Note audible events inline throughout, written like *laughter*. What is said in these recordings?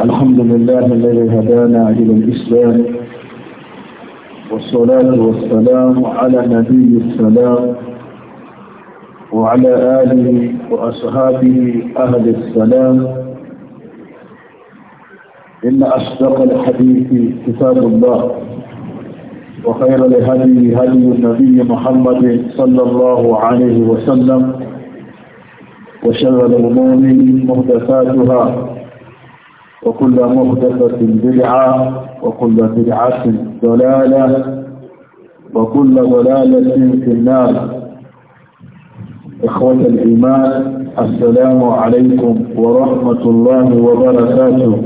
الحمد لله الذي هدانا إلى الإسلام والصلاة والسلام على نبي السلام وعلى آله وأصحابه أهل السلام إن أصدق الحديث كتاب الله وخير لهدي هدي النبي محمد صلى الله عليه وسلم وشر الأمور محدثاتها وكل مهدفة بدعة وكل بدعة ضلالة وكل ضلالة في النار إخوة الإيمان السلام عليكم ورحمة الله وبركاته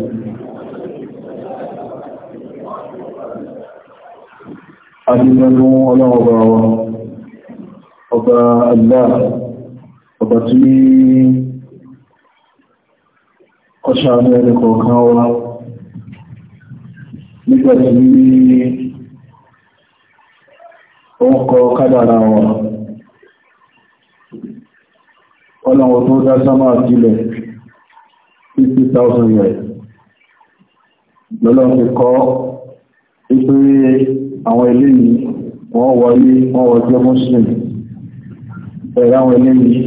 أهلاً ولا أبا الله أبا ọ̀ṣà ní ẹni kọ̀ọ̀kan wá nígbàtí ní ọkọ̀ kádàrà wà ọlọ́wọ́ tó dá sámà sílẹ̀ 50,000 rẹ̀ lọ́lọ́wọ́ ti kọ́ ipé àwọn ilé yìí wọ́n wọlé wọ́n wọ́n jẹ́ muslim ẹ̀rẹ́ àwọn ilé yìí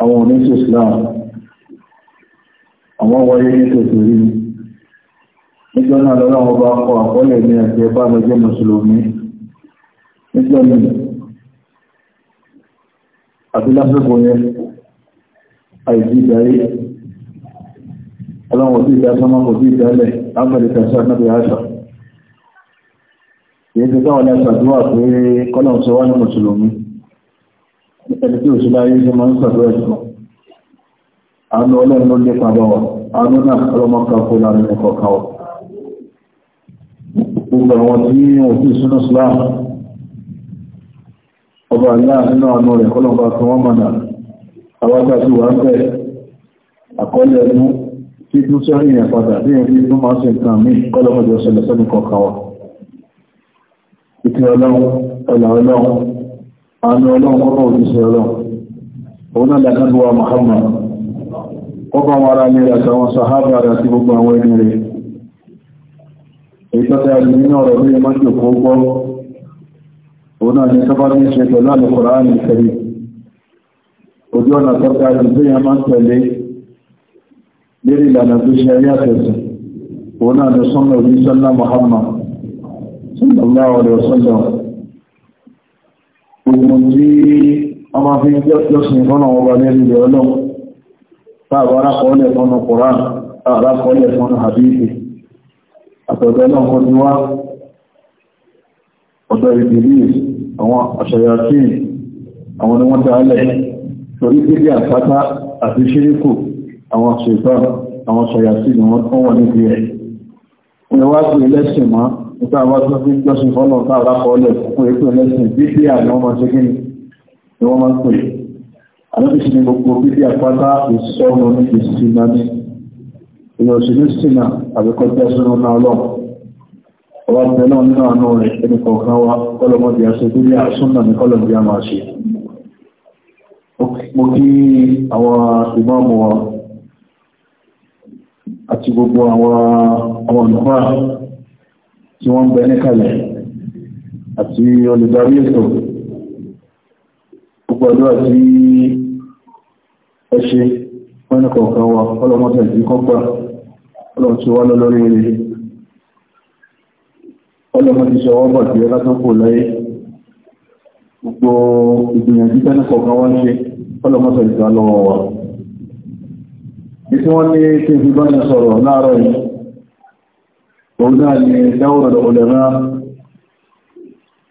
àwọn oníṣẹ́ islam àwọn wọlé ní tòtò rí ni níjọ́ náà lọ́nà ọba ọkọ àkọọ́lẹ̀ ní ẹ̀fẹ́ bá mi jẹ́ mùsùlùmí níjọ́ mi àti lásìkò yẹn àìsí ìdarí ọlọ́run òbí ìdá sọ́mọ́ òbí ìdálẹ̀ ábẹ̀lẹ̀ tẹ̀sán náà bí aṣọ èyí ti káwọn lẹ́sà tó wà pé kọ́lọ̀ sọ wá ní mùsùlùmí ẹni tí òṣìlá yìí ṣe máa ń sàdúrà ẹ̀sùn àánú ọlọ́run ló lépa bá wa àánú náà ọlọ́mọ kan kó lára ní kọ̀ọ̀kan wa gbogbo àwọn tí wọ́n fi súnú sílá ọba àlá nínú àánú rẹ̀ kọ́lọ̀mbà fún wọn mọ̀nà àwọ́gbà tí wà ń bẹ̀ àkọọ́lẹ̀ ẹnu tí tún sọ́rí ìyẹn padà bí ẹni tó máa ṣe nǹkan mí kọ́lọ̀mọ̀jọ ṣẹlẹ̀ sẹ́nu kọ̀ọ̀kan wa ìpín ọlọ́run ọ̀là Muhammad ọba wọn ara ní àtàwọn sàhábà rẹ̀ àti gbogbo àwọn ẹni rẹ̀ èyí tọ́tẹ́ àti nínú ọ̀rọ̀ bí i mọ́ sí òkú gbọ́ òun náà ni tọ́bá ní ṣe pẹ̀lú àlùkọ̀rọ̀ àmì ìfẹ̀rí ojú ọ̀nà tọ́tẹ́ àti bí i máa ń tẹ̀lé lérí ìlànà tó ṣe ayé àtẹ̀sùn òun náà ni sọ́nà òbí sọ́nà Muhammad sallallahu alaihi wasallam gbogbo tí ọmọ fi jọ́sìn fọ́nà ọba lérí ìlẹ̀ ọlọ́run táàbà arákọọ́lẹ̀ fọ́nà Kùránì táàbà arákọọ́lẹ̀ fọ́nà Hadithi àtọ̀dọ̀ náà wọ́n ni wá ọ̀dọ̀ ìbìlì àwọn àṣàyàtí àwọn ni wọ́n dáálẹ̀ torí pípẹ́ àpáta àti ṣíríkù àwọn ṣètà àwọn àṣàyàtí ni wọ́n tán wọ́n níbi ẹ̀ wọ́n wá sí ẹlẹ́sìn mọ́ nípa àwọn tó fi jọ́sìn fọ́nà táàbà arákọọ́lẹ̀ fún ẹgbẹ́ ẹlẹ́sìn bíbí àwọn ọmọ ṣe kí ni wọ́n máa ń pè alábìsí ni gbogbo bíbí àpáta ìsọ́nà ní ìsinmi ní ìyọ̀ sí ní sinmi àbíkọ́ jẹ́ sínú náà lọ ọba pẹ̀lú nínú àánú rẹ̀ ẹni kọ̀ọ̀kan wa kọlọmọdé àṣẹ bíbí àṣúnà ní kọlọmọdé a ṣe mo kí àwọn ìmáàmù wa àti gbogbo àwọn olùkọ́ tí wọ́n ń bẹ ní kalẹ̀ àti olùdarí ètò gbogbo ọdún àti ẹ ṣe wọ́n kọ̀ọ̀kan wa ọlọ́mọdé ẹ̀dí kọ́gbà ọlọ́run tí wá lọ lórí rẹ̀ ọlọ́mọdé ṣe ọwọ́ bàtí ẹ látọ́ kò láyé gbogbo ìgbìyànjú tẹ́lẹ̀ kọ̀ọ̀kan wá ń ṣe ọlọ́mọdé ìgbà lọ́wọ́ wa ìtí wọ́n ní kí n fi bá ní sọ̀rọ̀ láàárọ̀ yìí òun náà ni dáwọ̀rọ̀ ọ̀lẹ́rá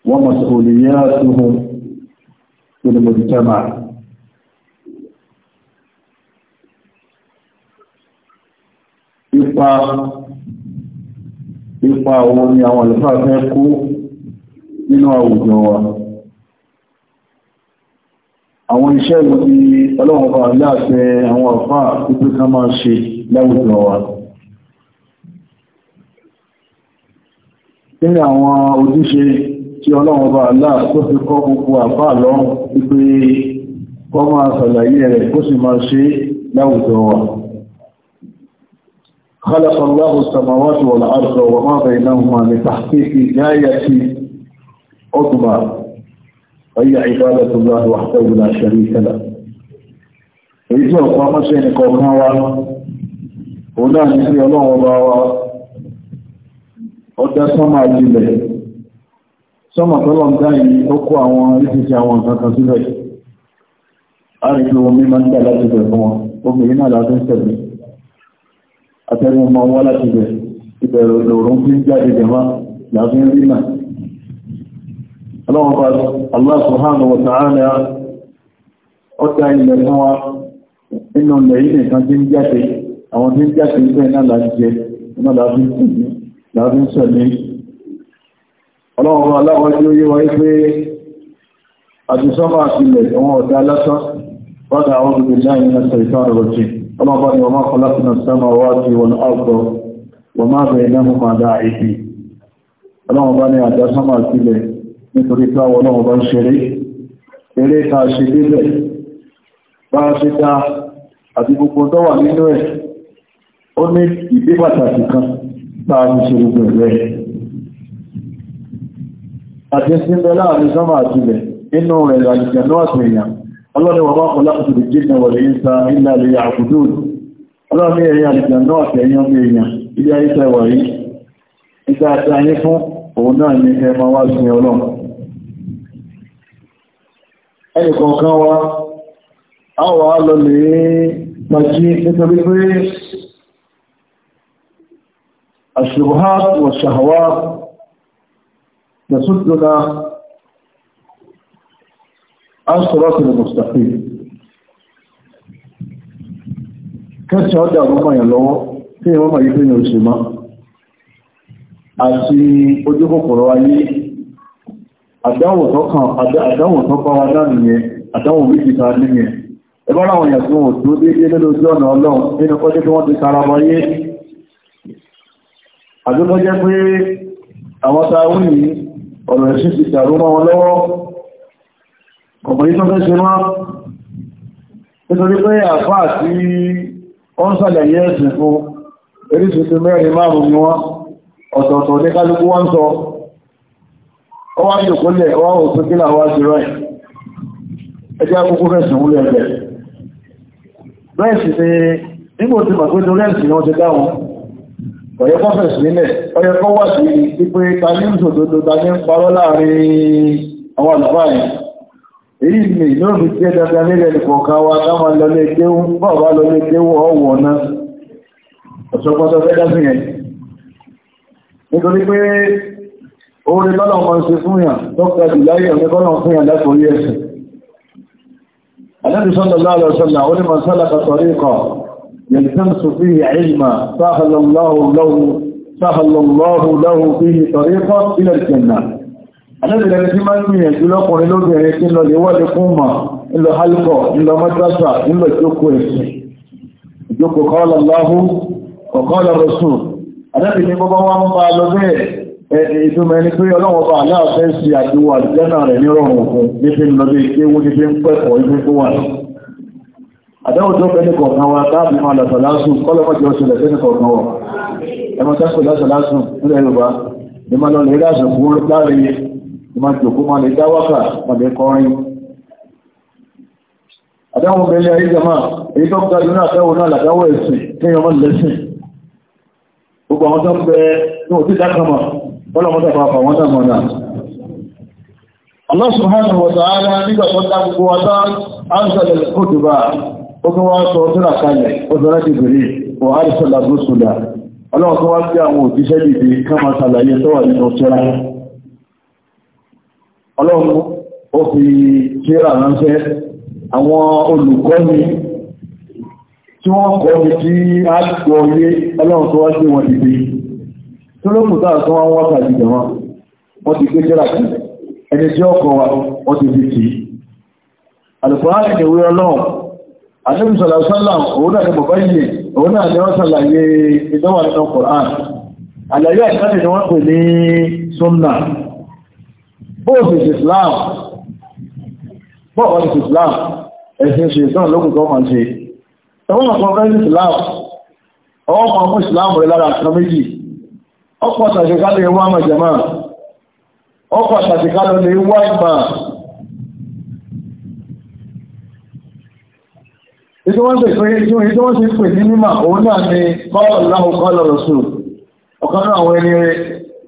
wọ́n mọ̀ sí òlìyà tó ipa ipa òun ni àwọn àlùfáà fẹ́ kó nínú àwùjọ wa àwọn iṣẹ́ ìlú bí ọlọ́run bá láàṣẹ àwọn àfáà pípé ká máa ṣe láwùjọ wa nínú àwọn ojúṣe tí ọlọ́run bá láà tó fi kọ́ gbogbo àfáà lọ́rùn pípé kọ́ máa ṣàlàyé rẹ̀ kó sì máa ṣe láwùjọ wa. خلق الله السماوات والأرض وما بينهما لتحقيق غاية عظمى وهي عبادة الله وحده لا شريك له èyí tí ọ̀pọ̀ amáṣẹ́ wa òun náà ní sí wa ọdá sọ́mà jílẹ̀ sọ́mà tọ́lọ̀ ń dáyìí ó kó àwọn ìfìsí àwọn nǹkan àtẹ́gùn ma wá láti bẹ̀ ìbẹ̀rẹ̀ lòrùn fi ń jáde jẹma láti ń rí náà ọlọ́wọ́n bá Allah subhanahu ọjà ilẹ̀ fún wa nínú ilẹ̀ yìí nìkan tí ń jáde àwọn tí ń jáde ìgbẹ́ náà láti jẹ iná aláwọ̀ tí ó yé wa pé ọlọ́bàá wọ́n kọlọ́kùnà sọ́mọ̀ wájú wọn ọgbọ̀ wọ́n máa bẹ̀rẹ̀ lẹ́mù máa dá ìfì ọlọ́wọ́bá ni àjá sọ́mọ̀ sílẹ̀ nítorí káwọ́ ọlọ́wọ́bá ń ṣeré eré ta ṣe délẹ̀ bá ṣe dá àti gbogbo tó wà nínú ẹ̀ ó ní ìdí pàtàkì kan bá a ṣe gbogbo rẹ̀ rẹ̀ ọlọ́ni wọ́n bá kọlá ọ̀tọ̀ lè jíkà wọ̀lẹ̀ ìsá ilẹ̀ àlẹ́yà àkùdùn ọlọ́ni ẹ̀yà àjìjà náà tẹ̀yìn ọmọ èèyàn ilé ayíṣẹ́ wà rí ìta àti ayé fún òun náà ní ẹmọ wá sí ọlọ́run asọ́rọ́sì lè mọ̀sàfí kẹ́sì ọdá ọmọ yẹn lọ́wọ́ tí ìwọ́n mọ̀ yípe ní òṣè máa àti ojú kòkòrò ayé àdáwò tọ́kọ̀ wá náà nìyẹn àdáwò méjì ta nìyẹn ẹgbọ́n àwọn èèyàn tó tó déédéé lórí ojú ọ̀nà ọlọ́run nínú kọ́jẹ́ tí wọ́n ti kára wáyé àdúgbọ́jẹ́ pé àwọn ta wí ọ̀rọ̀ ẹ̀ṣin ti dàrú mọ́ wọn lọ́wọ́ kọ̀kọ̀ yí tó fẹ́ ṣe wọ́n nítorí pé àfá àti ó ń sàlẹ̀yẹ ẹ̀sìn fún eríṣìṣẹ́ mẹ́rin márùn-ún ni wọ́n ọ̀tọ̀ọ̀tọ̀ ní kálukú wọ́n sọ ó wá jòkólẹ̀ ó wá òfin kí làwọ́ ti rẹ̀ ẹjẹ́ akókó fẹ̀sùn wúlẹ̀ ẹ̀bẹ̀ bẹ́ẹ̀ sì ni nígbò tí màgbé torí ẹ̀sìn ni wọ́n ti dáhùn ọ̀yẹ́ kọ́ fẹ̀sùn nílẹ̀ ọ̀yẹ́ kọ́ wà sí pípé ta ní ìṣòdodo ta ní èyí ni ìlọ́rùn jẹ́ dada nílẹ̀ nìkọ̀ọ̀kan wa káwà lọlé déwú bọ́ọ̀bá lọlé déwú ọwọ̀ náà ọ̀sọ̀pọ̀tọ̀ fẹ́dá sí yẹn nítorí pé orí lọ́nà ọmọ ṣe fún yàn dókítà jùláyé ọ̀nà kọ́nà fún yàn látorí ẹ̀sìn Ànábì sallallahu alaihi wasallam ó ní man salaka tariqan yaltamisu fihi Alẹ́bẹ̀rẹ̀ tí máa ń gbìyànjú lọ́kùnrin lóbìnrin tí lọ lè wọ́lé fún mọ̀, ìlọ halkọ̀, ìlọ mọ́tàṣà, ìlọ ìjókòó ẹ̀sìn. Ìjókòó kọ́ọ̀lọ̀ láhú, kọ̀kọ́ọ̀lọ̀ rọ̀sù. Alẹ́bẹ̀rẹ̀ bọ́bá wá ń bá lọ bẹ́ẹ̀ ìtumọ̀ ẹni pé ọlọ́wọ́ bá aláàfẹ́ sí àdúwà àdìjẹ́nà rẹ̀ ní rọrùn òkun ní fi ń lọ bí kéwú ní fi ń pẹ̀kọ̀ ibi tó wà. àdáwọ̀ tó fẹ́ ní kọ̀ọ̀kan wa táàbí máa ìmá jòkó máa lè dá wákà tàbí kọrin àdáwọn bẹ̀lẹ̀ ayéjọmá èyí tó gbájú náà fẹ́wọ̀n náà làdáwọ̀ ẹ̀sìn tí yọmọ lẹ́sìn gbogbo àwọn tó ń bẹ ní òtí Allah subhanahu wa ta'ala nígbà tó dá gbogbo wa tán arsalal kutuba ó tó wá sọ tó ràkalẹ̀ ó sọ láti bèrè ò arsalal rusula ọlọ́run tó wá sí àwọn òjíṣẹ́ dìde ká máa tó wà nínú tíra ọlọ́run ó fi kíra ránṣẹ́ àwọn olùkọ́ni tí wọ́n kọ́ ní tí a gbọ́ ilé ọlọ́run tó wá sí wọn dìde tó lókùtà tó wọ́n wọ́n tàbí jẹ̀wọ́ wọ́n ti gbé kíra kí ẹni tí ọkọ̀ wa wọ́n ti fi kìí alùpùránì ìwé ọlọ́run àdébù sọ̀làṣọ́là òun náà ni bàbá yìí òun náà ni wọ́n sàlàyé ìdánwà nínú kọ̀rán àlàyé àti Both is islam Both sì islam ẹ̀sìn ṣe ìsọ́nà lókùn tó máa ṣe ẹwọ́n ọ̀pọ̀ fẹ́sì islam ọwọ́ kan mú islam rẹ̀ lára kan méjì ọ̀pọ̀ tàṣíkálẹ̀ ewu àmà jama ọ̀pọ̀ tàṣíkálẹ̀ ewu àmà ìdí wọ́n sì pé ìdí wọ́n sì pè ní mímà òun náà ni kọ́lọ̀ láhùn kọ́lọ̀ rọ̀sùn ọ̀kan náà àwọn ẹni rẹ̀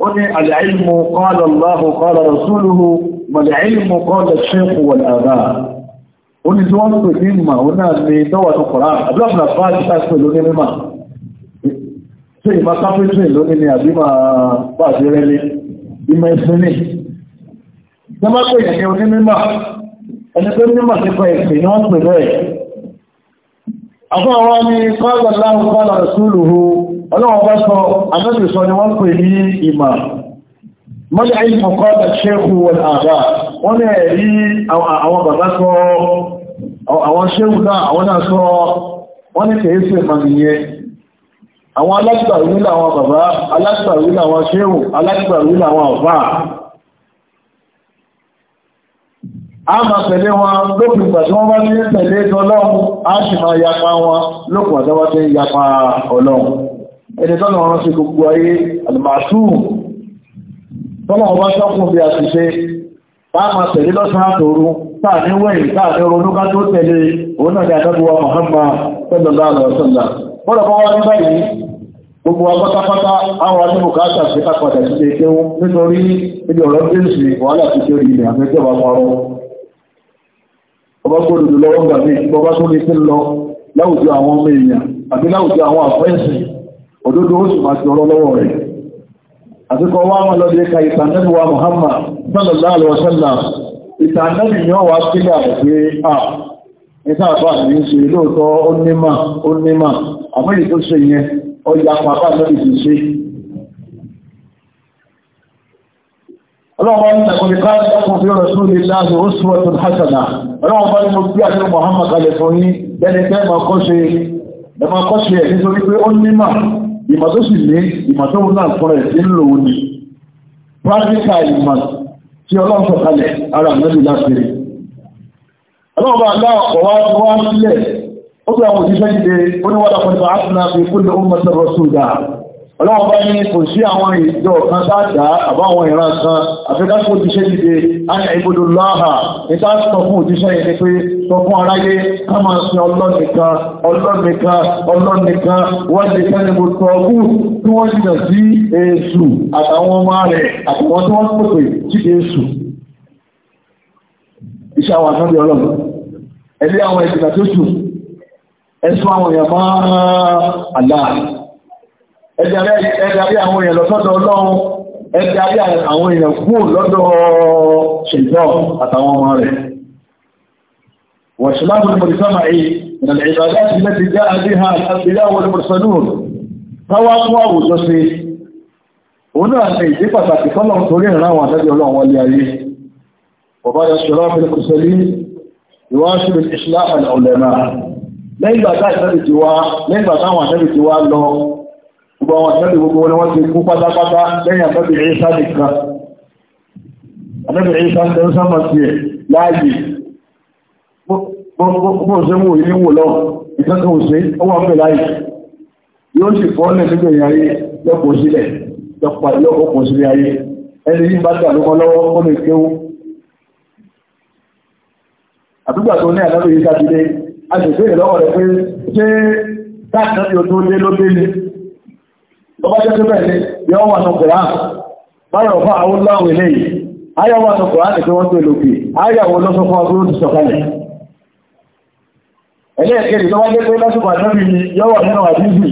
قل العلم قال الله قال رسوله والعلم قال الشيخ والآباء قل زوان قديمة هنا لدوة القرآن أبلغنا القرآن تأكلوني مما شيء ما تفل شيء لوني أبيما باجر لي بما يسمني كما قلت يوني مما أنا قلت مما تفايق في نوان قديم أفا واني قال الله قال رسوله ọlọ́wọ́ bá sọ anábì sọ ni wọ́n pè ní ìmà mọ́lẹ̀ àìkọ̀kọ́ ṣẹ́kù wọn àbá wọ́n lè rí àwọn bàbá sọ àwọn ṣẹ́kù náà àwọn náà sọ wọ́n ní kèé sí ìmà nìyẹn àwọn alágbàwí làwọn bàbá alágbàwí làwọn ṣẹ́kù ẹni tọ́nà ọ̀rọ̀ sí gbogbo ayé alìmàṣúù tọ́nà ọba sọ́kùn bí a ti ṣe táàmà tẹ̀lé lọ́sàn àtòrú táàní wẹ̀yìn táàní ronúká tó tẹ̀lé òun náà ni àdábúwa Muhammad sallallahu alaihi wasallam bọ́dọ̀ bọ́ wá ní báyìí gbogbo agbọ́tapátá àwọn adébùkátà sí kápadà sí ẹgbẹ́ wọn nítorí ibi ọ̀rọ̀ jésù wàhálà ti kéré ilẹ̀ àmẹ́jọba parọ́ ọba gbọ́dọ̀ lọ́wọ́ gbàgbé bọ́bá tó ní sí lọ láwùjọ àwọn ọmọ èèyàn àbí láwùjọ àwọn àfẹ́sìn òdodo ó sì máa ti ọ̀rọ̀ lọ́wọ́ rẹ̀ àtikọ̀ wá wọn lọ lẹ́ka ìtànẹ́bí Muhammad sallallahu alaihi wasallam ìtànẹ́bí yóò wá sílẹ̀ rẹ̀ pé à nígbà bá ní ṣe lóòótọ́ ó nímà ó nímà àmọ́ èyí tó ṣe yẹn ọjà pàpà lórí ti ṣe ọlọ́wọ́ ní ẹ̀kùnrin ká ẹkùn fi rẹ̀ sórí láàrin ó súnwọ́ tó hásàdá ọlọ́wọ́ bá Muhammad kalẹ̀ fún yí lẹ́ni tẹ́ ma kọ́ ṣe ẹ̀ nítorí pé ó ìmọ̀ tó sì ní ìmọ̀ tó náà fọ́rẹ̀ tí ń lòun ni practical ìmọ̀ tí ọlọ́run sọ̀kalẹ̀ ara mẹ́lú láti rí ọlọ́ọ̀bá aláàkọ̀ wá wá sílẹ̀ ó gbé àwọn òṣìṣẹ́ jíde ó ní wádà pẹ̀lú fi ó ọlọ́wọ́n bá ní kò sí àwọn ìjọ kan sáàdá àbáwọn ìran kan àfẹ́kásí òjíṣẹ́ dìde àti ìbòdó láàá ìta sọ fún òjíṣẹ́ yìí pé sọ fún aráyé ká máa sin ọlọ́nìkan ọlọ́nìkan ọlọ́nìkan wọ́n lè kẹ́ni mo sọ ọkú tí wọ́n jìnà sí èṣù àtàwọn ọmọ rẹ̀ àtàwọn tí wọ́n pèpè ẹ̀dàrí àwọn èèyàn lọ́sọ́dọ̀ ọlọ́run ẹ̀dàrí àwọn èèyàn kúrò lọ́dọ̀ ṣèjọ́ àtàwọn ọmọ rẹ̀ وإسلام المجتمع من العبادات التي جاء بها الأنبياء والمرسلون فواقوا وجسي هنا في صفة كلهم ترين روى النبي الله وليعيه وبعد الشراف المرسلين يواصل الإصلاح العلماء لين بعد ذلك النبي جوا لين بعد ذلك النبي جوا له gbogbo àwọn àtẹ́lẹ̀ gbogbo wọn wọ́n ti kú pátápátá lẹ́yìn àtẹ́bìrì ìṣá nìkan àtẹ́bìrì ìṣá tẹ́ ń sámà sí ẹ̀ láàyè bó ṣe mú ìní wò lọ ìtẹ́kọ̀ òṣè ó wà pẹ̀ láàyè yóò tó bá jẹ́ tó bẹ̀rẹ̀ ní yọ wà ní Kùrán báyọ̀ fún àwọn láwọn ilé yìí ayọ̀ wà ní Kùrán tí wọ́n tó lòpì ayàwó lọ́sọ fún agbóró ti sọ̀kalẹ̀ ẹlẹ́ẹ̀kẹ́rì tó bá jẹ́ tó lásìkò àtẹ́bì ni yọ wà nínú àdíjì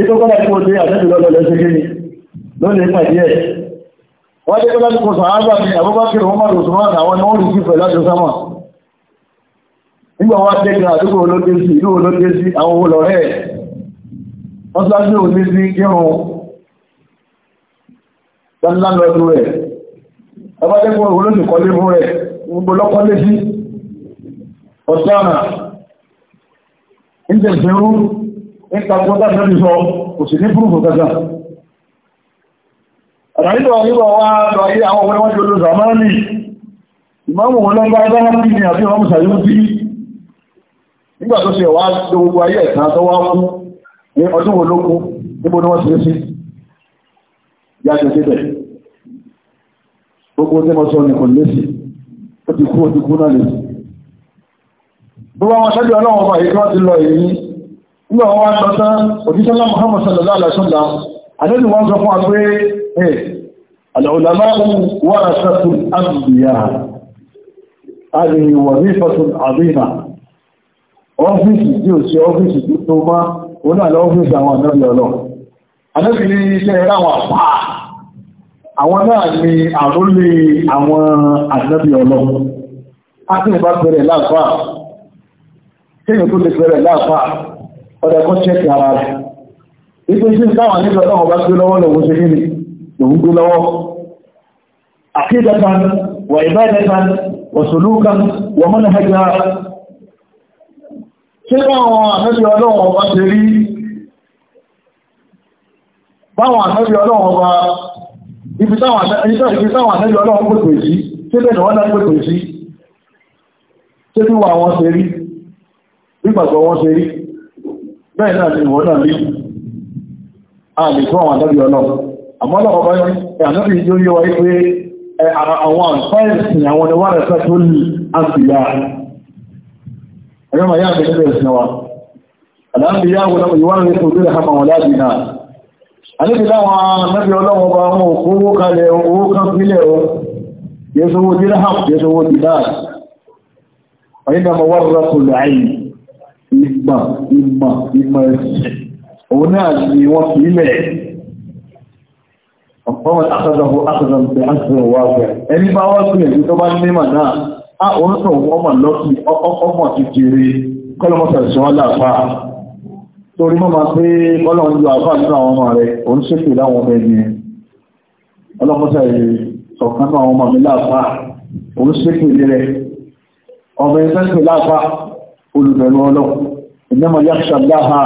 ètò kọ́lá tí ó dé àtẹ́bì lọ́lọ́ lẹ́sẹ̀ kéni lónìí pàdé ẹ̀ wọ́n jẹ́ tó lásìkò sàábà ni àbúbákẹ́rì wọ́n mọ̀rọ̀ òṣùmọ́ àwọn ni wọ́n rí sí pẹ̀lú àjọ sámà nígbà wọ́n tẹ́gbẹ̀ àdúgbò olókèsí ìlú olókèsí wọ́n tó lájú òní sí kírun lọ́dún rẹ̀ ọbájẹ́kọ́ olóṣìkọlé fún rẹ̀ gbogbo lọ́kọ́lé sí ọ̀sánà ìjẹ̀sẹ̀rú ìtàkùnlá sẹ́bí sọ kò sì ní púrùfù kẹta àdáyíwọ̀ yíwọ̀ wá lọ ayé àwọn ọmọ ìwọ́n jòlò zamani ìmọ́mù wọn lọ́gbà ẹgbẹ́ wọn bí ní àbí wọn mú sàyún bí nígbà tó ṣe wá gbogbo ayé ẹ̀sán tó wá fún ní ọdún wo ló kú níbo ni wọ́n ṣe sí yájọ síbẹ̀ gbogbo tí wọ́n sọ ní kò lésì ó ti kú ó ti kú náà lésì gbogbo àwọn ṣẹ́bí ọlọ́run ọba èyí tí wọ́n ti lọ èyí nígbà wọn wá ń tọ́tán òjíṣẹ́lá Muhammad sallallahu alaihi wasallam àdébì wọ́n sọ fún wa pé ẹ̀ alọ́ọ̀lámá wọ́n òun náà lọ́wọ́ fún àwọn ànábì ni àrólé àwọn ànábì ọlọ́ a tí ìbá bẹ̀rẹ̀ láàfà kéèyàn tó lè bẹ̀rẹ̀ láàfà ọ̀dẹ̀ kan ṣẹ́kì ara rẹ̀ ipò iṣẹ́ táwọn nílò ọlọ́wọ́ bá gbé lọ́wọ́ lọ́wọ́ ṣe nílì lòun Tí báwọn ànábì ọlọ́run ọba ti rí, báwọn ànábì ọlọ́run ọba, ibi táwọn ànábì ọlọ́run pèpè sí, tí bẹ́ẹ̀ wọ́n náà pèpè sí, tí bí wà wọ́n ṣe rí, gbígbàgbọ́ wọ́n ṣe rí, bẹ́ẹ̀ náà ni wọ́n náà rí, a lè fún àwọn ànábì ọlọ́run. Àmọ́ ọlọ́run ọba ànábì ìjọ yíwa wípé àwọn àǹfáìsì àwọn ẹwà rẹ̀ sẹ́ tó lù á sì yára ẹ̀yọ́ ma yá àgbẹ̀ nílẹ̀ ìsìn wa aláàbí yá wọ́n ìwọ́n rẹ̀ tó dúró hàmà wọ́n láti náà alébì láwọn mẹ́bí ọlọ́wọ́ bá wọn owó kalẹ̀ owó kan sílẹ̀ o yẹsowó díráhàm yẹsowó dínáà ẹni bá wọ́n sílẹ̀ tó bá ní mà náà a orúkọ wọ́n mọ̀ lọ́sí ọmọ ti kiri kọlọmọsọ̀ ìṣọ́ láàpá torí mọ́ máa pé ọlọ́run yóò àfáà nínú àwọn ọmọ rẹ̀ òun ṣépè láwọn ọmọ ẹni ọlọ́mọsọ̀ ìṣọ̀kan náà ọmọ mi láàpá òun ṣépè lẹ́rẹ̀ ọmọ ẹni sẹ́ńpè láàpá olùbẹ̀rù ọlọ́run ìnáma yàtọ̀ láha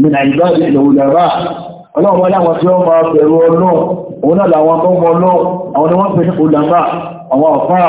mìnà ìbáàdì ìlòwòlẹ́rà ọlọ́run wọn láwọn tí wọ́n máa bẹ̀rù ọlọ́run òun náà làwọn tó mọ ọlọ́run àwọn ni wọ́n pè ní olùdàmà àwọn ọ̀fáà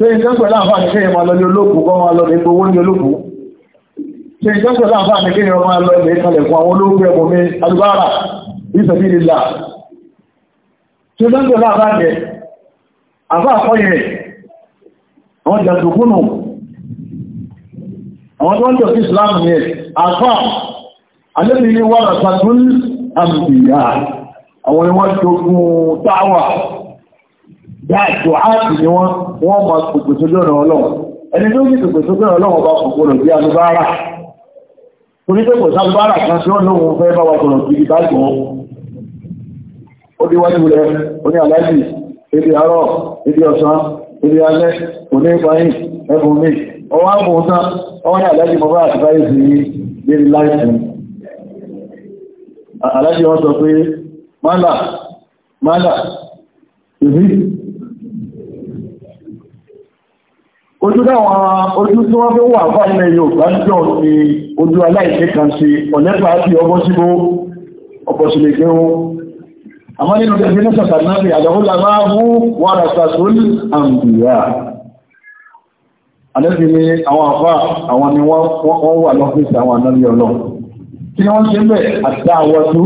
ṣe ìjọ́sọ̀lá àfáàní kí èèyàn máa lọ ní olóògùn kan máa lọ ní gbogbo ní olóògùn ṣe ìjọ́sọ̀lá àfáàní kí èèyàn máa lọ ní kalẹ̀ fún àwọn olóògùn ẹ̀bùn mi alubára ìsẹ̀bí ìlà ṣe ìjọ́sọ̀lá àfáàní àfáàkọ́yẹ̀ àwọn jàndùkúnù àwọn tó ń jọ sí Islam ní àfá alẹ́bí ní wàrà sàtún àmìyà àwọn ìwọ́n jogun táwà dáàjọ áàtì ni wọ́n wọ́n ma gbogbo sójú ọ̀nà ọlọ́run ẹni tó ní gbogbo sójú ọ̀nà ọlọ́run bá kòkó lò bí alubára torí pé kò sálubára kan tí wọ́n lóhun fẹ́ bá wa sọ̀rọ̀ sí ibi báyìí wọn ó di wájú rẹ oní aláàjì ebi àárọ̀ ebi ọ̀sán ebi alẹ́ òní ìpáyín ẹkùn mi ọwọ́ àbòhùn tán ọwọ́ ní aláàjì mọ́ bá àti báyìí sí lérí láìsí aláàjì wọn sọ pé mọ́là mọ́là ìrírí ojú dáwọn ojú tí wọ́n fi wà fún ilẹ̀ Yorùbá jọ ni ojú aláìṣẹ́ kan ṣe ọ̀lẹ́gbà àti ọgbọ́sígbó ọ̀pọ̀sílẹ̀ gbé wọn àmọ́ nínú tẹ̀sí ní sàtànáàbì àdáhùlà máa mú wà ni àwọn àfá àwọn ni wọ́n wà lọ́fíìsì àwọn anábí ọlọ́run kí ni wọ́n ṣe mẹ́ àdáwọ̀tú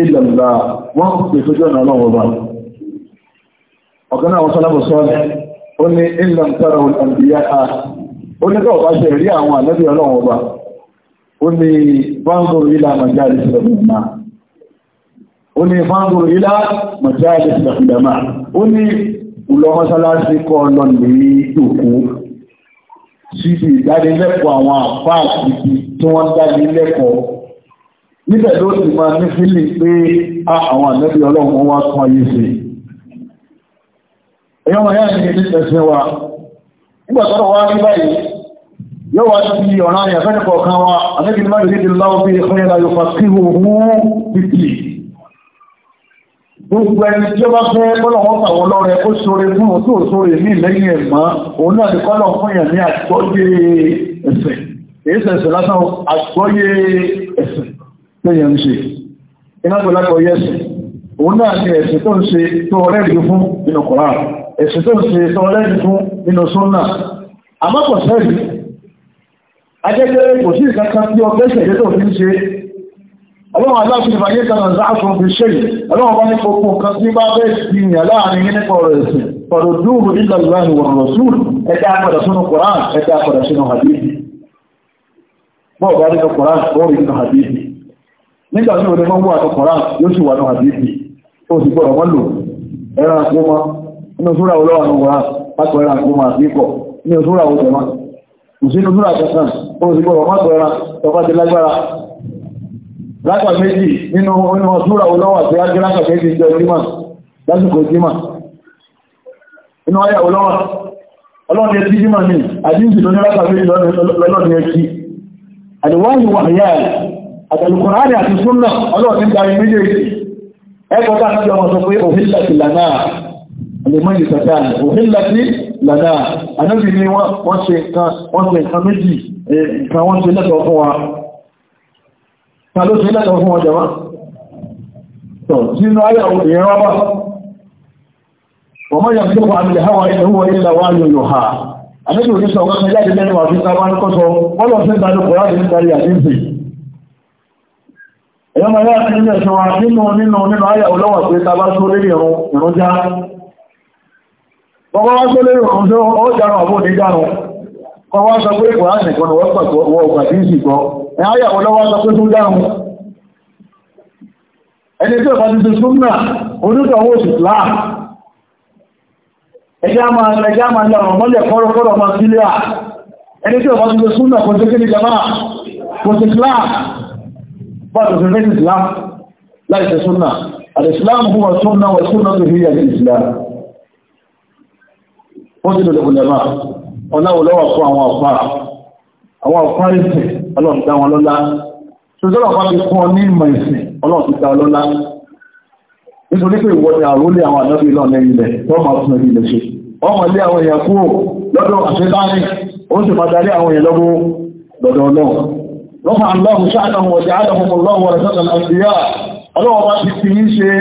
ìlànà wọ́n pèsè ó ní ìlànà tàrà òǹdíyà a ó ní tọ́wọ́ bá ṣe rí àwọn ànábì ọlọ́run ọba ó ní fáńdùrù ilá màjáàlì ìsìlẹ̀mà ó ní fáńdùrù ilá màjáàlì ìsìlẹ̀mà ó ní ìlọ mọ́sálásí kọ́ lọ lè dòkó síbi ìdánilẹ́kọ̀ọ́ àwọn àfáà títí tí wọ́n dánilẹ́kọ̀ọ́ níbẹ̀ ló ti máa ní fílì pé ah, àwọn ànábì ọlọ́run wá tún ayé sí èyàn wọ́n yára ní ẹ̀sìn wa nígbàtọ́rọ̀ wá ní báyìí yóò wá sí ọ̀nà àyà fẹ́ kọ̀ọ̀kan wa àtẹ́kì ní májèlé ti láwọ́ bí ẹ̀kọ́ yẹra yóò fàtí òhun pìpì gbogbo ẹni tí ó bá fẹ́ kọ́lọ̀ wọ́n fàwọn lọ́rẹ ó sóre fún òtú òsóre ní lẹ́yìn ẹ̀mọ́ òun náà ti kọ́lọ̀ fún yẹn ní àgbọ́yé ẹ̀sẹ̀ èyí sẹ̀sẹ̀ lásán tó ń ṣe tó rẹ́rìí fún nínú kọ̀ọ̀rọ̀ ẹ̀sùn tó ṣe sọmọlẹ́sì fún nínú súnnà àmọ́kọ̀ sẹ́rì ajẹ́gbẹ́ kò sí ìkankan tí ọ bẹ́sẹ̀ tó fi ń ṣe ọlọ́run aláàfin ìbáyé kan náà záàfún fi ṣe ọlọ́run bá ní gbogbo nǹkan tí bá bẹ́ẹ̀ sí ìyà láàrin yí nípa ọ̀rọ̀ ẹ̀sìn pọ̀rọ̀ dúró nílò láàrin wọ̀n rọ̀súùl ẹ̀dá padà sínú Kùránì ẹ̀dá padà sínú hadithi bọ́ọ̀ bá nínú Kùránì bọ́ọ̀ nínú hadithi nígbà tí ó lè mọ́ wà ní Kùránì yóò sì wà ní hadithi ó sì gbọ́dọ̀ mọ́lò inú súra olówà ní wọ́n pàtàkì àkómà àbíkọ̀ ní súra òtẹ̀má ìsínú súra kẹsàn ó sì gbọ́rọ̀ mọ́tọ̀ẹ́ra tọpá ti lágbára lákà méjì nínú súra olówà tí a gẹ́ lákà méjì jẹ́ orímà lásìkò jímà inú ayà olówà ọlọ́run ẹ̀kí jímà ní àdínsì tó ní lákà méjì lọ́lọ́run ẹ̀kí àdìwáyì wàhálà àtàlùkùnrin àti súnà ọlọ́run ní lèmọ́yìn tàtà òhìlàtí làdá anábì ni wọ́n ṣe nǹkan méjì e, nǹkan wọ́n ṣe lẹ́tọ̀ fún wa ta ló ṣe lẹ́tọ̀ fún wa jama tọ̀ sínú ayà ìran wá wọ́n mọ́yà tó wà nílẹ̀ hawa ìlúwọ̀ ilẹ̀ wà yóò ha anábì ò ní sọ wọ́n láti lẹ́nu wà fi sábà ń kọ́sọ wọ́n lọ sí ìdájọ́ kọ̀ láti nítorí àdínsì ẹ̀yọ́ mọ̀ yára nínú ẹ̀ṣọ́ wa nínú nínú nínú ayà olówà pé ta bá sórí ìrún ìrún já Bọ́bá wá tó lérò ọ̀run tó ó jẹun àbúrò ní jẹun. Kọ wá sọ pé ìkùnrà nìkan wọ́n pàtàkì wọ́n ọgbà tí ń sì kọ́. Ẹ áyàwó lọ́wọ́ sọ pé tún jẹun. Ẹni tó bá ti tún náà, onítọ̀wọ́ sì láà. Ẹjá máa ẹjá máa ń lọ́rọ̀ mọ́lẹ̀ kọ́rọ̀kọ́rọ̀ máa sílé à. Ẹni tó bá ti tún náà kò tó kí wa súnnà tó hiyà ní fọ́sílò lẹ́gbẹ̀lẹ́mà ọláwọ̀lọ́wọ̀ fún àwọn ọ̀pá àwọn ọ̀pá ìsìn ọlọ́run dá wọn lọ́lá ṣùgbọ́n ọ̀pá fi fún ọ ní ìmọ̀ ìsìn ọlọ́run ti dá lọ́lá nítorí pé ìwọ ni àrólé àwọn ànábì lọ lẹ́yìn ilẹ̀ tó máa fún ẹbí ilẹ̀ ṣe ọmọ ilé àwọn èèyàn kúrò lọ́dọ̀ àṣetáni ó sì máa darí àwọn èèyàn lọ́wọ́ lọ́dọ̀ ọlọ́run lọ́fà àlọ́run ṣáàdàmù ọ̀dẹ̀ àdàmù ọlọ́run wọ̀rẹ̀ sọ́tàn àṣíyà ọlọ́wọ́ bá ti fi ń ṣe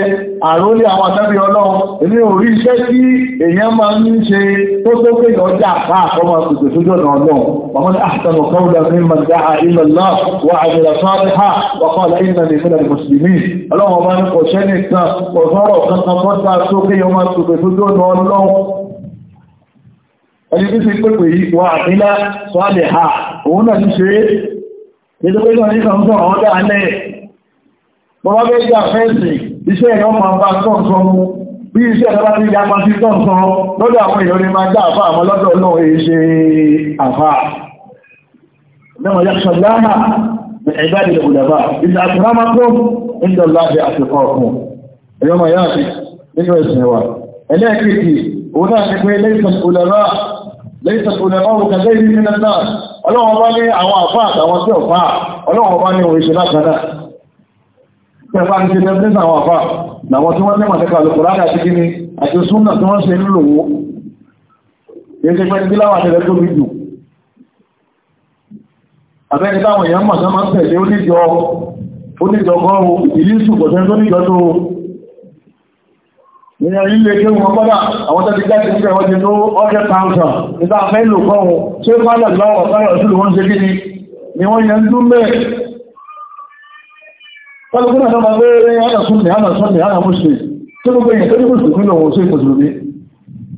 àrólé àwọn àtàbí ọlọ́run èmi ò rí iṣẹ́ tí èèyàn máa ń ṣe tó tó pé ọjà àpá àkọ́mọ àkùtù sójú ọ̀nà ọlọ́run ọmọ ní àtàmù kọ́wùdà ní mọ̀dá ila Allah tó pé ọmọ ẹni tí ti pépè yìí wà àbílá Bọ́bá bẹ́ jà fẹ́ẹ̀sì, iṣẹ́ ìyọ́ máa bá tọ́ǹsọ́ mú. Bí iṣẹ́ ìjọba ti ya máa ti tọ́ǹsọ́, lọ́dọ̀ àwọn èèyàn ni máa já àfá àmọ́ lọ́dọ̀ náà èyí ṣe àfá. Lẹ́wọ̀n yá sọ láàmà ìbáde ìgbòdàbà, ìlà àtìrámà tó ń jọ láti àtìkọ́ ọ̀fún. Ẹ̀yọ́ máa yá àti nínú ẹ̀sìn wa. Ẹlẹ́ẹ̀kejì, òun náà ti pé lẹ́yìn ìgbòdàbà lẹ́yìn ìlẹ̀mọ́rù kẹgbẹ́ ìrìn nínú náà ọlọ́wọ́n bá ní àwọn àfáà àtàwọn tí ọ̀fáà ọlọ́wọ́n bá ní òun ìṣẹ́ látàdá Tẹ́fà ní ṣe tẹ́fẹ́sà àwọn àfà, làwọn tí wọ́n ní màtẹ́kà lè kòrádà àti gíní àti súnà tí wọ́n ṣe nílò wó. Èṣe pẹ́ ní láwà tẹ́lẹ̀ tó bí jù. Àbẹ́ni táwọn èèyàn mọ̀ sọ́mọ́ tẹ̀lé oníjọ oníjọgọ́rùn ìlísù kọ̀tẹ́ tó níjọ tó ní ilé kí wọn gbọ́dá àwọn tẹ́lẹ̀ jáde nígbà wọ́n ti ló ọjọ́ tàùsàn nígbà mẹ́lò kọ́rùn-ún tí kọlùkún náà máa gbé hánà súnmì hánà tí gbogbo èyàn tó ní mùsùlùmí lòun sí mùsùlùmí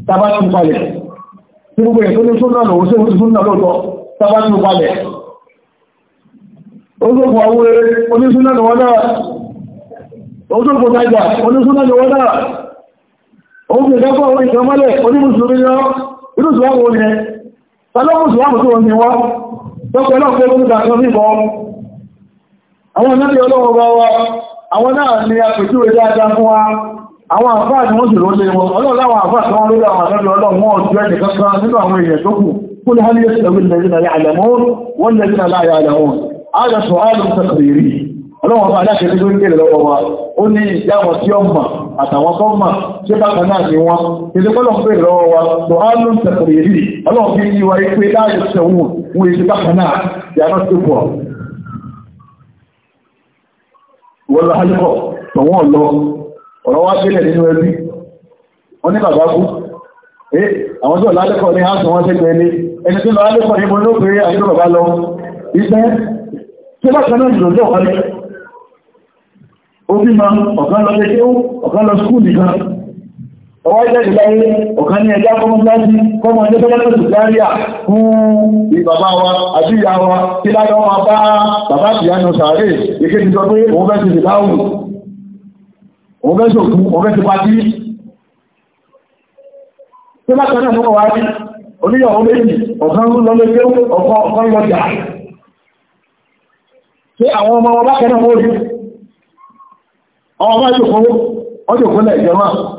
tàbá ní ìpalẹ̀ tí gbogbo èyàn tó ní súnmà lòun sí mùsùlùmí lòótọ́ tàbá ní ìpalẹ̀ olóògùn awó eré lọ́wọ́ náà àwọn náà yọ lọ́wọ́ bá wá àwọn náà ni a pẹ̀tú rẹ̀ dáadáa fún wa àwọn àfáà ni wọ́n sì lóde wọn ọlọ́láwọn àfáà tí wọ́n lórí àwọn àdájọ́ ọlọ́run wọn ọ̀tún ẹni kankan nínú àwọn èèyàn tó kù kó ní hálí yẹ́sì lọ́wọ́ ìlẹ̀dínà ya'lamun wọ́n lẹ́dínà láyà àlàmọ́ ààrẹ sọ ààrẹ mùsàkìrì ọlọ́wọ́n bá aláṣẹ tó ń kèrè lọ́wọ́ wa ó ní ìyáwọn tí ó mà àtàwọn tó mà tí ó bá kan náà ní wọn ilé kọ́lọ̀ ń bèèrè lọ́wọ́ wa tó á ló ń tẹ̀kùrì rí ọlọ́wọ́n fi yíwa ipé láàrín sẹ́wọ̀n wọ́n èsì bákan náà yàrá tó pọ̀ wọ́n lọ hálíkọ̀ tọ̀wọ́n lọ ọ̀rọ̀ wá sílẹ̀ nínú ẹbí wọ́n ní bàbá kú eh àwọn tó lálẹ́kọ̀ ní áàsùn tẹ́gbẹ̀ ilé ẹni tí lọ ní mo ọwọ́ ìjẹ́jì láyé ọ̀kan ní ẹjá fún láti kọmọ ẹjẹ́ tọ́lọ́lọ́ ìgbàríà fún ìbàbá wa àti ìyá wa tí láyé ọmọ bá bàbá àti ìyánu sàárè ìké ti sọ pé òun fẹ́ ti ìdáhùn òun fẹ́ sòkú òun fẹ́ ti pàtí tí látọ̀ náà mọ́ wá rí oníyàwó méjì ọ̀kan ń lọ lẹ́gbẹ́ ọ̀kan lọ́jà tí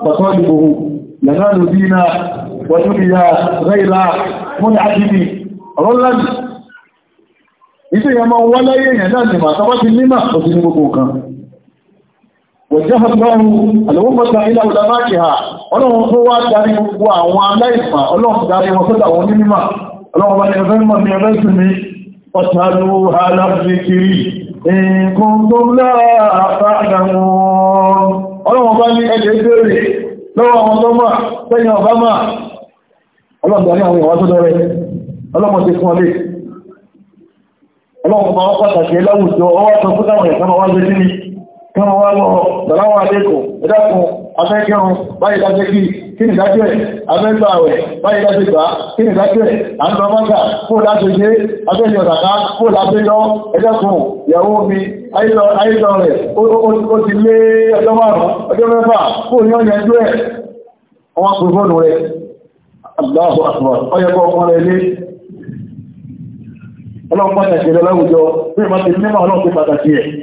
فطالبه ينال دينا ودنيا غير منعدم رلا ìṣẹ́ yẹmọ wọ́n láyé èèyàn náà ni màtàbá ti nímà òsì ní gbogbo nǹkan wọ̀jáhà lọ́rùn alìwọ́pọ̀ta ilẹ̀ òdàmáàkì ha ọlọ́run tó wá darí gbogbo àwọn aláìsàn ọlọ́run darí wọn sọ́dà wọn nímà ọlọ́run bá ní ẹgbẹ́ mọ̀ ní ẹgbẹ́ sí ni ọ̀tàlú alábìkiri nǹkan tó láàá ọlọ́wọ́n bá ní ẹgbẹ̀ ìbéèrè lọ́wọ́ àwọn tó máa tẹ́yìn máa ọlọ́gbà ní àwọn ìwọ́n tó lọ́rẹ̀ ọlọ́wọ́n ti fún ọlé ọlọ́wọ́n máa pàtàkì ẹlọ́wùjọ ọwọ́ tó fún àwọn ìfẹ́ kan wá lọ dàláwà lẹ́kọ̀ọ́ ẹ̀dàkùn afẹ́kẹrun báyìí dájẹ́ kí kí ni dájẹ́ afẹ́gbà rẹ̀ báyìí dájẹ́ gbà kí ni dájẹ́ àndọ́mọ́gà fún láti ṣe afẹ́lẹ̀ ọ̀dàká fún láti yọ ẹ̀dàkùn ìyàwó mi ayílọ rẹ̀ ó ti lé ọjọ́ márùn-ún ọjọ́ mẹ́fà fún yọ́ yẹjú ẹ̀ wọ́n kò fóònù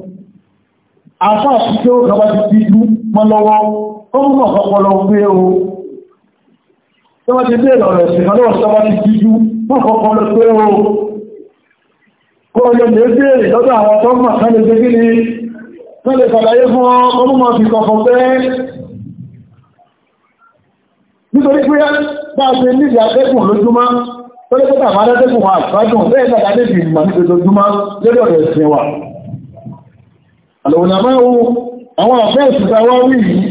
àfá àti tí ó gaba ti ti dú mọ́ lọ́wọ́ ó mú mọ̀ ọpọlọ pé o tó bá ti bèèrè ọ̀rẹ̀ ìsìnkà lọ́wọ́ tó bá ti ti dú mọ́ ọpọlọ pé o kó lè lè bèèrè lọ́dọ̀ àwọn tó mọ̀ kan lè gbégí ni wọ́n lè fàlàyé fún ọ mú mọ̀ fi kọ̀kọ̀ pé nítorí pé bá a ṣe níbi atẹ́kùn lójúmọ́ tó lè pẹ́ tàbí atẹ́kùn àgbádùn bẹ́ẹ̀ náà Àlòwòlàmáwó, àwọn àfẹ́ ìsìta wá wí yìí,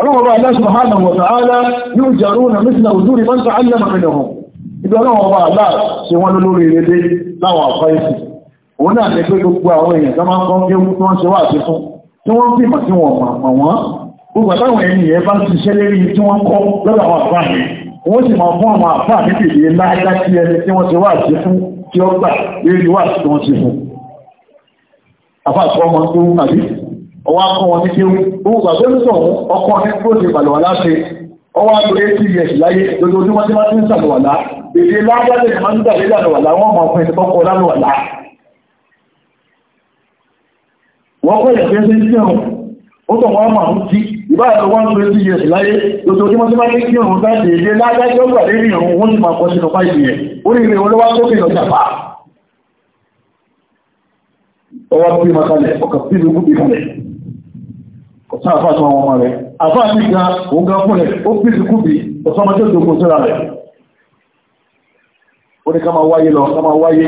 ọlọ́wọ́ bá Allah subhanahu wa ta'ala yóò jàrú na mísìnà òjúrí mọ́ ta allama minhum. Ibi ọlọ́wọ́ bá Allah ṣe wọ́n lórí rere láwọn àfẹ́ ìsìn. Òun náà ní pé gbogbo àwọn èèyàn tó máa ń kọ́ gẹ́gún tó ń ṣe wà sí fún, tí wọ́n fi màtí wọn mọ̀ fún àfà àkọ́ ọmọ tó ń àbí ọwọ́ akọ́ wọn ní kí ó wà tó ń sọ ọkọ̀ ní kó ṣe pàlọ̀ aláṣẹ ọwọ́ àtòrẹ́ sí yẹ̀ṣì láyé lójoojúmọ́ tí wọ́n ti ń sàlùwàlá èdè lágbàlẹ̀ ni wọ́n ń dàlẹ́ làlùwàlá wọ́n mọ̀ fún ìtọ́kọ̀ lálùwàlá wọ́n kọ́ ìyẹ̀fẹ́ sí ìṣẹ́hùn ó tọ̀ wọ́n máa ń jí ìbáàlọ́ wọ́n tó sí yẹ̀sì láyé lójoojúmọ́ tí wọ́n ní kí òun bá dèédé lágbàjọ́ gbàdé ní òun wọ́n ti máa kọ́ sínú fáìlì yẹn ó ní ilé olówó tó fi lọ jàpá ọwọ́ pí ma kalẹ̀ ọkà pí mi kú pí kalẹ̀ ọ̀sá àfáà tó àwọn ọmọ rẹ̀ àfáà ní ga òun ga fún rẹ̀ ó pí mi kú bí ọ̀sán ọmọdé tó kó síra rẹ̀ ó ní máa wáyé lọ ká máa wáyé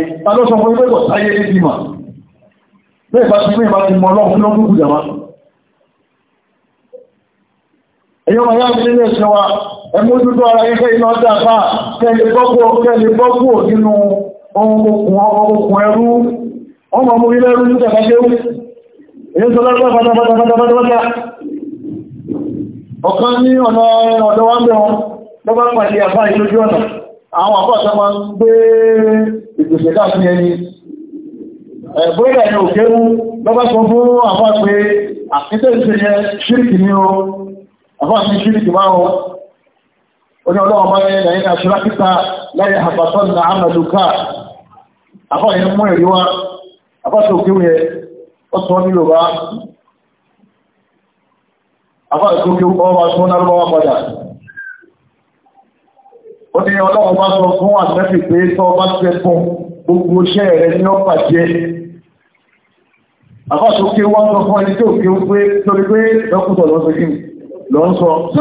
nílé ẹ̀ṣẹ̀ wa ẹmú dúdú ara yẹ́kẹ́ iná dàgbà kẹ́lẹ̀ bọ́kù nínú ohun okùn ẹrú wọ́n mọ̀ mú ilé ẹrú ní ìjọba ṣe èyí tó lọ́gbọ́ pátápátápátápátá ọ̀kan ní ọ̀nà ọ̀dọ̀ wá ń bẹ̀ wọn lọ́gbà pàdé àbá ìlójú ọ̀nà àwọn àpáta ma ń gbé ìgbésẹ̀ káàkiri ẹni bóyá ni òkèrú lọ́gbà sọ fún àbá pé àkítẹ́ ìṣe yẹ ṣíríkì ní o àbá ní ṣíríkì máa o oní ọlọ́wọ́ bá ní ẹ̀yìn àṣírákítà láyé àbàtọ́ ní àmàlùkà àbá yẹn mú ẹ̀rí wá àbáṣe òkè wúyẹ ó sọ ní yorùbá àbáṣe òkè ọwọ́ sọ lárúbáwá padà ó ní ọlọ́run bá sọ fún àtẹ́sì pé tọ́ bá tẹ́ fún gbogbo iṣẹ́ rẹ̀ ní ọ̀pá jẹ́ àbáṣe òkè wọ́n sọ fún ẹni tí òkè ń pé lórí pé lọ́kùtọ̀ lọ́sọ kí lọ́ sọ tí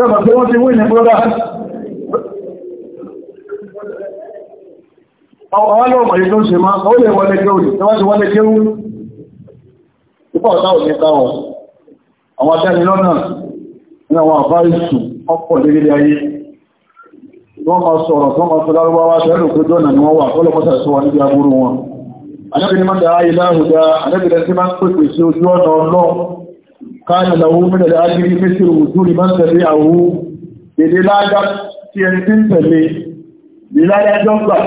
Tẹ́bà tí wọ́n ti wí ní brọ́dá. Àwọn alọ́mọ̀ yìí tó ṣe máa, ó lè wọlé kéwù ní, tẹ́wàá ti wọlé kéwù. Ipọ̀ ọ̀tá ò ní káwọn. Àwọn atẹ́ni lọ́nà ní àwọn àbá ìsù ọpọ̀ lérílé ayé. Wọ́n máa sọ̀rọ̀ tó máa fẹ́lá rúwá wá sẹ́lù kó jọ́nà ni wọ́n wà tó lọ́pọ̀ta sọ wọn níbi agbúrú wọn. Àdẹ́bìnrin máa dáa ilá àrùdá, àdẹ́bìnrin tí káàlù lọ́wọ́ mílẹ̀ lágbìrí mísìrì òjú rí máa ń tẹ̀lé àwú èdè lágbà tí ẹni tí ń tẹ̀lé ìláyájọ́gbà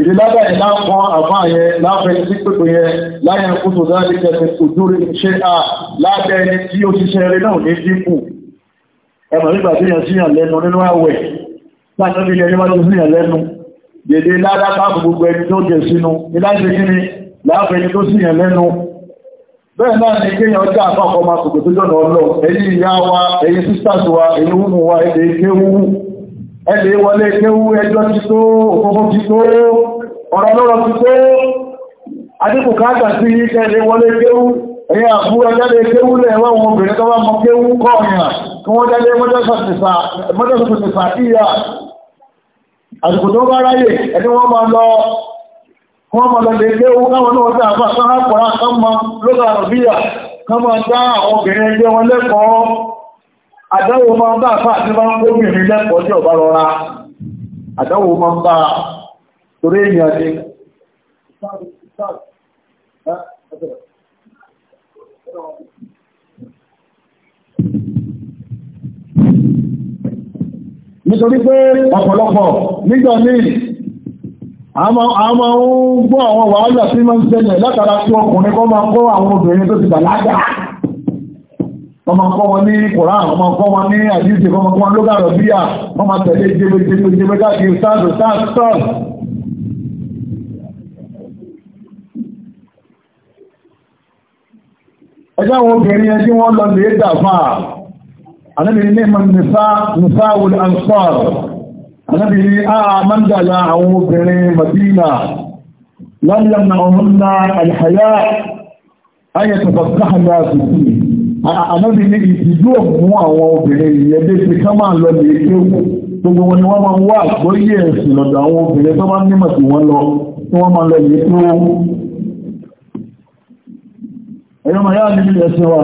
ìdílágbà yẹn lápọn àfá yẹn láfẹ́ sí pẹ̀pẹ̀ yẹn láyẹ̀ ń kúsò láti tẹ̀lé òjú rí ṣe à lábẹ́ ẹni tí ó ṣiṣẹ́ rẹ̀ náà ní dínkù ẹmọ̀ nígbà tí yẹn síyàn lẹ́nu nínú àwẹ̀ láti ọdún ilẹ̀ yẹn síyàn lẹ́nu dèdè ládá káàkù tó jẹ sínú ìláṣẹ́ tó síyàn bẹ́ẹ̀ náà ni nye ọjọ́ àpapọ̀ máa kò tó lọ́nà ọlọ́run ẹ̀yin ìyá wa ẹ̀yin sisters wa ẹ̀yin wúmù wa ẹ̀lẹ́ kéwú ẹ̀lẹ́ wọlé kéwú ẹjọ́ ti tó òfófó ti tó ọ̀rọ̀ lọ́rọ̀ ti tó adínkù káàkà sí ẹ̀lẹ́ wọlé bá wọ́n máa lọ́lẹ̀ ilé owó káwọn náà dá àbá sára pọ̀lá kan ma lọ́gbà àrùbíyà kan máa dá àwọn obìnrin ilé wọn lẹ́kọ̀ọ́ àdáwò máa bá àfá àti máa ń gómìnrin lẹ́kọ̀ọ́ tí ọ̀bá rọra àdáwò máa ń bá torí èèyàn ni nítorí pé ọ̀pọ̀lọpọ̀ nígbà míì àmọ́ ń gbọ́ àwọn wàhálà tí máa ń ṣẹlẹ̀ látara tí ọkùnrin kọ́ máa kọ́ àwọn obìnrin tó ti bàlágà wọ́n máa kọ́ wọn ní Koran wọ́n máa kọ́ wọn ní àdíjì wọ́n máa kọ́ wọn lógàrọ̀ bíyà wọ́n máa tẹ̀lé jẹ́gbẹ́jẹ́gbẹ́ káàkiri sáàdù sáàtọ̀ ẹjá àwọn obìnrin ẹjí wọ́n lọ lè dàfà Ànábì ní àmàndàlá àwọn obìnrin Madina lọ́lọ́m na ọ̀hún na alhaya ayẹ tafaskáhàlá àtùkú. Ànábì ní ìtìjú ọ̀fún àwọn obìnrin ìyẹ́dé ti ká máa lọ lè ké gbogbo wọn ni wọ́n máa ń wá àgbóyè ẹ̀sìn lọ́dọ̀ àwọn obìnrin tó bá nímọ̀ sí wọn lọ tí wọ́n máa lọ lè ké ẹ̀yọ́ màá yáà nílé ẹ̀sìn wa.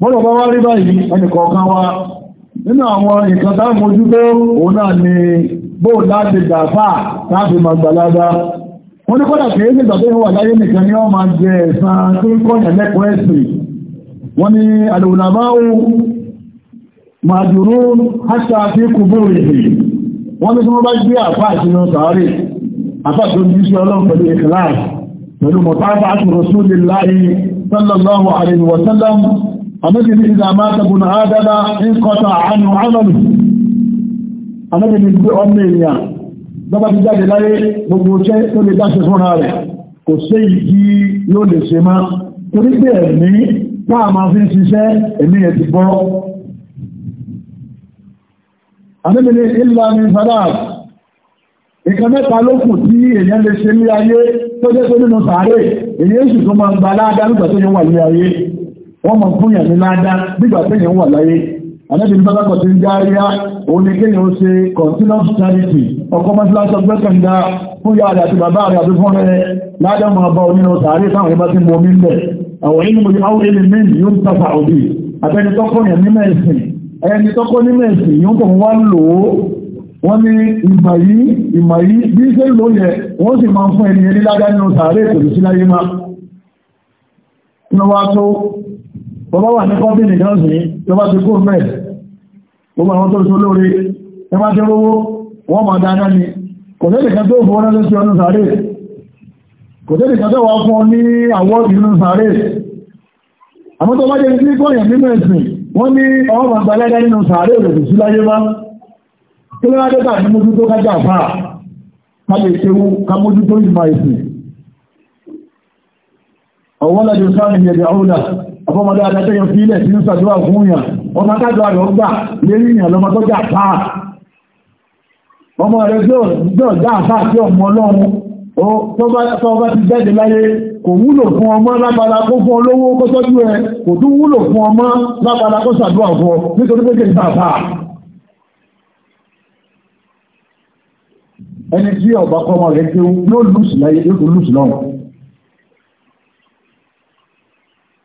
Bọ́lọ̀ bá wá rí báyìí ẹnì kọ̀ọ̀kan nínú àwọn nǹkan tá mojú tó òun náà ni bó láti dàfà láti magbalada wọ́n ní kọ́dà kìí sí ìgbàtí wà láyé nìkan ni wọ́n máa jẹ ẹ̀san tó ń kọ́yàn lẹ́kọ̀ọ́ ẹ̀sìn wọ́n ní alùlámáwù màjùrú hásà sí kùbúrì wọ́n ní tí wọ́n bá gbé àfà ìsinú sàárè àfà tó ń jíṣẹ́ ọlọ́run pẹ̀lú ìkìláàsì pẹ̀lú mọ̀tàbà àti rọ̀súlì láì sallallahu alaihi Ànábì ní ìdá máa tàbùn àádára ń kọta àánú àlọ́lù. Ànábì ní gbé ọmọ ènìyàn, dọ́bá ti jáde láyé gbogbo ṣẹ́ tó lè dáṣe fúnra rẹ̀, kò sé ìdí yóò lè ṣe máa. Torí pé ẹ̀mí táà máa fi ń ṣiṣẹ́ ẹ̀mí ẹ̀ ti bọ́. Ànábì ní ìlà ní wọ́n mọ̀ fún yẹn ní ládá bígbà tí yẹn wà láyé alẹ́bí ní bábákọ̀ tí ń dáríá òun ni kéyàn ó ṣe continuous charity ọkọ̀ mọ́sílásọ gbẹ́kànga fún yà àdàtì bàbá rẹ̀ àti fún rẹ̀ ládá mọ̀ bá omi lọ sàárè táwọn ìbá ti mú omi lẹ̀ àwọn inú mo ní áwọn wọ́n ní ìmọ̀ yìí ìmọ̀ yìí ṣe ń yẹ wọ́n sì máa fún ẹni ẹni ládá nínú sàárè ìpèlú sí láyé má bọ́bá wà ní kọ́bìnì náà sí tó bá ti kó mẹ́ gbogbo àwọn tó ń solóore tó bá ti rówó wọ́n máa dáná ni kò tẹ́lẹ̀ kan tó fún ọ́nà lọ́sí ọdún sàárè kò tẹ́lẹ̀ kan tó wà fún ọ ní àwọ́ sàárè àmọ́ ọmọdé adájọ́yọ fi ilẹ̀ tí ń sàdúrà fún yàn ọmọ adájọ́ rẹ̀ ọgbà lérí ìyàn lọmọ tó jà fáà ọmọ rẹ̀ yóò dá àfáà sí ọmọ ọlọ́run tó bá ti jáde láyé kò wúlò fún ọmọ lábala kó fún olówó kó tọ́jú ẹ kò tún wúlò fún ọmọ lábala kó sàdúrà fún ọ nítorí pé kìí bàbá ẹni tí ọba kọmọ rẹ̀ tí ó lùsù láyé yóò lùsù náà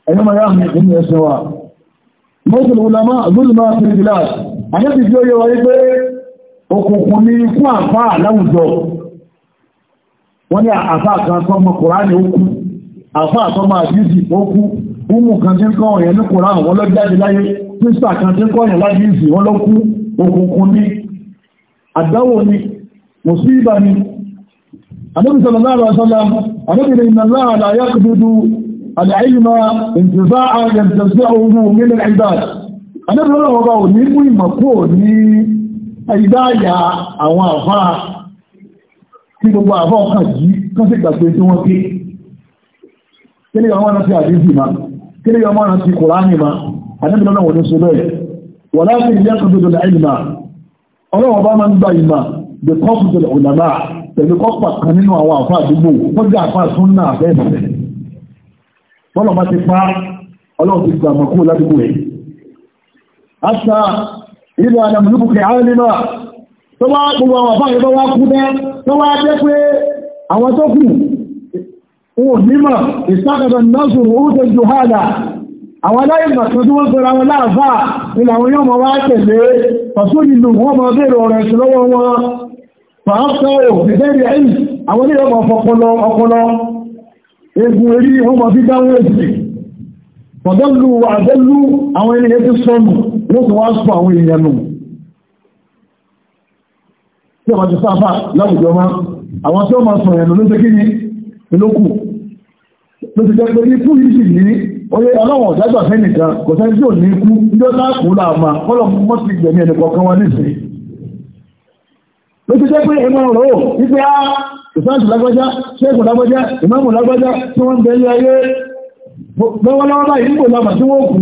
ẹ̀yọ́mọ̀ yá mi nínú ẹ̀ṣẹ̀ wa mọ́sùn ulama zulma fi gilas àyẹ́bì tí ó yẹ wáyé pé òkùnkùn ní fún àfá láwùjọ wọ́n ní àfá kan tó mọ kùránì ókú àfá tó mọ àdíjì ókú umu kan tí ń kọ́ ọ̀yẹ̀ ní kùránì wọ́n lọ jáde láyé kírísà kan tí ń kọ́ kú العلم انتفاعا ينتزعه من العباد anábìrán ọba ò ní mú ìmọ̀kú ò ní ìdáyà àwọn àfáà tí gbogbo àfáà ọkàn yìí kán sí gbàgbé tí wọ́n ké kí ní ọmọ ọ̀nà ti àdíjì ma kí ní ọmọ ọ̀nà ti kòránì ma anábìrán ọ̀nà ṣe bẹ́ẹ̀ wà láti ilé ẹ̀kọ́dọ̀dọ̀ láìlìmà ọlọ́wọ́ bá máa ń gba ìmà the cost of the ulama pẹ̀lú kọ́pà kan nínú àwọn àfáà àdúgbò wọ́n jẹ́ àfáà súnnà àfẹ́ ìfẹ́ bọ́lọ̀ bá ti pa ọlọ́run ti gbà mọ̀kú ládùúgbò ẹ̀ àṣà ilẹ̀ àdàmùlùkù kẹ̀ àárín nínú tó wá gbogbo àwọn àbáyé bá wá kú dẹ́ tó wá jẹ́ pé àwọn tó kù wọn mímọ̀ ìsákàtà náàzù oúnjẹ jù hádà àwọn aláyé egun erí wọ́n ma fi dáwọ́ èsì pọ̀dọ́lù àdọ́lù àwọn ènìyàn ti sọ́nù wọ́n tún wá sọ àwọn èèyàn nù tí ọmọ ti sáfà láwùjọ máa àwọn tí ó ma sọ ẹ̀nù ló ṣe kí ni ìlókù ló ti jẹ́ pé ikú yìí sì ní oye aláwọ̀ ọ̀dájọ́ fẹ́nìkan kò sẹ́ni tí ò ní ikú níjọ́ láàkú láàmà kọ́lọ̀ mọ́ ti gbẹ̀mí ẹnì kọ̀ọ̀kan wa nísìnyí ló ti jẹ́ pé ẹnu ọ̀rọ̀ wípé á ìsáàtù lágbájá ṣẹ́kù lágbájá ìmáàmù lágbájá tí wọ́n bẹ̀rẹ̀ ayé lọ́wọ́lọ́wọ́ báyìí nígbò lọ́mà tí wọ́n kú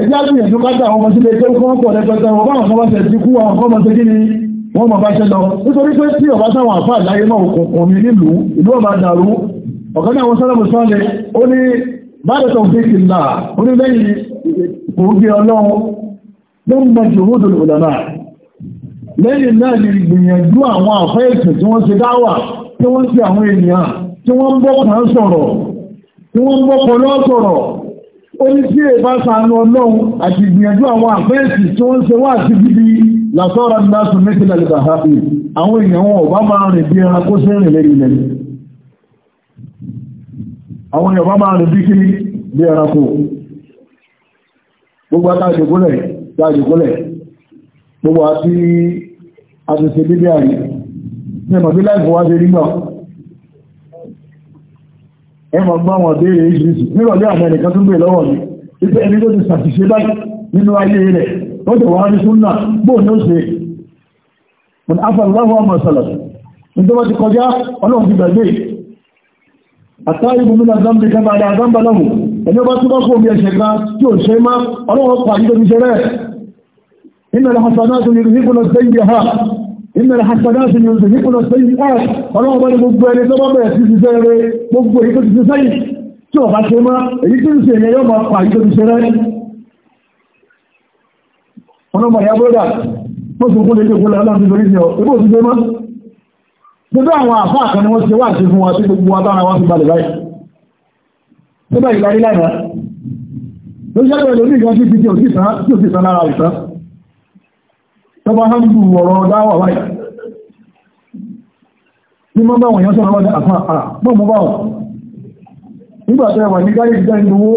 ẹjá tí ìyẹ̀dún káta àwọn ọmọ sílé tẹ́kù wọ́n pọ̀ lẹ́pẹta wọn báwọn ọmọ ṣe ti kú àwọn ọmọ ṣe kí ni wọ́n mọ̀ bá ṣe lọ nítorí pé tí ọba sáwọn àfà láyé náà kò mí nílùú ìlú ọba dàrú ọ̀kan náà wọ́n sọ́lọ́mù sọ́lẹ̀ ó ní báyìí tó fi kìlà ó ọlọ́run ló ń mọ jòhódò lòdà lẹ́yìn náà ni ìgbìyànjú àwọn àfẹ́ ìsìn tí wọ́n ṣe dáwà tí wọ́n ṣe àwọn ènìyàn tí wọ́n ń bọ́kàn sọ̀rọ̀ tí wọ́n ń bọ́kànlọ́ sọ̀rọ̀ ó ní sí èbá sàánú ọlọ́run àti ìgbìyànjú àwọn àfẹ́ ìsìn tí wọ́n ṣe wá sí gidi làtọ́ra ní láti àtúnṣe dédé àrí mẹ́mọ̀ bí láìpọ̀ wá ṣe nígbà ẹmọ̀ gbọ́ wọn béèrè ìṣìṣì nírọ̀lẹ́ àwọn ẹnìkan tó gbé lọ́wọ́ mi ipé ẹni tó ti ṣàṣìṣe báyìí nínú ayé rẹ̀ ó ti wá rí súnà bóò ní ó ṣe mọ̀n afọ̀láwọ̀ ọmọ sọ̀lọ̀ nítorí wọ́n ti kọjá ọlọ́run ti gbàgbé àtàrí ibùdó náà zambi kẹfà ní àzámbà lọ́wọ́ ẹni ó bá túbọ̀ fún omi ẹ̀ṣẹ̀ kan tí ò ṣe má ọlọ́run pa nítorí ṣe إن الحسنات يذهبن السيئات إن الحسنات يذهبن السيئات ọlọ́wọ́ bá ní gbogbo ẹni tó bá bẹ̀rẹ̀ sí ṣiṣẹ́ rẹ̀ gbogbo èyí tó ti ṣiṣẹ́ yìí tí ọ̀bá ṣe máa èyí tí ń ṣe èyí yóò máa pàá ìjọ ìṣẹ́ rẹ̀ ọlọ́mọ ìyá bọ́dà tó sì kún lójú ìpínlẹ̀ ọlọ́run ti torí sí ọ ebó òṣìṣẹ́ mọ́ gbogbo àwọn àfáà kan ni wọ́n ṣe wà sí fún wa tí gbogbo wa bára wa fi balẹ̀ báyìí tó bá ìlàrí lánàá lóṣèlú ẹlòmíì kan ti ti lára ìtàn tó bá hàn bù ọ̀rọ̀ dáwà wáyé ní mọ́ bá wọn yọ́ sọ́rọ̀ wájá àfá àrà mọ́ mọ́ bá wọn nígbà tó ẹwà ní gáyé ìjọ ìlúwó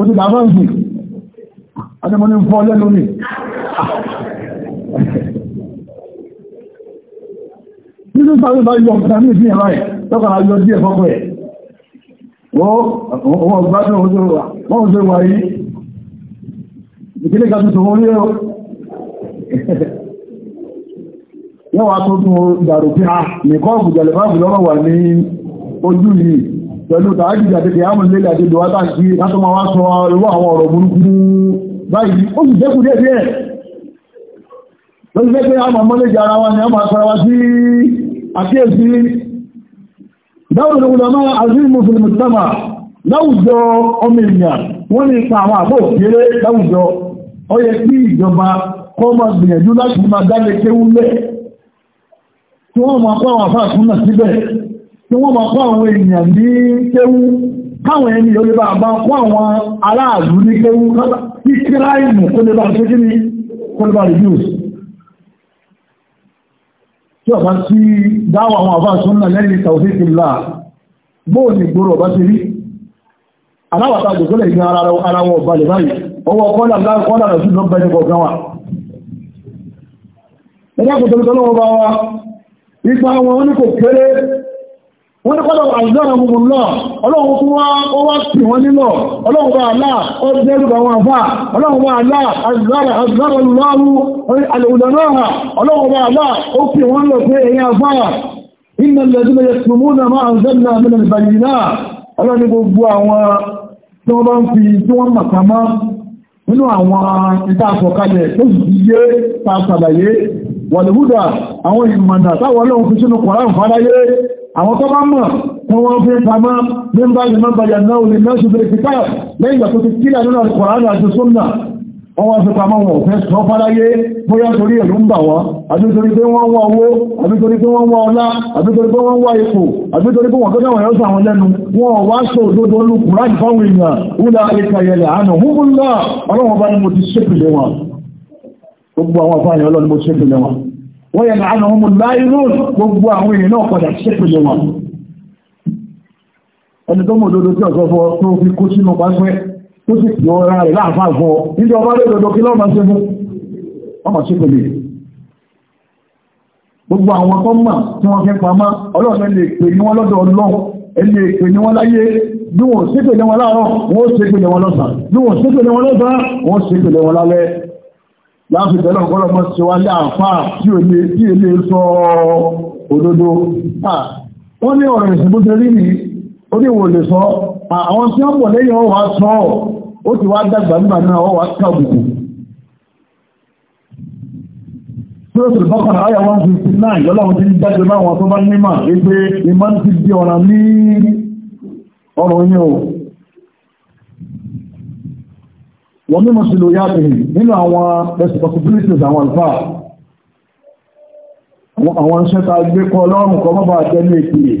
ó ti dàbá ń adẹ́mọ́ ní fọ́ lẹ́nu ní nínú sáré bá yọ ọ̀pẹta ní ìpín ẹ̀rọ tọ́kàrà yọ díẹ̀ fọ́kọ̀ ẹ̀ wọ́n gbádùn ọjọ́ wà yìí ìpínlẹ̀ kan tuntun orí ẹ̀ yẹ́ wà tó tún dàrò pé a nìkan ọ̀gùjẹ̀lẹ̀ fáàbù lọ́wọ́ wà ní ojú yìí pẹ̀lú tààjìjà tẹ́kẹ̀ àmì lélẹ̀ àti ìdòwátà sí látọ́mà wá sọ irú àwọn ọ̀rọ̀ burúkú báyìí ó sì jẹ́kù díẹ̀ díẹ̀ lórí pé a máa mọ́lẹ́jì ara wa ni a máa sọ́ra wa sí àkíyèsí dáwọn olùgbọ́nà azimu fìlìmùtàmà láwùjọ ọmọ ènìyàn wọ́n ní ipa àwọn àbò kéré láwùjọ ó yẹ kí ìjọba kọ́ máa gbìyànjú láti máa dáre kéwúlẹ̀ tí wọ́n máa kọ́ àwọn àfáà súnà síbẹ̀ tí wọ́n máa kọ́ àwọn èèyàn ní kéwú káwọn ẹni yóò lè bá bá kọ́ àwọn aláàlú ní kéwú kí kíráìmù kó lè bá ṣe kí ni kó lè bá reduce tí ọba sí dáwọ̀ àwọn àfáà súnà lẹ́yìn tàwọn ìfìlà bóò ní gbòòrò ọba ti rí aláwàtà àjòkólẹ̀ ìgbà ara wọn balẹ̀ báyìí ọwọ́ kọ́lá kọ́lá rẹ̀ ṣùgbọ́n bẹ̀rẹ̀ kọ̀ọ̀kan wà wọ́n ní kọ́lọ̀ àìsára mú lọ ọlọ́run fún wá ó wá pì wọ́n nílọ̀ ọlọ́run bá aláà ó jẹ́rùgbà wọn àfá ọlọ́run bá aláà àìsára àìsára lọ́rù alìwùdànáà ọlọ́run bá aláà ó pì wọ́n lọ pé èyí àfá iná lẹ́dínlẹ́ yẹtùmúnà máa ń zẹ́nà mílẹ̀ bàyìnà ọlọ́run bá ń nínú àwọn ìtàkọ̀kalẹ̀ tó yíyé pàtàlàyé wàlúhúdà àwọn ìmọ̀nà táwọn ọlọ́run fi sínú kọ̀rán fàáráyé àwọn tó bá mọ̀ tó wọ́n fi pàmá mímbàlì mọ́bàlì náà lè mẹ́sùn bèèrè kíkà lẹ́yìn àkókò kílà nínú kọ̀rán àti súnnà wọ́n wá sípa mọ́ wọn fẹ́ sọ fáráyé bóyá torí ẹ̀rù ń bà wọ́n àbítorí pé wọ́n wá owó àbítorí pé wọ́n wá ọlá àbítorí pé wọ́n wá ipò àbítorí pé wọ́n tó dáwọn ẹ̀rọ́sà wọn lẹ́nu wọ́n wá sọ òdodo olùkùnrà ìfáwọn èèyàn wúlà ìkàyẹ̀lẹ̀ àánà húnmúlá ọlọ́wọ́n bá ní mo ti ṣépìlẹ̀ wọn gbogbo àwọn afáàyàn ọlọ́ni mo ṣépìlẹ̀ wọn wọ́n yẹ̀ láàánà ọmọ láìrò gbogbo àwọn èèyàn náà padà ṣépìlẹ̀ wọn ẹni tó mọ̀ òdodo tí ọ̀sọ́fọ́ tó fi kó sínú pàṣẹ tó sì tí ó rá rẹ̀ láàfáà fún ọ níjọ ọba rẹ̀ lọ́dọ̀ kí lọ́mọ ṣe fún ọmọ ṣe kò lè gbogbo àwọn tó mọ̀ tí wọ́n fi ń pamọ́ ọlọ́run lè pè ní wọn lọ́dọ̀ ọlọ́run ẹni èpè ní wọn láyé bí wọ́n ṣépè ní wọn láàárọ̀ wọ́n ṣépè ní wọn lọ́sàn bí wọ́n ṣépè ní wọn lọ́sàn wọ́n ṣépè ní wọn lálẹ́ àwọn tí wọ́n pọ̀ lẹ́yìn ọwà sọ ọ̀ ó ti wá dàgbà nígbà náà ọwà kàbùkù Sọ́rọ̀sì bọ́kànlá ayà 159 lọ́lọ́run ti dájọ́ láwọn tó bá nímà wípé ìmọ̀ ti di ọ̀ràn ní ọ̀rọ̀ yìí o. Wọ́n mímọ̀ sí ló yáàtì nínú àwọn responsibilities àwọn àlùfáà. Àwọn iṣẹ́ ta gbé kọ lọ́rùn kọ mọ́bà jẹ́ ní èkìlẹ̀.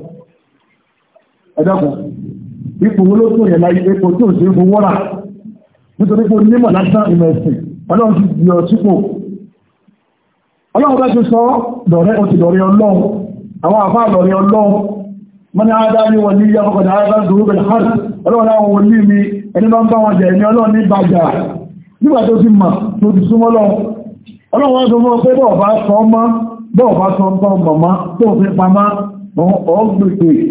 ẹ̀dọ́kùn ipò wo ló tún yẹ láyé epo tí ò sí epo wọ́rà nítorí pé onímọ̀ lásán ìmọ̀ ẹ̀sìn ọlọ́run ti di ọ̀sípò ọlọ́run bá ti sọ lọ́rẹ́ o ti lọ́rẹ́ ọlọ́run àwọn àfáà lọ́rẹ́ ọlọ́run mọ́ni adáyé wọn ní yá ọkọ̀dá adáyé dúró bẹ̀rẹ̀ hàn ọlọ́run láwọn wọn ní mi ẹni bá ń bá wọn jẹ ẹni ọlọ́run ní bàjá nígbà tó ti mà tó ti súnmọ́ lọ́run ọlọ́run wá sọ fún ọ pé bọ́ọ̀ bá sọ ọmọ bọ́ọ̀ bá sọ ọmọ màmá tó fi pamá ọgbẹ̀gbẹ̀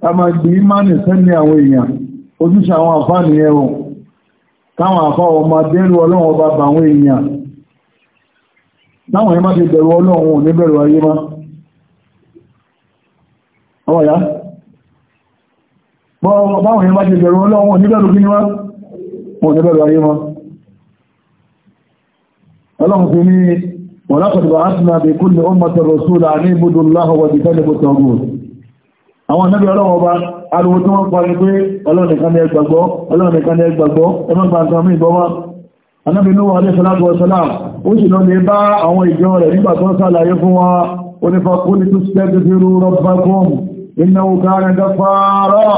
ká máa gbé ìmánì sẹ́ni àwọn èèyàn ojúṣe àwọn àfáàní ẹ̀rọ káwọn àfáwọn máa dẹ́rù ọlọ́run ọba bà àwọn èèyàn láwọn ẹmá ti bẹ̀rù ọlọ́run ní bẹ̀rù ayé má ọwọ́ ya báwọn ẹmá ti bẹ̀rù ọlọ́run ní bẹ̀rù kí ní má ọlọ́run fi ní àwọn anábí ọlọ́wọ́ ọba ariwo tí wọ́n parí pé ọlọ́nìkan ní ẹgbàgbọ́ ọlọ́nìkan ní ẹgbàgbọ́ ẹmọ́gbà nǹkan mí ìbọ́mọ́ anábí Nuhu alẹ́ sọ́lájú ọ̀sọ́lá ó sì lọ lè bá àwọn wa onífakú ní tó sẹ́gbẹ̀ fi rú rọ́bàkún iná òkà rẹ̀ gafàárọ̀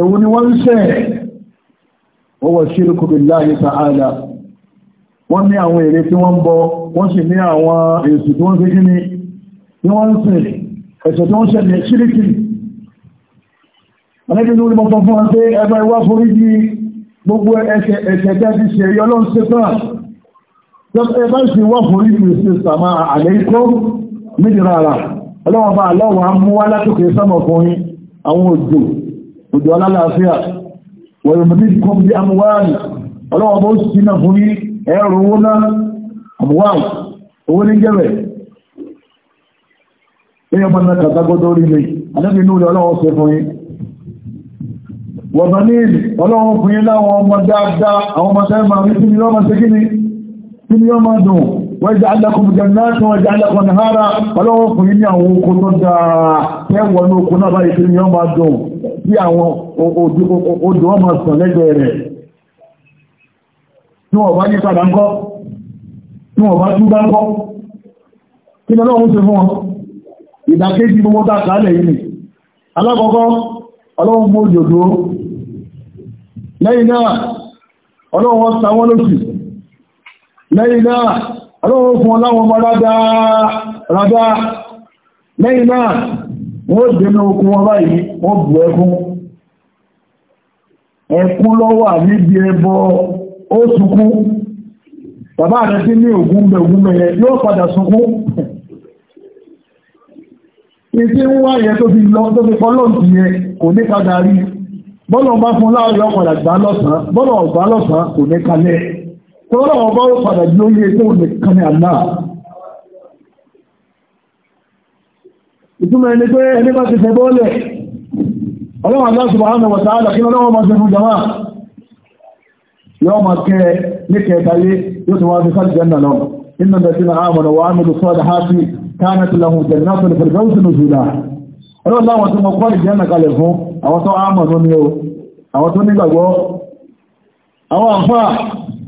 ó ní wọ́n *laughs* wọ́wọ́ ṣírkù billahi ta'ala wọ́n ní àwọn ère tí wọ́n ń bọ wọ́n sì ní àwọn èsù tí wọ́n fi kí ni tí wọ́n ń sìn ẹ̀ṣẹ̀ tí wọ́n ṣẹlẹ̀ ṣíríkì alẹ́bìnú ní mọ́tọ́ fún wọn pé ẹgbẹ́ ìwá forí di tẹ́ ẹgbẹ́ ìwá ويمددكم بأموال ọlọ́wọ́ bó sínà fún yí ẹ̀rọ owó náà àmúwáwù owó ní jẹ́rẹ̀ èyàn bá náà kàtàgọ́dọ̀ orí mi alẹ́bí inú ilẹ̀ ọlọ́wọ́ sọ fún yí wọ̀bá ní ìlú ni ọmọ ṣe kí ni kí ni ọmọ dùn wọ́n jẹ́ alákùnrin jẹ́ náà tí wọ́n jẹ́ alákùnrin náà ọlọ́wọ́ fún yí ní àwọn oko tó dáa tẹ́wọ̀n ní oko náà báyìí kí ni ọmọ dùn tí àwọn odò ọmọ sàn lẹ́gbẹ̀ẹ́ rẹ̀ tí wọ́n bá ní padà ń kọ́ tí wọ́n bá tún ń kọ́ kí ni ọlọ́run fún wọn gbogbo ni alákọ̀ọ́kọ́ ọlọ́run mú òjòdó lẹ́yìn náà ọlọ́run sa wọ́n wọ́n dínú okun wọn báyìí wọ́n bù ẹkún ẹkún lọ́wọ́ níbi ẹbọ ó sunkún bàbá rẹ̀ tí ní ògún bẹ̀ ògún bẹ̀rẹ̀ yóò padà sunkún ìtí ń wá yẹ tó fi lọ tó fi kọ́ lóòtù yẹ kò ní padà rí bọ́lọ̀ bá fún láàrin ọ̀padà gbá lọ́sàn ìtumọ̀ ẹni pé ẹni bá ti fẹ́bọ́ọ̀lẹ̀ ọlọ́wọ̀n Allah subhanahu wa ta'ala kí ọlọ́wọ̀n máa ṣe fún jama yọ́ máa kẹ́ ní kẹtàlé yóò tó wá fi sáàjì jẹ́nà lọ inna alladhina amanu wa amilu salihati kanat lahum jannatul firdausi nuzula ọlọ́wọ̀n láwọn tó mọ kọ́ ìjẹ́nà kalẹ̀ fún àwọn tó amanu ni o àwọn tó nígbàgbọ́ àwọn àfà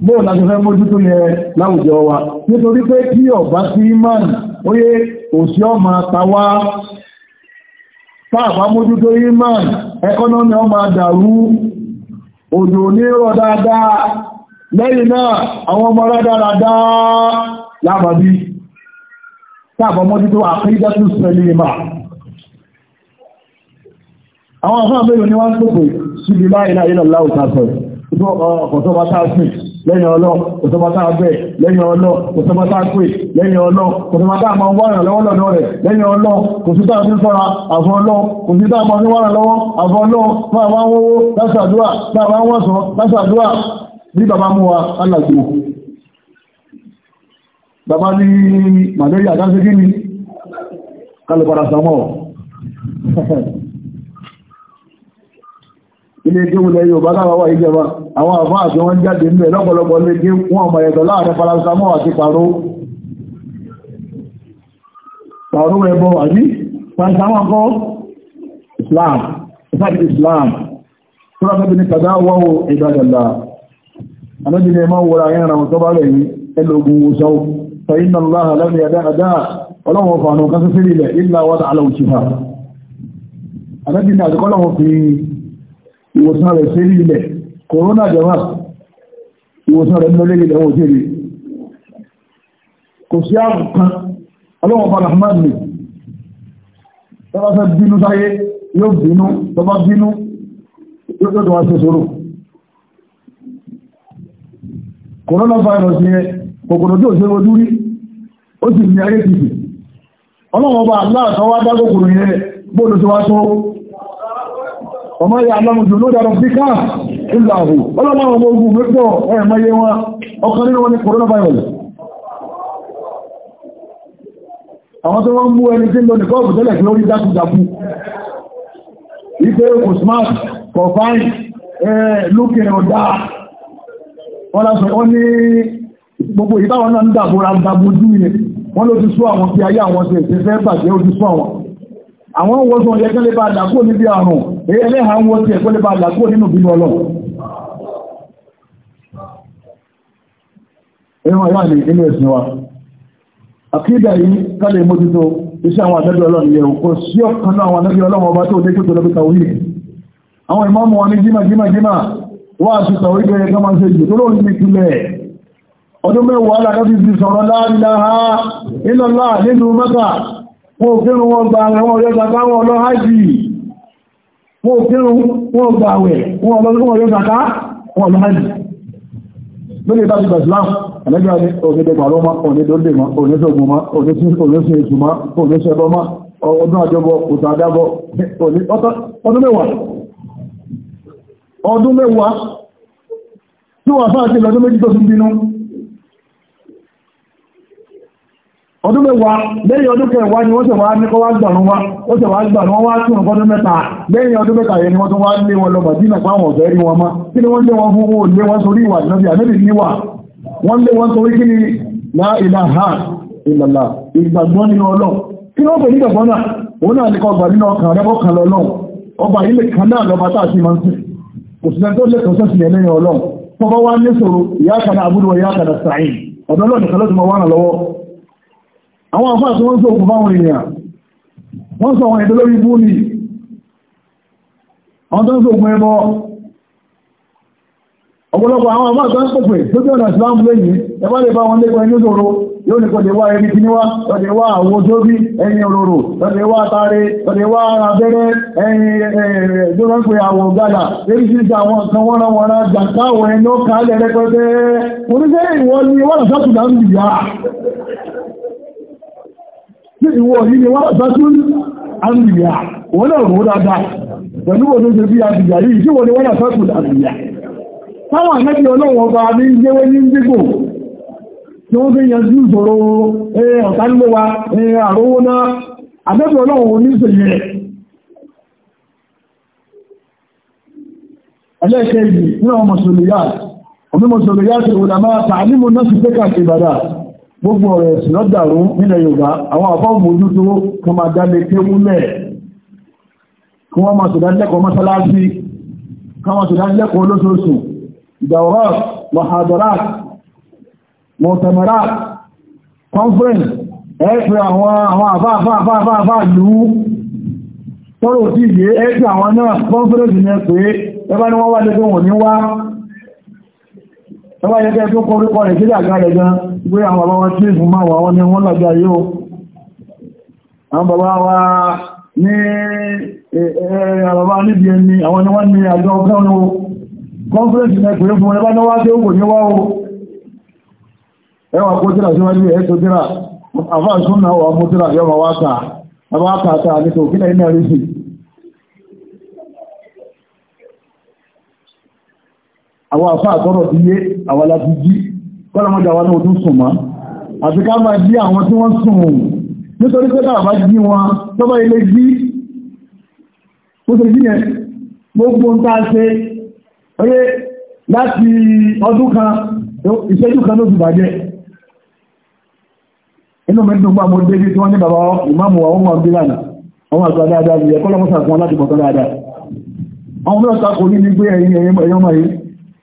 bóò láti fẹ́ mójútó yẹ láwùjọ wa nítorí pé kí ọ̀bá sí ìmánì oye òsì ọmọ àtàwà fáàfà mójútó iman ẹkọ́nọ́mì ọmọ àdàrú òjò onírọ̀ dáadáa lẹ́yìn náà àwọn ọmọ rádáradá lábàbí fáàfà mójútó àkídátù sẹ́lìmà àwọn afẹ́ àmẹ́rin ni wọ́n ń pèpè síbi láìláìlọ́láwò tàṣẹ̀ ọkọ̀ tó bá tàṣẹ̀ lẹ́yìn ọlọ́ òsọmọta abẹ́ lẹ́yìn ọlọ́ òsọmọta pè lẹ́yìn ọlọ́ òsọmọta ma ń wárà lọ́wọ́ lọ́dọ̀ rẹ̀ lẹ́yìn ọlọ́ kò sí táà ní sọ́ra àfọ́ ọlọ́ kò sí táà ma ń wárà lọ́wọ́ àfọ́ ọlọ́ máa wá wọ́wọ́ lásàdúrà máa wá wọ́sàn lásàdúrà bí bàbá mú wa alàgbò bàbá ní màlẹ́yà dáṣẹ́gí ni kálùpàdà sàmọ́ *laughs* ilé gíwù lẹ́yìn ò bá láwọ́wọ́ ìjọba àwọn àfáà tí wọ́n jáde ní ẹ̀lọ́pọ̀lọpọ̀ lè gí wọ́n ọmọ ẹ̀tọ̀ láàrin parasamọ́ àti pàró pàró ẹbọ àbí parasamọ́ kọ́ Islam ìfàdì Islam tó rọ́pẹ́ ní kàdá wọ́wọ́ ìdádàlá anájìlẹ̀ mọ́ wọ́ra ẹran tó bá lẹ́yìn ẹlògùn wùsọ́ fẹ́yìnà láhà lẹ́nu ẹ̀dá ẹ̀dá ọlọ́wọ́ fàánù kan sí sílẹ̀ ìlà wọ́dà alọ́ ìwòsàn rẹ̀ sí ilẹ̀ corona jama ìwòsàn rẹ̀ nílẹ̀ ilẹ̀ wọ́n jẹ́rì kò sí ala ọlọ́wọ́n bá rahman ni tọ́lọ́fẹ́ bínú sáyé yóò bínú tọ́bá bínú yóò tó wá sí sọ́rọ̀ coronavirus yẹn kòkòrò tí ò ṣe ojú rí ó sì ní ayé tìtì bóòlù tí ọmọ ya alámù jù ló dára bí káà ìlú àhù ọlọ́mọ ọmọ ogun mẹ́gbọ́ ẹ̀mọ́yé wọn ọkàn nínú wọn ni coronavirus àwọn tó wọ́n mú ẹni tí lọ nìkan ọ̀pù tẹ́lẹ̀ lórí dákúdàkú ìpé kò smart kò fine lókè ọ̀dá wọ́n lásọ wọ́n ní gbogbo ìtàwọn náà ń dàbòrà dàbòjú ilẹ̀ wọ́n ló ti sú àwọn tí ayé àwọn tẹ̀ẹ̀tẹ̀ fẹ́ bàjẹ́ ó ti sú àwọn àwọn wọ́sùn ọjẹ́ kẹ́lẹ́ bá dàkó níbi àrùn ẹlẹ́hà ń wọ́sí ẹ̀kọ́ lè bá dàkó nínú bínú ọlọ́run ẹ̀rọ ayá ni inú ẹ̀sìn wa àkídà yìí kálẹ̀ mójútó iṣẹ́ àwọn àdájọ́ ọlọ́run yẹ̀ kò sí ọ̀kan náà àwọn àdájọ́ ọlọ́run ọba tó dé tó lọ́bí tàwí àwọn ìmáàmù wọn ní jímà ọdún mẹ́wàá sọ̀rọ̀ iná mẹ́ta wọn òfin wọn gba àwọn ọ̀yọ́gbà bá wọn lọ hajji wọn òfin wọn gba àwẹ̀ wọn ọ̀yọ́gbà ká wọn lọ hajji lórí ìbá ti bàtìlá ẹ̀lẹ́gbà ní ògidẹgbà lọ́mọ onídọ́dẹ̀mọ́ oníṣògùnmọ́ oníṣẹ́ẹ̀tùmọ́ oníṣẹ́bọ́mọ́ ọdún ọdún mẹ́wàá lẹ́yìn ọdún kẹwàá ni wọ́n tẹ̀ wá ní kọ́ wá gbàrún wá ó tẹ̀ wá gbàrún wọ́n wá tún nǹkan ọdún mẹ́ta lẹ́yìn ọdún mẹ́ta yẹn ni wọ́n tún wá lé wọn lọ Mádínà páwọn ọ̀fẹ́ rí wọn mọ́ kí ni wọ́n lé wọn fún owó lé wọn sórí ìwà ìnáfi àmẹ́bì níwà wọ́n lé wọn sórí kí ni la ilaha illallah ìgbàgbọ́ nínú Ọlọ́run kí ni wọ́n pè ní gbàgbọ́ náà òun náà ní kọ́ gbà nínú ọkàn rẹ́bọ́ kan lọ lọ́hùn ọba ilé kan náà lọ́ba tá a sì máa ń sìn kò sí lẹ́tọ́ lẹ́tọ́ sọ́sìn yẹn lẹ́yìn Ọlọ́run tọ́ba wá ní sọ̀rọ̀ ìyá kan àbúrò ìyá kan sàáyìn ọ̀dọ́ lọ́dún kan lọ́dún máa wà lọ́wọ́ àwọn àfáà tí wọ́n sọ fún fáwọn èèyàn wọ́n sọ àwọn ìdólórí bú ní àwọn tó ń sọ fún ẹbọ ọ̀pọ̀lọpọ̀ àwọn àfáà tó ń sọ pé tó tí ọ̀nà ìsìláàmù lẹ́yìn ẹbá lè bá wọn lẹ́kọ̀ọ́ ẹni òṣòro yóò ní kọ̀dẹ̀wà ẹni kí níwá kọ̀dẹ̀wà àwọn òjòbí ẹni òróró kọ̀dẹ̀wà àtàrẹ kọ̀dẹ̀wà abẹ́rẹ́ ẹni ẹ̀ẹ́dọ́rọ̀pẹ̀ àwọn ọ̀gbàdà lórí sísà àwọn kan wọ́n rán wọ́n rán jàǹkáwọ̀ ẹni ó kàálẹ̀ rẹpẹtẹ oníṣẹ́ ìwọ́n ni wọ́n rà sátùdà ń bìyà ní ìwọ yìí na wọ́n àtàtún àmìyà wọ́n náà rò dáadáa pẹ̀lú wọ́n tó bí àbìyà yìí tí wọ́n ni wọ́n àtàtún àmìyà táwọn àmẹ́bí ọlọ́wọ́ bá ní yẹ́wẹ́ ní dígbò tí wọ́n fi yanjú ìṣòro àrówó náà àmẹ́bí ọlọ́wọ́ gbogbo ọ̀rọ̀ ẹ̀sìn lọ dàrú nílẹ̀ Yorùbá àwọn àfọ́mójú tó kan máa dálé pé múlẹ̀ kí wọ́n máa ṣèdánilẹ́kọ̀ọ́ mọ́sálásí kí wọ́n ṣèdánilẹ́kọ̀ọ́ olóṣooṣù ìdàwọ̀rọ̀ mahadorat mọ̀tẹ̀mọ̀rat conference ẹ̀ẹ́fẹ́ àwọn àfáàfáàfáàfáà lú tọ́rọ̀ tí ìyẹ́ ẹ̀ẹ́fẹ́ àwọn náà conference ní ẹ Tọ́wọ́ yẹ́kẹ́ tó kọ orúkọ rẹ̀ kílẹ̀ àgbà rẹ̀ gan, gbé àwọn bàbá wọn tí ìfún máa wà wọ́n ni wọ́n lọ́gbà yóò. Àwọn bàbá wa ní àbàbá níbi ẹni, àwọn ni wọ́n ni àjọ ọgbọ́nù àwọn àfá àtọ́rọ̀ ti yé àwọn láti jí kọ́lọmọdé àwọn náà tún sùn mọ́ àti ká máa jí àwọn tí wọ́n sùn nítorí pé káàbá jí wọn tọ́bá ilé jí ó ṣe jí yẹn gbogbo ń tá a ṣe oyé láti ọdún kan ìṣẹ́jú kan ló ti bàjẹ́ inú mi dùn pàmò débi tí wọ́n ní bàbá ìmáàmù àwọn ọmọ ọdún lánàá àwọn àgbà dáadáa ni ẹ̀kọ́ lọ́mọ́sà fún wọn láti bọ̀tán dáadáa àwọn mẹ́ta kò ní ní pé ẹ̀yìn ẹ̀yìn yìí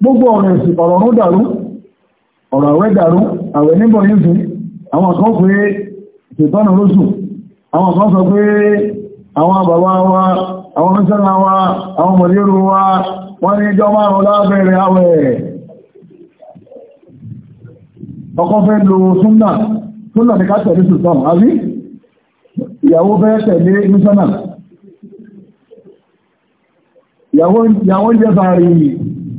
gbogbo ọ̀nà ìsìn ọ̀rọ̀ dàrú ọ̀rọ̀ àwẹ́ dàrú àwẹ́ níbọ̀ yínsù àwọn kan pé ìṣètọ́nà lóṣù àwọn kan sọ pé àwọn bàbá wa àwọn mẹ́sànà wa àwọn mọ̀lẹ́rù wa wọ́n ní ẹjọ́ márùn lábẹ́rẹ̀ àwẹ̀ ọkọ fẹ́ lo súnnà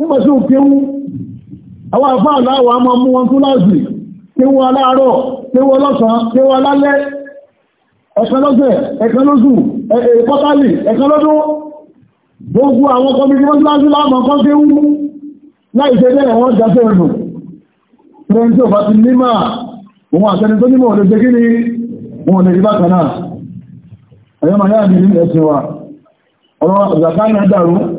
wọ́n mọ̀ sí òkéwú àwọn àfáà láwọ̀ a máa mú wọn tún láàzì kéwú aláàárọ̀ kéwú ọlọ́sàn kéwú alálẹ́ ẹ̀kan lọ́sẹ̀ ẹ̀kan lóṣù ẹ̀kọ́tálì ẹ̀kan lọ́dún gbogbo àwọn kọmíkí wọ́n láàzì láàmọ̀ kọ́ kéwú láì ṣe bẹ́ẹ̀ wọ́n jáfẹ́ ẹ̀nù tẹ́ntí ọba ti ní máa òun àtẹni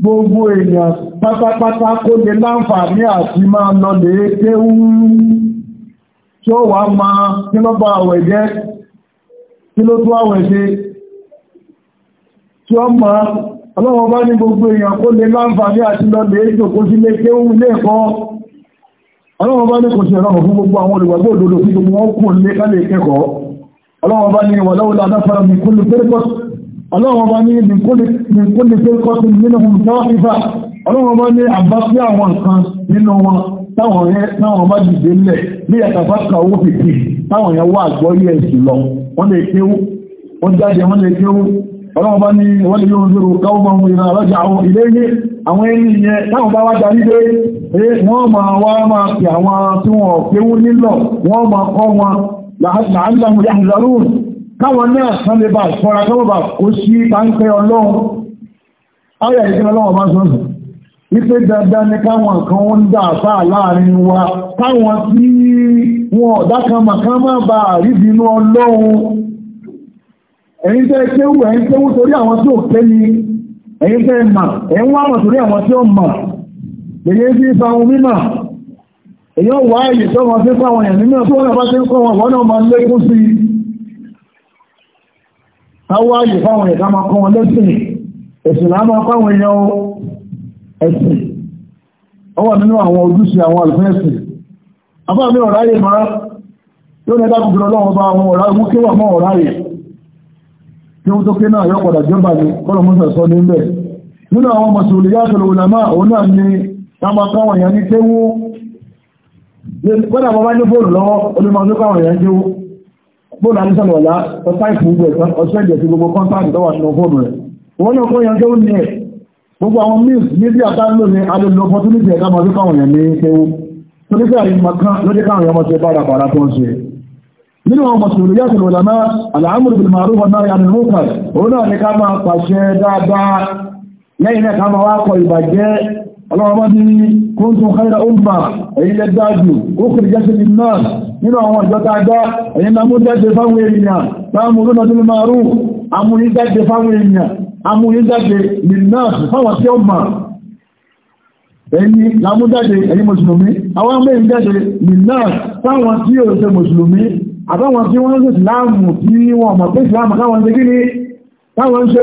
gbogbo èèyàn pátápátá kó lè láǹfààní àti máa lọ lè ké tí ó wà máa kí ló bá àwẹ̀ jẹ́ kí ló tó àwẹ̀ ṣe tí ó máa ọlọ́wọ́n bá ní gbogbo èèyàn kó lè láǹfààní àti lọ lè jòkó sí lè ké ilé ẹ̀kọ́ ọlọ́wọ́n bá ní kò sí ọlọ́wọ́ fún gbogbo àwọn olùgbàgbọ́ òdodo fún gbogbo wọn kò lè kálẹ̀ kẹ́kọ̀ọ́ ọlọ́wọ́n bá ní ìwọ̀lọ́wọ́ ọlọ́wọ́n bá ní nìkúnlẹ̀ tó kọ́sùn nínú ìfẹ́ ọlọ́wọ́n bá ní àbáfí àwọn nǹkan nínú wọn táwọn yẹn bá dìde lẹ̀ ní ẹ̀tàfákà owó fìfì táwọn yẹn wà gbọ́ yẹ̀ sí lọ wọ́n lè kéwú wọ́n wọ́n lè kéwú na káwọn náà kan lè bá fọ́ra tó bá kó sí páńpẹ́ ọlọ́run ayà ìṣẹ́ ọlọ́run bá sọ́sùn wípé dandan ni káwọn kan ń dà bá láàrin wa káwọn tí wọn ọ̀dá kan mà kán má ba àríbínú ọlọ́run ẹ̀yin tẹ́ kéwù ẹ̀yin kéwù torí àwọn tí ò ni ẹ̀yin tẹ́ mà ẹ̀yin wá mà káwọ́ ààyè fáwọn ẹ̀ká máa kọ́ wọn lẹ́sìn ẹ̀sìn láàmà fáwọn èèyàn ẹ̀sìn ó wà nínú àwọn ojúṣe àwọn àlùfẹ́ẹ̀sìn afáàmì ọ̀ráyè máa yóò nẹ́dá kùkùrù ọlọ́wọ́ bá àwọn ọ̀rá mú mọ́ ọ̀ráyè tí ó náà yọ padà kọ́lọ̀ ní nínú àwọn mọ̀sùlùmí yàtọ̀ òun náà ni táwọn akáwọn èèyàn ní bóòlù àdísọ́nà ọ̀lá ọ̀tá ìfúgbẹ̀ ọ̀ṣẹ́jẹ̀ sí gbogbo kọ́ntàkì tó wà nínú fóònù rẹ̀ wọ́n ní ọkọ̀ yanjẹ́ ó ní ẹ̀ gbogbo àwọn mills níbi àtàlò ní alẹ́lò opportunity ẹ̀ká mọ̀ sí káwọn yẹn ní kéwú tó ní fẹ́ẹ̀rí makan lórí káwọn yẹn mọ̀ sí bára bàrá tó ń ṣe nínú àwọn mọ̀sùlùmí yàtọ̀ ìwòlàmá aláàmùrù bìlmà àrùn wọn náà yàtọ̀ ìwòkà òun náà alamadi kuntum khayra umma ẹ̀yin lẹ dájú ukhrijat lin-nas nínú àwọn ìjọta àjá ẹ̀yin na mú jáde fáwọn èèyàn ta'muruna bil ma'ruf amúrí jáde fáwọn èèyàn amúrí jáde lin-nas fáwọn tí ó ma ẹ̀yin lámú jáde ẹ̀yin mùsùlùmí àwọn amẹ́yìn jáde lin-nas fáwọn tí ó ṣe mùsùlùmí àbáwọn tí wọ́n ń ṣe ìsìláàmù tí wọ́n mọ̀ pé ìsìláàmù káwọn ṣe kí ni ṣe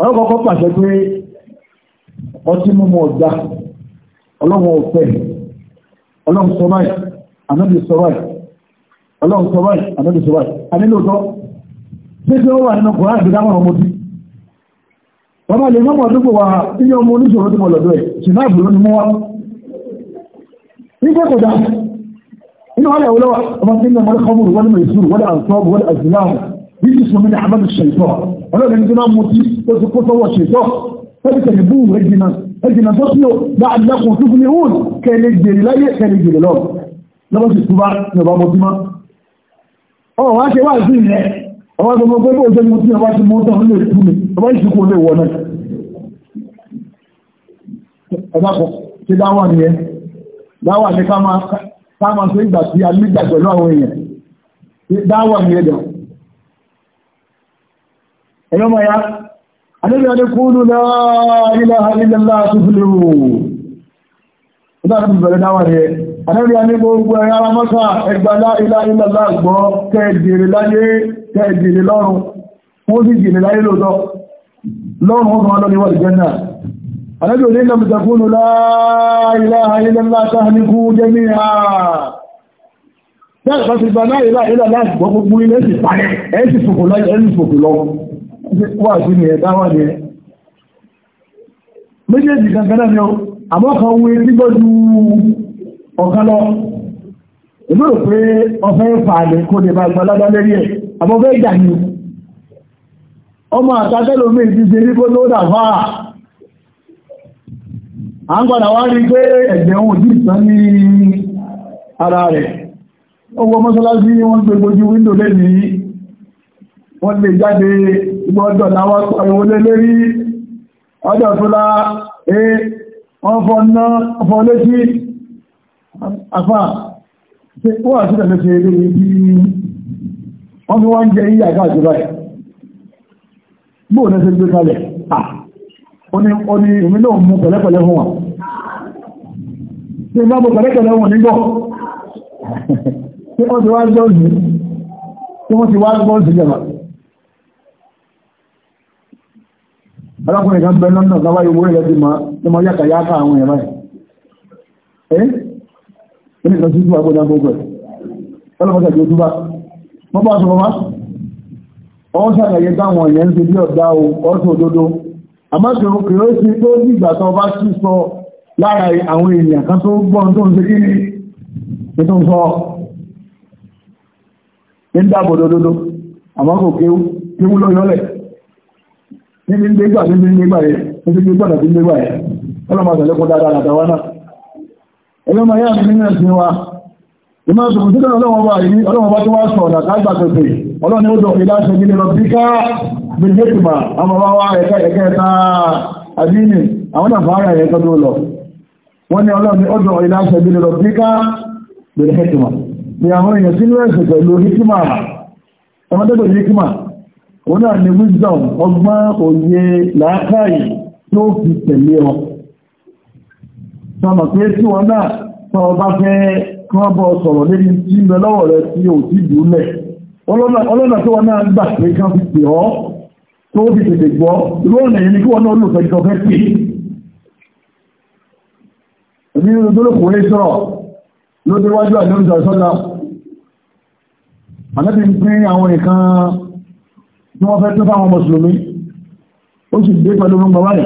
ọlọ́kọ̀ọ́kọ́ pàṣẹ pé ọtí mímu ọ̀dá ọlọ́run ọ̀fẹ́ ọlọ́run sọ báyìí ànábì sọ báyìí ọlọ́run sọ báyìí ànábì sọ báyìí anílòótọ́ tí tí ó wà nínú kòrán àti dáwọn ọmọ bí bàbá lè mọ́mọ́ àdúgbò wa iye ọmọ oníṣòro tí mo lọ́dọ̀ ẹ̀ sì náà bùrọ̀ ni mo wá nígbà kọjá inú ọlẹ́wọ́lọ́wọ́ ọmọ tí ń lọ mọ́lẹ́kọ́mù wọ́n mọ̀ ìṣúrù wọ́n àǹsọ́ọ̀bù wọ́n àṣìláàmù bíbí sọmọ ní àmàlù ṣètọ́ ọlọ́run tó máa mú tí ó ti kó sọ́wọ́ ṣètọ́ ẹbí tẹ̀lé bú ẹ̀jìnà ẹ̀jìnà tó tí ó bá àdìlákùn tó fún ihun kẹ́lẹ̀ jèrè láyé kẹ́lẹ̀ jèrè lọ lọ́wọ́ sì túbá ní ọba mọ́túmọ́ ọwọ́ wá ṣe wá sí ilẹ̀ ọwọ́ tó mọ́ pé bó ṣe mú tí ọba ti mú tán lè fún mi ọba ìṣùkú lè wọ náà ẹ̀dá kan ṣe dáwà nìyẹn dáwà ní ká máa ṣe ìgbà tí a nígbà pẹ̀lú àwọn èèyàn dáwà nìyẹn dẹ̀ ẹ̀yọ́ mọ̀ ya alẹ́bí ọdún kúrú la ilaha illallah tuflihu ọdún àti bẹ̀rẹ̀ dáwà rẹ̀ alẹ́bí a ní gbogbo ẹ̀yà ara mọ́ta ẹgbà la ilaha illallah gbọ́ kẹ́ẹ̀dìrì láyé kẹ́ẹ̀dìrì lọ́run wọ́n sì jìnì láyé lóòtọ́ lọ́run ọmọ ọlọ́ni wà ìjẹ́nà alẹ́bí ọdún ìlàmù la ilaha illallah tahliku jami'a Bẹ́ẹ̀ bá ti gba láìlá ìlà láti gbọ́ gbogbo ilé ẹ̀sì parẹ́, ẹ̀sì fòkò lọ́yẹ̀, wà sí ní ẹ̀dá wà ní ẹ̀ méjèèjì kankaná ni ó àmọ́kan wé gbígbọ́jú ọ̀kan lọ ìlú rò pé ọfẹ́ fààlẹ̀ kó lè bá gbalágbá lérí ẹ̀ àbọ́fẹ́ ìjà ni ọmọ àtàtẹ́lómi ti ṣe rí bóná dàfà à ń padà wá rí pé ẹ̀jẹ̀ òun òjì ìtàn ní ara rẹ̀ ó wọ mọ́sálásí wọ́n gbogbo ju wíńdò lẹ́nìí wọ́n lè jáde ìgbọ́dọ̀ láwọn sọ ìwọlé lérí ọjọ́ tó lá ẹ́ wọ́n fọ́ ná fọ́ létí afá wọ́n àti ìdàlẹ́ ṣe eré ibi wọ́n fi wọ́n jẹ yíyà káàkiri báyìí bóòlẹ́ ṣe gbé kalẹ̀ ó ní èmi náà mú pẹ̀lẹ́pẹ̀lẹ́ fún wa tí ìgbàmù pẹ̀lẹ́pẹ̀lẹ́ wọn nígbọ́ tí wọ́n ti wá gbọ́ sí jẹ̀mọ̀ alákùnrin kan bẹ lọ́nà gbáwá ìwò ilẹ̀ ti mọ́ yàkàyàkà àwọn ẹ̀rọ ẹ̀ ẹ́ ìlú sí ìwà gbọ́dá gbogbo ẹ̀ ọlọ́pàá tó túbá wọ́n bá sọ̀rọ̀ máa ọwọ́ sàkàyẹ táwọn èèyàn ń ṣe bí ọ̀dá o ọ̀sọ̀ òdodo àmáṣòro kìí ó sì tó dìgbà tó bá sì sọ lára àwọn èèyàn kan tó gbọ́n tó ń ṣe kí ni tó ń sọ ní dáàbò òdodo àmọ́ kò kéwú kéwú lọ́yọ́lẹ̀ níbi ń gbégbà níbi ń gbégbà yẹ níbi gbégbà níbi ń gbégbà yẹ ọlọ́mọ àtàlẹ́kọ́ dáadáa àtàwọn náà ẹlọ́mọ yá mi nínú ẹ̀sìn wa ìmọ̀ ọ̀sùn tí lọ́nà ọlọ́wọ́ bá yìí ọlọ́wọ́ bá tó wá sọ ọ̀nà kágbà pẹ̀pẹ̀ ọlọ́ni ó dọ̀ ìlà ṣe nílẹ̀ lọ́bíká bíléèkìmà àmọ́wá ẹ̀kẹ́ ẹ̀kẹ́ ẹ̀ta àdínì àwọn àfáàrà ẹ̀kọ́ tó lọ wọ́n ni ọlọ́ni ó dọ̀ ìlà ṣe nílẹ̀ lọ́bíká bíléèkìmà ni àwọn èèyàn sínú ẹ̀sìn pẹ̀lú hikima ẹmọdẹ́gbẹ̀ hikima òun náà ni wisdom ọgbọ́n òye làákàyè tó fi tẹ̀lé ọ sọmọ̀ pé tí wọ́n náà sọ ọba fẹ́ kí wọ́n bọ́ sọ̀rọ̀ lórí tí ń bẹ lọ́wọ́ rẹ tí ò tí dùúlẹ̀ ọlọ́nà tó wọ́n náà gbà pé kan fi pè ọ́ tó fi tètè gbọ́ irú ọ̀nà yẹn ni kí wọ́n náà olùfẹ́ jọ fẹ́ pè ní olókùnrin sọ̀rọ̀ ló déwájú àdéhùn ìjọ ìsọ́lá àlẹ́bí ní wọ́n fẹ́ tó fáwọn mùsùlùmí ó sì dé pẹ̀lú rúgbọ wáyé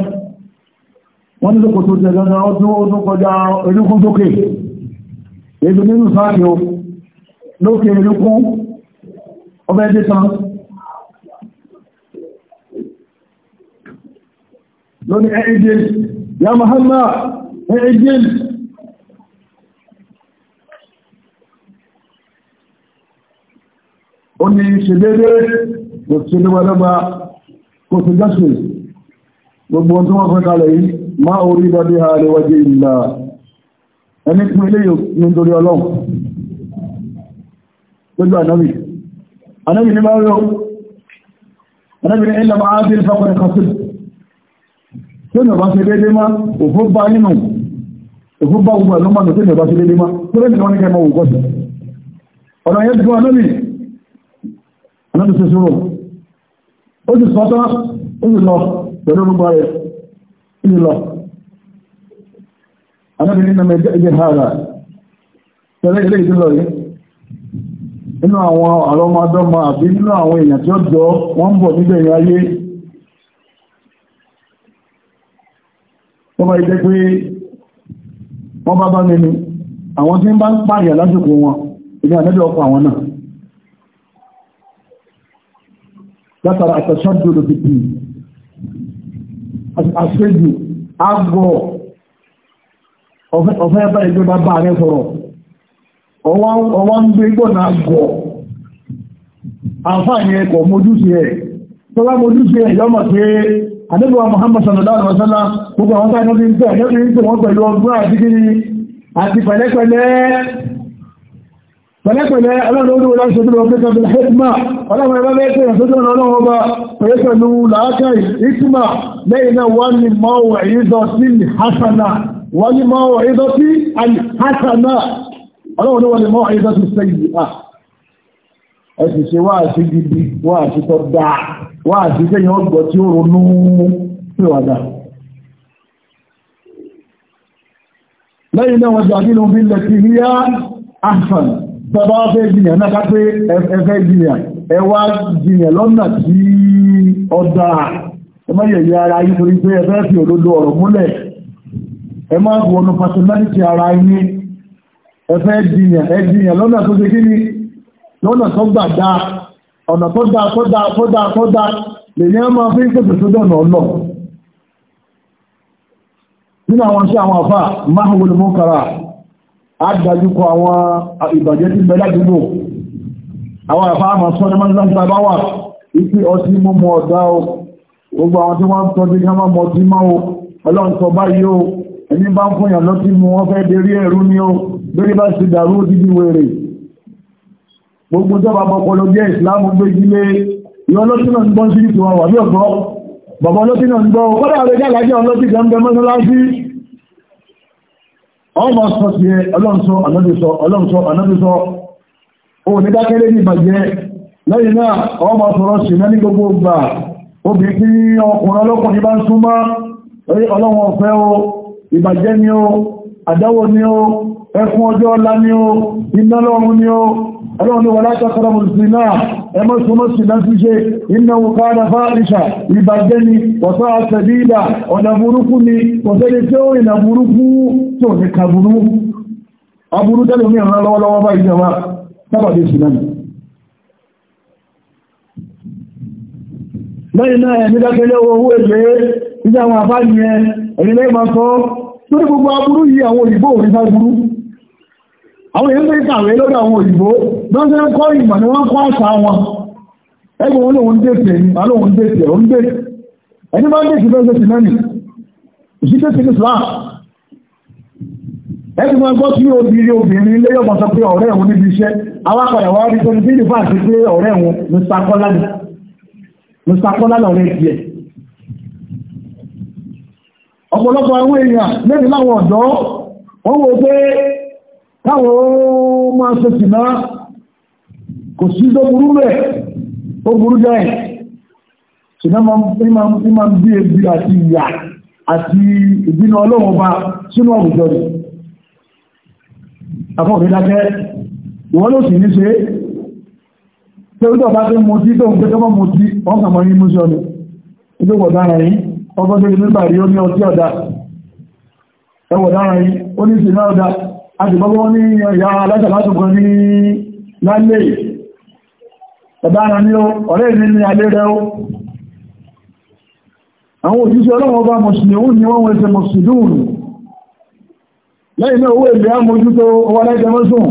wọ́n ní lókò tó tẹ̀lẹ́nà ọdún ọdún kọjá erékún tókè èdè nínú sáàkì o lókè erékún ọbẹ̀ dé tán lóní ẹ̀ẹ́dìl ya Muhammad ẹ̀ẹ́dìl ó ní ṣe déédéé kò tí ní wọ́lọ́gbà kò tí jásù gbogbo tí wọ́n fẹ́ kalẹ̀ yìí má orí dọ́dí ha lè wájé ìlà ẹni tí ilé yóò nítorí ọlọ́run gbogbo ànábì ànábì ní máa yọ ànábì ní ilẹ̀ máa bí fọ́kùnrin kan sí tí ó nọ̀bá ní kẹ́ ó sì sọ́tọ́ ìlọ pẹ̀lú orúgbọ́ rẹ̀ ìlọ anábìnrin náà mẹ́jẹ́ ìjẹ́ hàrà tẹ́lẹ̀ ilé ìdílọ rẹ̀ nínú àwọn àrọmọdọ́mọ àbí nínú àwọn èèyàn tí ó jọ wọ́n ń bọ̀ níbẹ̀ ayé pé wọ́n bá bá àwọn tí ń bá ń pààyàn lásìkò wọn ìdí ọkọ̀ látara àtẹ̀sọ́dúró bìbì àṣejù àgọ́ ọ̀fẹ́ bá ẹgbẹ́ bá bá rẹ sọ̀rọ̀ ọwọ́ baa gbé gbọ́nà àgọ́ àǹfààní ẹ̀kọ́ mojúṣe ẹ̀ tó bá mojúṣe ẹ̀ yọ́mọ̀ pé àdébùwà Muhammad sallallahu alaihi wasallam gbogbo àwọn táwọn ní ń tẹ̀ ní ndị tẹ̀ wọ́n pẹ̀lú pẹ̀lẹ́pẹ̀lẹ́ aláàrẹ́lú aláṣẹ́dúnrà pẹ́ta bí hekima aláwọ̀ ẹ̀rọ mẹ́ta ìṣẹ́dúnrà ọlọ́wọ́ bá pẹ̀lẹ́pẹ̀lú làákàí hekima lẹ́yìn náà wọ́n ni mọ́wọ̀ ìdọ́ sí hasana wọ́n ni mọ́wọ̀ ìdọ́ sí hasana aláwọ̀ ni wọ́n ni mọ́wọ̀ ìdọ́ sí sẹ́yìn à ẹ̀sì ṣe wá àti gidi wá àti tọ́ da wá àti sẹ́yìn ọgbọ̀ tí ó ronú pèwàdà lẹ́yìn náà wọ́n jẹ́ àdínú bí lẹ́tì híyá ahsan bàbá wá fẹ́ jìyàn náà ká pé ẹfẹ́ jìyàn ẹwà lọ́nà tí ọdá ẹmọ́yẹ̀yẹ ara yìí torí pé ẹfẹ́ fi ọ̀rọ̀ múlẹ̀ ara yìí ẹfẹ́ lọ́nà tó àdájúkọ àwọn ìbàjẹ́ tí bẹ ládùúgbò àwọn àfáàmà sọ́nà máa ń láti wà ìpí ọtí múmọ̀ ọ̀dá o gbogbo àwọn tí wọ́n tọ́jú ká máa mọ̀tí máa o ọlọ́run báyìí o ẹni bá ń fún yàn lọ́tí wọ́n fẹ́ ọmọ sọ ti ẹ ọlọ́nsọ́ anábìsọ ọlọ́nsọ́ anábìsọ o ní dákẹ́lé ní ìbàjẹ́ lẹ́yìn náà ọmọ sọ̀rọ̀ sí náà ní gbogbo gbà obìnrin tí ọkùnrin ọlọ́kùnrin bá ń súnmọ́ ọlọ́wọ̀n ọ̀fẹ́ o ìbàjẹ́ ni o àdáwò ni o ẹkùn ọjọ́ ọlá ni o iná lọ́run ni o ọlọ́run wọlá tọ́kọrọmù zina ẹmọ́ súnmọ́ sí náà ṣíṣe iná wuká na fáàríṣà ìbàjẹ́ ni wọ́sọ́ àṣẹ́bíìdà ọ̀nà burúkú ni wọ́sẹ́lẹ̀ tí ó rìnà burúkú tó ní kàbúrú aburú tẹ́lẹ̀ mí ìran lọ́wọ́lọ́wọ́ bá ìjọba àwọn àbáyẹ ń kàwé lọ́dọ̀ àwọn òyìnbó lọ́sẹ̀ ń kọ́ ìmọ̀ ni wọ́n kọ́ àṣà wọn ẹgbẹ̀ wọn lòun dètè ní alóhun dètè òun dètè ẹni bá ń dètè lọ́sẹ̀ sí náà nì ìṣíkẹ́ sí islam ẹgbẹ̀ wọn gbọ́ sí obìnrin obìnrin ilé yọ̀bọ̀ sọ pé ọ̀rẹ́ ẹ̀hún níbi iṣẹ́ awápadà wá rí tóní bíi nípa àti pé ọ̀rẹ́ ẹ̀hún mr kọ́lá lọ́rẹ́ tiẹ̀ ọ̀pọ̀lọpọ̀ àwọn èèyàn lẹ́nu láwọn ọ̀dọ́ wọ́n wò pé táwọn ó máa ṣe sì náà kò sí tó burú bẹ́ẹ̀ ó burú jẹ́ ṣùgbọ́n ma ń bí ebi àti ìyà àti ìbínú ọlọ́run bá sínú àwùjọ rẹ̀ afọ́fẹ́ dákẹ́ ìwọ́n ló sì ní ṣe tẹ́rítọ̀ bá tí mo tí tó ń pẹ́kọ́ mo tí wọ́n kàmọ́ ní mú sí ọdún ilé wọ̀dára yìí ọgbọ́n tó nígbà rí ó ní ọtí ọ̀dá ẹwọ̀dára yìí ó ní sí náà ọ̀dá a ti bọ́gbọ́n ní ìyá alájà ní lálẹ́ yìí ẹ̀bára ní ọ̀rẹ́ ìrìn ní alẹ́ rẹ̀ ó àwọn òjíṣẹ́ ọlọ́wọ́ bá mùsùlùmí ní wọ́n wẹ́sẹ̀ mùsùlùmí lẹ́yìn náà owó owó aláìjẹmọ́sùn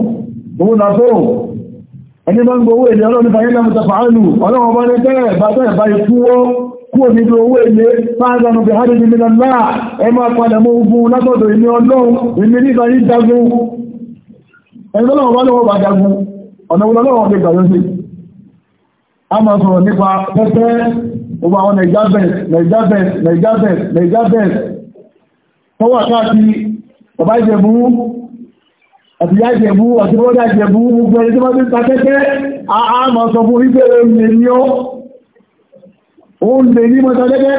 kúrò nínú owó bí mọ́ ogun látọ̀dọ̀ ìní ọlọ́run ìní nígbà ní ẹni a máa sọ̀rọ̀ nípa pẹ́pẹ́ gbogbo àwọn nàìjábẹ̀t nàìjábẹ̀t nàìjábẹ̀t nàìjábẹ̀t tó wà káàkiri bàbá ìjẹ̀bú àti ìyá ìjẹ̀bú àti bọ́dá ìjẹ̀bú gbogbo ẹni tó bá ti ń ta pẹ́pẹ́ a máa sọ fún wípé olè ní ó olè ní mọ́ta pẹ́pẹ́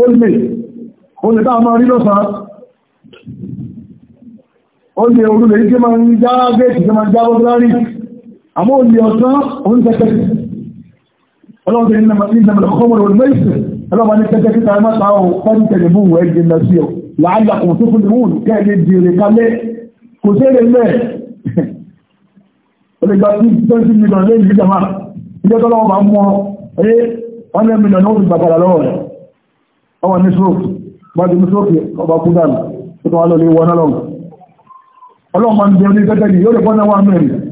olè olè táwọn máa rí lọ́sàn olè olùlẹ̀ ìjẹ́ máa ń já gẹ́ẹ̀tì tó máa ń já bọ́dá rí àmọ́ olè ọ̀tán òun tẹ́tẹ́kì ọlọ́dún ní ìjọba ọkọ̀mọ̀rọ̀ olùmẹ́sẹ̀ ọlọ́wọ́ ní tẹ́tẹ́kì tàà mọ́ta ọ̀ pẹ́lú tẹ̀lébù ẹgbẹ̀ lọ sí ọ láàlá kò tó fún ìwọ̀n kẹ́ẹ̀lẹ́ dèrè kalẹ́ kò sẹ́rẹ̀ mẹ́ olùgbà tí twenty million lẹ́yìn ìjọba ìjọ tó lọ́wọ́ bá mú ọ ẹ hundred million ó fi gbàgbàrà lọ́wọ́ rẹ̀ ọwọ́ ní stroke bá ti ní stroke ọba kú dànù ó tó wà lọ́lẹ́ wọná lọ́wọ́ ọlọ́wọ́ máa ń bẹ oní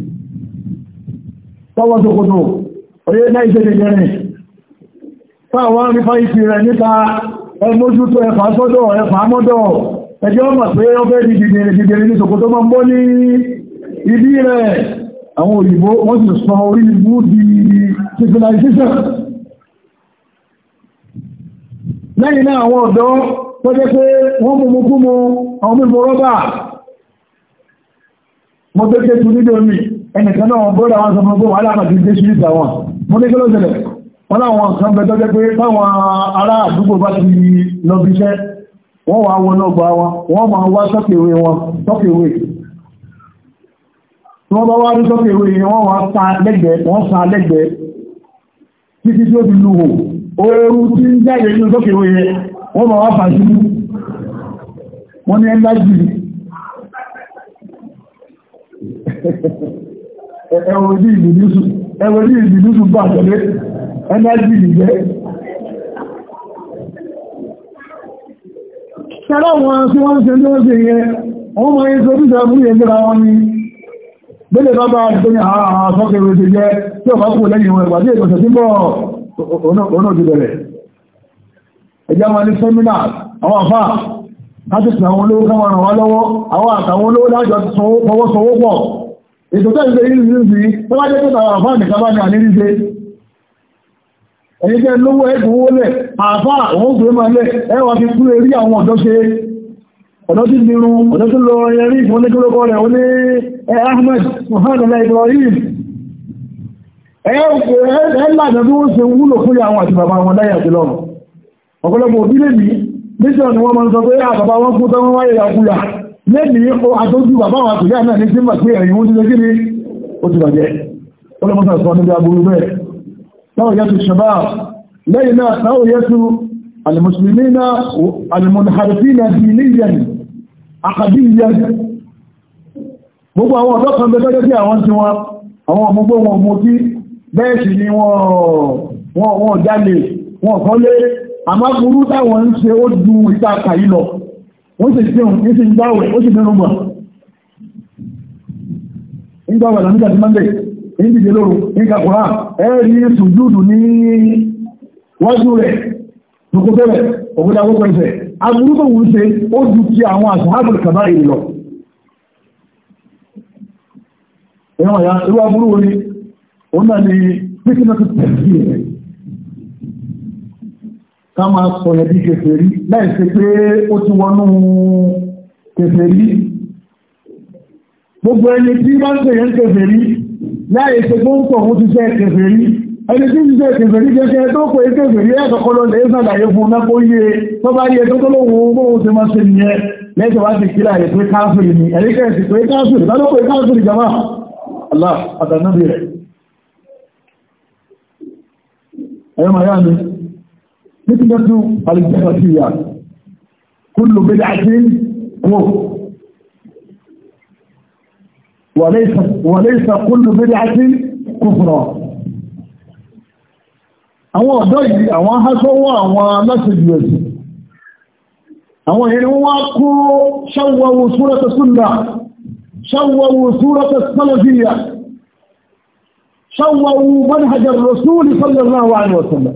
tọwọ́ sókòtò oye náà ìṣẹ́lẹ̀ jẹrin fáwọn rífà ìfì rẹ̀ níta ẹmójútó ẹfà sọ́dọ̀ ẹfà mọ́dọ̀ ẹjọ́ mọ̀ pé ó fẹ́ di dìdìrì dìdìrì ní sókòtò mọ́ bọ́ ní ibi rẹ̀ àwọn òyìnbó wọ́n sì sọ orí ìbú di civilization lẹ́yìn náà àwọn ọ̀dọ́ tó jẹ́ pé wọ́n mú mú kú mu àwọn mímú rọ́bà mọ́tẹ́kẹ́ tún nídòmí ẹnìkan náà bọ́dà wọn sọ fún wàhálà àti ìdé ṣíríta wọn mo ní kíló ṣẹlẹ̀ wọn láwọn kan bẹ tọ́jẹ́ pé táwọn ará àdúgbò bá ti lọ bí iṣẹ́ wọ́n wà wọn náà gba wọn wọ́n máa wá sọ́kèwé wọn sọ́kèwé tí wọ́n bá wá rí sọ́kèwé wọ́n wá sa lẹ́gbẹ̀ẹ́ wọ́n sa lẹ́gbẹ̀ẹ́ títí tí ó fi lu hò ooru tí ń jáde nínú sọ́kèwé yẹn wọ́n máa wá fà sí wọ́n ní ẹ́ ẹ̀wọ̀n ní ìbìlúsù bá tẹ̀lé ẹnẹ́jì nìjẹ́ ṣẹ́lá wọn tí wọ́n ṣe ní oṣe yẹ wọ́n mọ̀ yí tó títẹ̀ fún ìyẹ́gbẹ́ra wọn ni bẹ́lẹ̀ bá bá gbẹ́yìn àwọn àṣọ́kẹ̀rẹ̀ ti jẹ́ tí ó bá kú lẹ́yìn wọn ìpàdé ìgbọ̀sẹ̀ tí bọ́ ọ̀nà ti bẹ̀rẹ̀ ẹjá wọn ní sẹ́mínà àwọn àfáà láti sàn àwọn olówó káwọn ràn wá lọ́wọ́ àwọn àtàwọn olówó lájọ fọwọ́sowọ́pọ̀ ìtòtẹ́ ìgbé ìlú ìlú sí tó wájẹ́ tó tàrà àfáà nìkan bá ní àníríṣẹ́ ẹ̀yí jẹ́ lówó ẹgbówó lẹ̀ àfáà òun fèé máa lẹ̀ ẹwà fi kú rí àwọn ọ̀dọ́ ṣe ọ̀dọ́ tí dirun ọ̀dọ́ tó lọ ẹrí fún oníkólókọ rẹ̀ oní Ahmed Muhammad Ibrahim ẹ̀lànà bí wọ́n ṣe wúlò fún àwọn àti bàbá wọn láyé àti lọ́rùn ọ̀pọ̀lọpọ̀ òbí lè ní níjọ́ ni wọ́n máa ń sọ pé ah, lẹ́ni àtọ́jú bàbá wa tòjá náà ní símbà pé ẹ̀yìn wọ́n ti lé gírí ó ti bàjẹ́ ọlọ́mọ́sà sọ níbi agbóru bẹ́ẹ̀ táwọn yẹ́ tu ṣọba lẹ́yìn náà táwọn yẹ́ tu alìmùsùlùmí náà alìmùnhàrìfí náà ti ní ìyẹn àkàdí ìyẹn gbogbo àwọn ọ̀dọ́ kan bẹ́ẹ̀ bẹ́ẹ̀ bí àwọn ti wọn àwọn ọmọgbó wọn mú kí bẹ́ẹ̀ sì ni wọ́n jalè wọn kọ́lé àmọ́ burú táwọn ń ṣe ó ju ìta kàyí lọ wọ́n sì jẹun ní sí gbáwẹ̀ ó sì mẹ́rún bọ̀ ń gbáwẹ̀ lọ́nà ìjàdí monday ní ìdíje lóru ní kàkùrá ẹ̀rí sùjúdù ní ya irú aburú orí ni tó rẹ̀ ká máa sọ ẹbí kèfèrí láìsí pé ó ti wọnú kèfèrí gbogbo ẹni tí bá ń pèyẹ kèfèrí láìsí pé ń pọ̀ fún ti jẹ́ kèfèrí ẹni tí ti jẹ́ kèfèrí jẹ́kẹ́ tó pè kèfèrí ẹ́kọ̀kọ́lọ́ lè sàlàyé fún lápò yé tó bá yẹ tó tọ́lọ́wọ́ bóhun ti máa ṣe nìyẹn lẹ́sẹ̀ wá ti kílà rẹ̀ pé káàfìrì ni ẹ̀ríkẹ́ sì pé káàfìrì bá ló pé káàfìrì jama Allah àtànábì rẹ̀ ẹ̀rọ màá yá mi فتنة الجهرسية كل بدعة كفر وليس وليس كل بدعة كفرا àwọn ọ̀dọ́ yìí àwọn aṣọ́wọ́ àwọn mẹ́sìlì ẹ̀sìn àwọn ìrìn wọ́n kó ṣàwọ̀wò súrata súnnà ṣàwọ̀wò súrata salafiyya ṣàwọ̀wò manhajar rasúlì sallallahu alaihi wasallam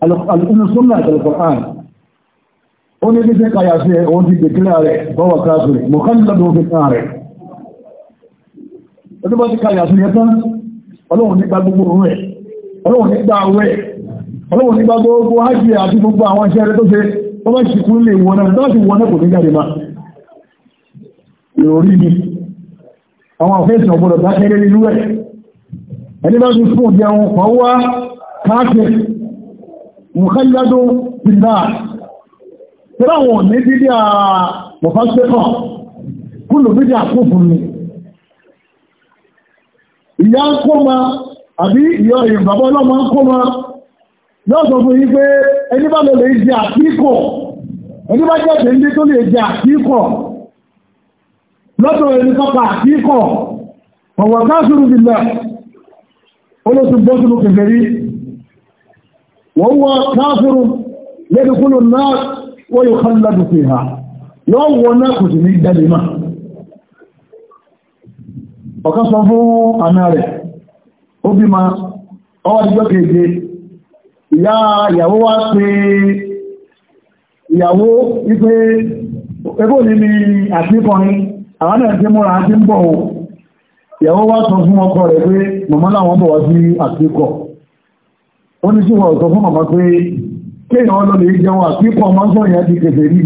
alùsùnà al-Qur'an ó ní bí sí kàyà sí ẹ̀ òun ti dèkílẹ̀ rẹ̀ bọ́wọ̀ káàkiri mọ̀kànlọ́dún fi tán rẹ̀ ọdún bá ti kàyà sí ẹ̀ tán ọlọ́run nígbà gbogbo rẹ̀ ọlọ́run nígbà wẹ̀ ọlọ́run gbogbo hajji mùkáyádó bìlá tẹ́lá wọn ní dídí à mọ̀fásẹ́kọ̀ kúlù dídí àkófù ni ìyá ń kó ma àbí ìyá ìbàbá ọlọ́mọ ń kó ma lọ́sọ̀ fún yí pé ẹni bá lọ lè jẹ àkíkọ̀ ẹni bá jẹ́ ẹni tó lè jẹ àkíkọ̀ lọ́dọ̀ ẹni kọ́kọ́ àkíkọ̀ ọ̀wọ̀ káàkiri bìlá olóṣù bọ́sùlù kẹfẹ́rí وهو كافر يدخل النار ويخلد فيها يوم وناكو جميل دلما وكصفوا أناره وبما ọwọ́ ìjọ kèje ìyá ìyàwó wá pé ìyàwó wípé ẹgbò ni àtíkọrin àwọn náà tí múra tí ń bọ̀ ìyàwó wá sọ fún rẹ̀ pé bọ̀ wá sí àtíkọ̀ ó ní sí wọn ọ̀sọ̀ fún ọmọ pé kéèyàn ọlọ́lẹ̀ jẹun àpípọ̀ máa ń sọ ìyá di kẹfẹ̀ rí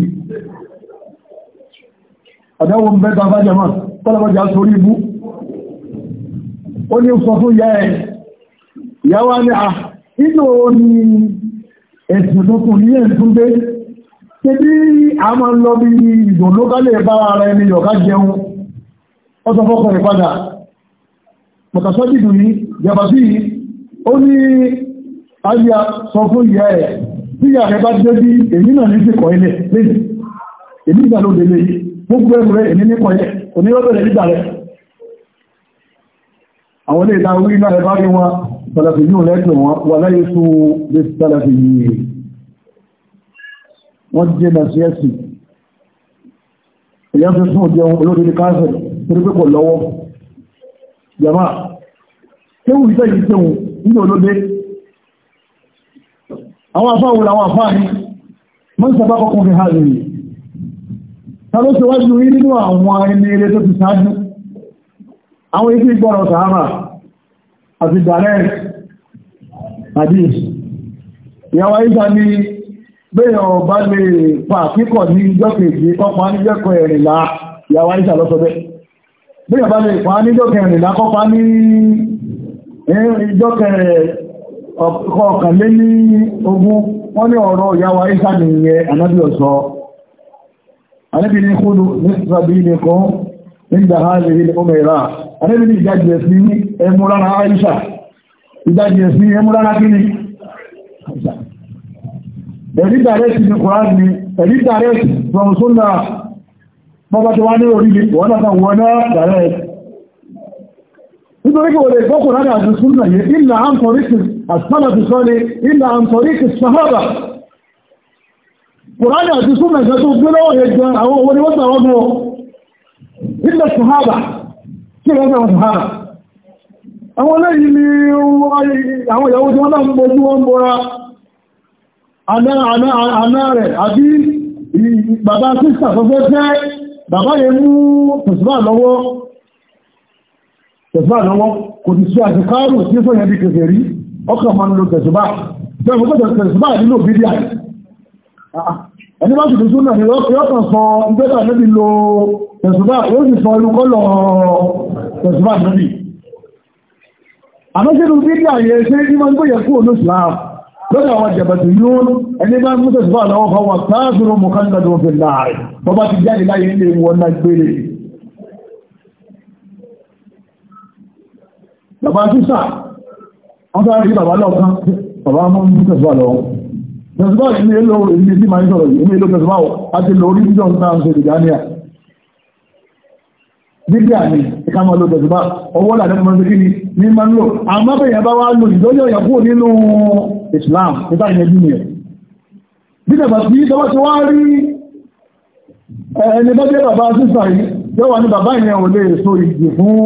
àdáwọn bẹ́ta fájẹmọ́ tọ́lọ́bọ́já sórí ibú ó ní sọ fún ìyá ẹ̀ ìyáwá ní à inú ni ẹ̀sùn tuntun ní ẹ̀sùn dé ṣe bí a máa ń lọ bí ìdùnnú kálẹ̀ bá ara ẹni yọ̀ká jẹun ó sọ fọ́kọ̀ ìpadà mọ̀kàsọ́jìdù yìí jàbàtì yìí ó ní ayá sọ fún ìyá ẹ̀ tí ìyá rẹ̀ bá jẹ́ bí èmi náà ní síkọ̀ ilẹ̀ lẹ́yìn èmi ìgbà ló délé gbogbo ẹ̀rù rẹ̀ èmi níkọ̀ ilẹ̀ onírọ́bẹ̀rẹ̀ nígbà rẹ̀ àwọn ilé ìdáwó iná rẹ̀ bá rí wọn tàlàfì yóò lẹ́tọ̀ wọn wà láyé tó lè tàlàfì yìí wọ́n jẹ́ na sí ẹ̀sì èyàn fi fún òjò olóde ní káàsẹ̀ torí pé kò lọ́wọ́ yàmá kéwù àwọn afáwò làwọn afáà ní mọ́sàbá kọkùn fi hàlè rí ta ló ṣèwájú rí nínú àwọn ẹni eré tó ti sáájú àwọn ikú ìgbọ́rọ̀ sàárà àti ìyàwó ni lè pa kíkọ̀ ní ìjọ kejì kọpa ní ẹ̀rìnlá ìyàwó lè pa ọkàn lé ní ogún wọ́n ní ọ̀rọ̀ ìyàwó Aisha ní ìyẹ anábí ọ̀sọ́ anábí ní kúrò ní sàbí ní kan ní ìdáhàrí ilẹ̀ omera anábí ní ìdájẹ̀ sí ẹmú rárá Aisha ìdájẹ̀ sí ẹmú rárá kí ni ẹ̀rí dàrẹ́sì ní kùrán nítorí kí wọ́n lè gbọ́kùn lára àjò súnnà yìí ilẹ̀ àǹtọ̀ríkì àtàlàbì sọ́lé ilẹ̀ àǹtọ̀ríkì sahaba kùránì àti súnnà ìjọ tó gbé lọ́wọ́ ẹgbẹ́ àwọn owó ni wọ́n tàwọn ọmọ ilẹ̀ sahaba kí wọ́n tàwọn sahaba tẹ̀sùbá lọ́wọ́ kò ti sí àti káàrù tí ó sọ̀yẹ́ bí kẹfẹ́ rí ọkọ̀ máa ń lo tẹ̀sùbá tẹ̀sùbá nílò bídíà ah, ẹni bá ṣùgbọ́n súnà ni yọ́kàn sọ ìgbẹ́ta níbi lo tẹ̀sùbá ó sì sọ irú kọ́lọ̀ tẹ̀sùbá níbi àmọ́sẹ́lú bídíà yẹ ṣe ní máa ń gbé yẹn kúrò lóṣùláàmù bàbá sísà wọ́n tó rí bàbá lọ́ọ̀kan bàbá mọ́ ní tẹ̀síwà lọ tẹ̀síwà ní èlò ìlú tí máa ń sọ̀rọ̀ ìlú èlò tẹ̀síwà àti lò orí bíjọ́ náà ń ṣe ìdáníà bíbí àmì ìka máa lo tẹ̀síwà ọwọ́ làdẹ́ mọ́ sí kíni ní máa ń lò Islam nípa ìyẹn bí yẹn bí tẹ̀bà sí tọ́wọ́ ti wá rí ẹni bá jẹ́ bàbá sísà yìí yọ́wà ní bàbá ìyẹn ò lè so ìgbè fún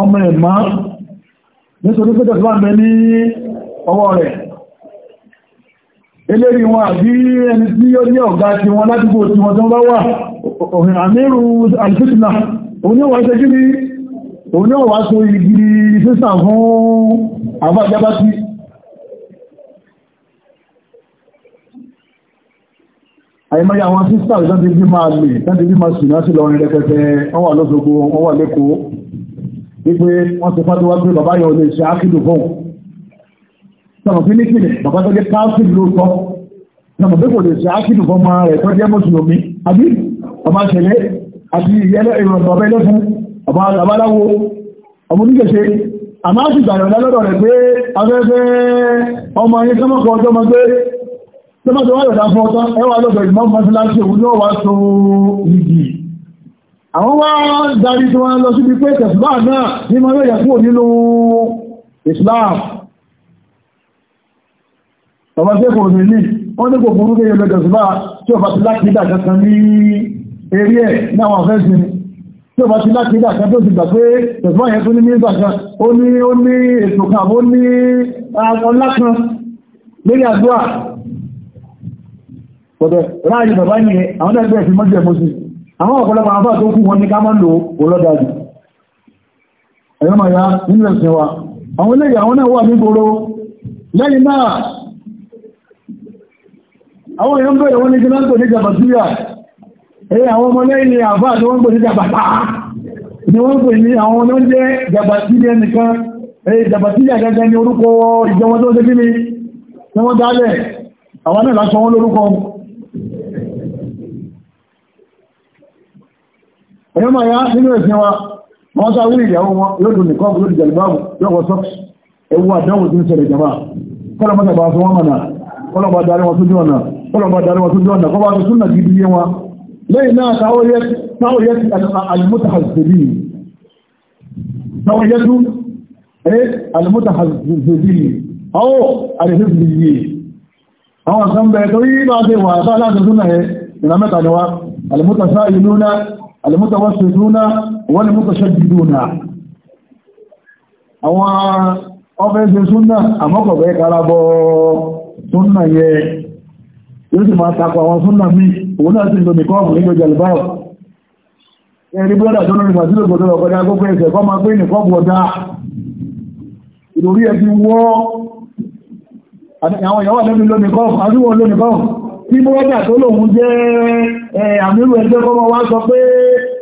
ọmọ ẹ̀ máa nítorí pé tọ́sí bá ń bẹ ní ọwọ́ rẹ̀ eléri wọn àbí ẹni tí ó ní ọ̀gá ti wọn ládùúgbò tí wọ́n tó bá wà òhìn àmírù alfitna oníwà ṣe kí ni oníwà so ìgiri sísà fún àbájábátí àìmọ́yà àwọn sísà ìtàndìbí máa lè ìtàndìbí máa sì náà sí lọ wípé wọ́n ti fọ́tíwá pé bàbá yọ lè ṣe ákìdù fún ọmọ fi nípìnlẹ̀ bàbá tó jẹ́ káàkiri ló sọ ọmọ pé kò lè ṣe ákìdù fún ọmọ rẹ̀ tó jẹ́ mùsùlùmí àbí ọmọ ṣẹlẹ̀ àti ìyẹ́lẹ̀ ìrọ̀n bàbá ilé fún ọmọ aláwo ọmọ oníkẹ̀ṣe àmá sì gbà yọ̀dá lọ́dọ̀ rẹ̀ pé afẹ́fẹ́ ọmọ yẹn sọ́mọ́kọ̀ ọjọ́ mọ́ pé sọ́mọ́kọ̀ wà yọ̀dá fún ọtán ẹwà lọ́dọ̀ ìmọ̀ mọ́síláṣẹ́ òun yóò wá so ìgì àwọn wá darí tí wọ́n lọ síbi pé tẹ̀sùbá náà ní ma lọ́yà kúrò nínú Islam ọba tí kò rí ní wọ́n ní kò burú kéyẹ tẹ̀sùbá tí ọba ti lákìídà kankan ní eré ẹ̀ náwọn afẹ́sì tí ọba ti lákìídà kan tó ti gbà pé tẹ̀sùbá yẹn tó ní ní ìgbà kan ó ní ó ní ètò kan ó ní ọlá kan lórí àdúrà Kọ̀dẹ̀ ráàyè bàbá yìí àwọn ẹgbẹ́ ìfimọ́jẹ̀ mọ́sí àwọn ọ̀pọ̀lọpọ̀ àbá tó kú wọn ní ká mọ́ lò olódájú ẹ̀yọ́mọ̀ya nínú ẹ̀sìn wa àwọn ilé ìyàwó náà wà nígboro lẹ́yìn náà àwọn èèyàn bẹ̀rẹ̀ wọ́n ní kí náà tó ní jàbàtíyà èyí àwọn ọmọ lẹ́yìn àbá tó wọ́n pè ní jàbàtà ni wọ́n pè ní àwọn ọmọ jẹ́ jàbàtíyà nìkan èyí jàbàtíyà gẹ́gẹ́ ní orúkọ ìjọ wọn tó ṣe kí ni wọ́n dálẹ̀ àwọn náà lásán wọn lórúkọ ẹ̀yọ́ máa yá nínú ẹ̀sìn wa wọ́n sá wílì ìyàwó wọn yóò dùn nìkan lórí jẹ̀lúbáàbù yóò wọ sọ́ọ̀sì ewu àdáwò tí ń ṣẹlẹ̀ jẹ̀má kọ́lọ̀ mọ́ta bá fún wọn mọ̀nà kọ́lọ̀ bá darí wọn sójú ọ̀nà kọ́lọ̀ bá gidi yé wọn lẹ́yìn náà táwọn yẹ ti alimuta hasbebi táwọn yẹ tu ẹ alimuta hasbebi àwọn àdìsẹ́sì yìí àwọn kan bẹ̀rẹ̀ torí bá ṣe wà bá alimutawasituna wọ́n ni mutashaddiduna àwọn ọfẹ́sẹ̀ súnnà àmọ́kọ̀bẹ̀ karabọ̀ súnnà yẹ yóò sì máa takọ̀ àwọn súnnà mí òun náà sí lò nìkan ọ̀pọ̀ nígbẹ̀ jẹ̀lbáwọ̀ ẹni brọ́dà tó lórí màsílò gbọdọ̀ ọ̀kọ̀dá gbogbo ẹsẹ̀ kọ́ máa pé nìkan gbọdá ìlórí ẹ̀ ti wọ́ àwọn ìyàwó lẹ́bí lónìkan àdúgbò lónìkan tí brọ́dà tó jẹ́ àmírù ẹgbẹ́ kọ́ wá sọ pé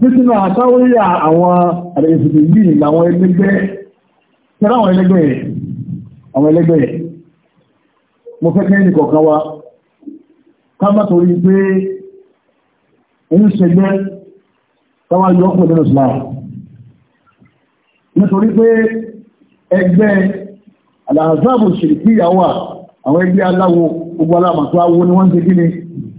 nítínú àtàwóyà àwọn àrẹ̀sìdì yìí làwọn ẹlẹ́gbẹ́ tẹ́rà àwọn ẹlẹ́gbẹ́ àwọn ẹlẹ́gbẹ́ mo fẹ́ kẹ́ nìkọ̀ọ̀kan wa ká má torí pé ń ṣẹgbẹ́ káwà yọ ọkùnrin nínú Islam nítorí pé ẹgbẹ́ aláàzábò ṣèkí ìyàwó àwọn ẹgbẹ́ aláwo gbogbo aláàmàtó awó ni wọ́n ń ṣe kí ni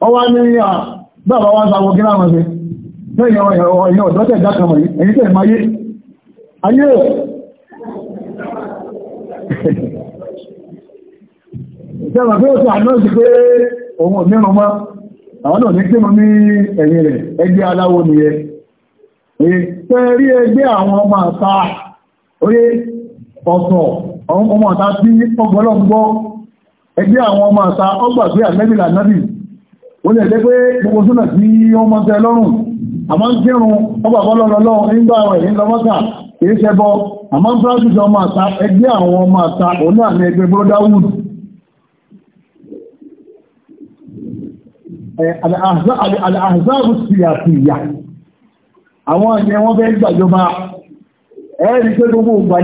wọ́n wá ní bàbá wá sàwọn kí láwọn ṣe lẹ́yìn ọ̀yìn ọ̀dọ́tẹ̀ dákàmọ̀ yìí èyí tẹ̀ máyé ayé ìjọba pé ó ti àdúrà sí pé òun ò nínú mọ́ àwọn náà ní kí mọ́ ní ẹ̀yìn rẹ̀ ẹgbẹ́ aláwọ̀ nìyẹn ìfẹ́ rí ẹgbẹ́ àwọn ọmọ àta orí ọ̀tọ̀ ọmọ àta tí ọgbọ́lọ́gbọ́ ẹgbẹ́ àwọn ọmọ àta ọgbà pé àmẹ́bìlà náà ó lè jẹ́ pé gbogbo súnà tí wọ́n mọ́ tẹ lọ́rùn àmọ́ ń kírun ọgbà bọ́lọ́lọ́lọ́ nígbà rẹ̀ ní lọ́mọ́ta kìí ṣe bọ́ àmọ́ ń fásitì ọmọ àta ẹgbẹ́ àwọn ọmọ àta òun náà ẹgbẹ́ brotherhood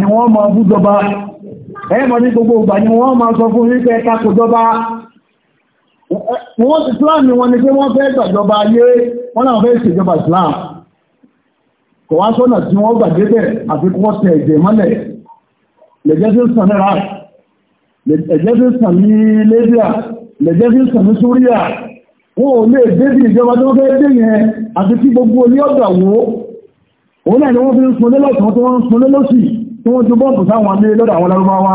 ni wọ́n máa bú jọba ẹ̀mọ́ ní gbogbo ìgbà ni wọ́n máa wọ́n ti Islam ni wọ́n ni pé wọ́n fẹ́ gbàjọba ayé wọ́n náà fẹ́ ṣèjọba Islam kò wá sọ́nà tí wọ́n gbàdébẹ̀ àti kọ́ tẹ ẹ̀jẹ̀ mọ́lẹ̀ lẹ́jẹ́ sí sàn ní Iraq lẹ́jẹ́ sí sàn ní Libya lẹ́jẹ́ sí sàn ní Syria wọ́n ò lè débi ìjọba tí wọ́n fẹ́ dé yẹn àti kí gbogbo ilé ọ̀gá wo òun náà ni wọ́n fi ń sunlé lọ́sàn tí wọ́n ń sunlé lọ́sì tí wọ́n ju bọ́ọ̀bù sáwọn ilé lọ́dọ̀ àwọn Lárúbáwá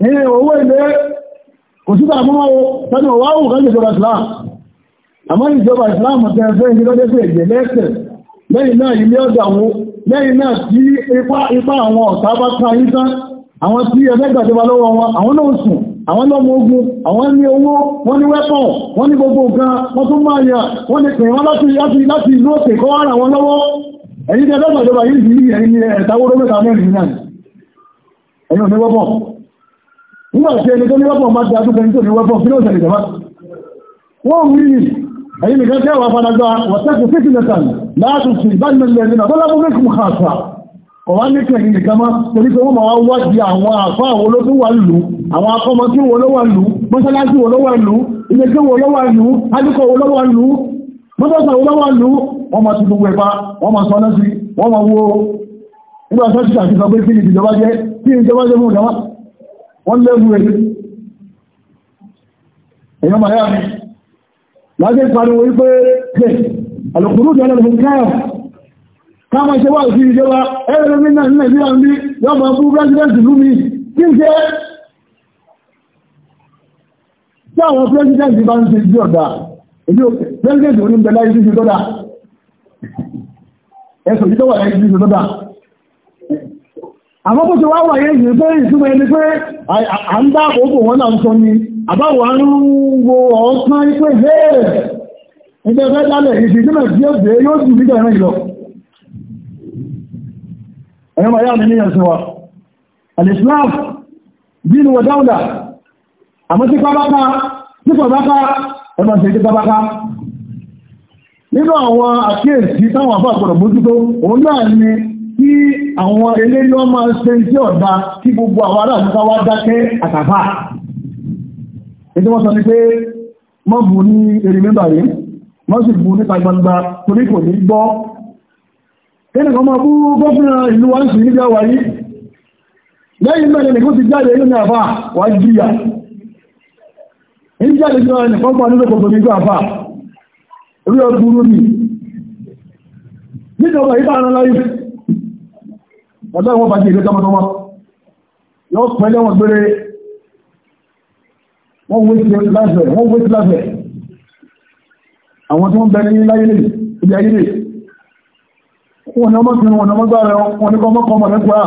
ní owó ilé kò síta fún wáwó tẹ́lẹ̀ wá wù kan ìjọba islam àmọ́ ìjọba islam tẹ́ẹ̀fẹ́ ìjọdẹ́fẹ́ ìjẹ̀lẹ́sẹ̀ lẹ́yìn náà ilé ọ̀dàwó lẹ́yìn náà tí ipá àwọn ọ̀tá bá tí ẹgbẹ́gbàjọba lọ́wọ́ wọn ogun ní nígbà tí ẹni tó ní wọ́pọ̀ máa dájú pẹ̀lú tó ní wọ́pọ̀ kí ló ṣẹlẹ̀ jọba wọ́n wí ní ẹ̀yìn nìkan tẹ́ wà fara gba wọ́tẹ́kù fífi lẹ́tàn láàtù sí ìbánilẹ̀ ẹ̀mí náà bọ́lá bọ́lá kùn kàṣà ọ̀wá ní kẹ̀yìn nìkan mọ́ torí pé wọ́n máa wá di àwọn àfá àwọn olóṣù wà lù àwọn akọ́mọ tí wọ́n lọ́wọ́ lù mọ́sálásí wọ́n lọ́wọ́ lù ilé tí wọ́n lọ́wọ́ lù adúkọ̀ wọ́n lọ́wọ́ lù mọ́sálásí wọ́n lọ́wọ́ lù wọ́n máa ti gbogbo ẹ̀fà wọ́n máa sọ lọ́sí wọ́n máa wo nígbà sọ́sí àti sọ pé kí ni ìjọba jẹ́ kí ni ìjọba jẹ́ fún ìjọba wọ́n lẹ́rù rẹ̀ èyàn màá yára láti pariwo wípé pé alùkùrù jẹ́ lọ́rọ̀ káyà káàmà ṣe wà sí ìjọba ẹ̀rẹ́ mi náà nílẹ̀ síra ní yọ́ máa bú pẹ́sidẹ́ntì lú mi kí n ṣe tí àwọn pẹ́sidẹ́ntì bá ń ṣe ìjọ ọ̀dà èyí pẹ́sidẹ́ntì oníbẹ̀lá ìṣẹ́ ìṣẹ́ tọ́dà ẹ̀sọ̀ ìjọba ìṣẹ́ ìṣẹ́ tọ́dà àmọ́ bó ti wá wà yẹ́ ìrìn pé ìtumọ̀ ẹni pé à ń dáàbò bò wọ́n náà sọ ni àbáwọ̀ ń ọ̀ọ́sán ipé bẹ́ẹ̀ ẹgbẹ́ ẹgbẹ́ dálẹ̀ ìdí tí ó dé yóò sì nígbà ẹ̀rọ ìlọ ẹ̀yọ́ kí àwọn eléyìí wọ́n máa ṣe iṣẹ́ ọ̀dá kí gbogbo àwọn ará àmúká wá dákẹ́ àtàfà ètò wọ́n sọ ní pé mọ́ bù ní èrè mẹ́bà rí mọ́ sì bù níta gbangba torí kò ní gbọ́ ẹnìkan máa bú gómìnà ìlú wa ń sì níbi àwà yìí lẹ́yìn mẹ́rin nìkan ti jáde nínú àfà wá jìyà ìbára láyé ọ̀dọ́ ìwọ́n bá jẹ́ ilé tọmọtọmọ yóò pẹ́ lẹ́wọ̀n gbére wọ́n wé sí láfẹ̀ wọ́n wé sí láfẹ̀ àwọn tí wọ́n bẹ̀rẹ̀ ní láyé lè ibi ayé lè wọ́n ni ọmọ sí wọn ọmọ gbára wọn ní kọmọ kọmọ rẹ̀ kúrà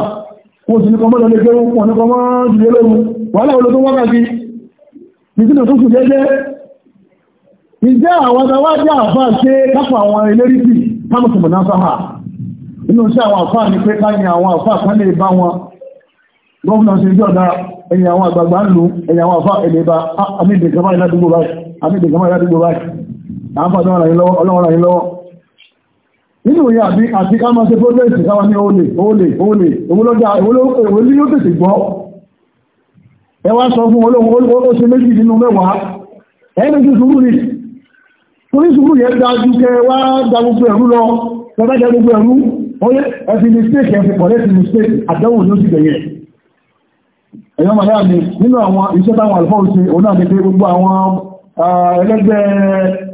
wọ́n sì ní kọmọ lọ́lẹ́ gẹ́rù wọn ní kọmọ jùlẹ̀ lẹ́rù wàhálà olóòtú wọ́n kàkí nìtìlẹ̀ tó sùn jẹ́jẹ́ ìjẹ́ àwọn tàwájá àfáà ṣe kápọ̀ àwọn elérìsì támọ̀sùn mọ̀náfáà inú sí àwọn àfáà ní pé káyìn àwọn àfáà kan lè bá wọn gómìnà sí ìjọ ọ̀dá ẹ̀yìn àwọn àgbàgbà ń lù ẹ̀yìn àwọn àfáà ẹ̀lẹ́ bá amídèkàmá ah, ìládùgbò báyìí amídèkàmá ìládùgbò báyìí àwọn fàdán ọ̀rọ̀ ìlọ́wọ́ ọlọ́wọ́ ọ̀rọ̀ ìlọ́wọ́ nínú ìyá àbí àti ká máa ṣe fọ́lẹ́sì káwa ní olè olè ni torí sùúrù yẹn dájú kẹ wá dá gbogbo ẹ̀rú lọ kẹ bá dá gbogbo ẹ̀rú Oye, ẹfi mistake ẹfi correct mistake àdánwò ló sì bẹ̀yẹ̀. Ẹ̀yọ́ màá yára ni nínú àwọn iṣẹ́ táwọn àlùfáà ṣe òun náà ni pé gbogbo àwọn ẹlẹ́gbẹ́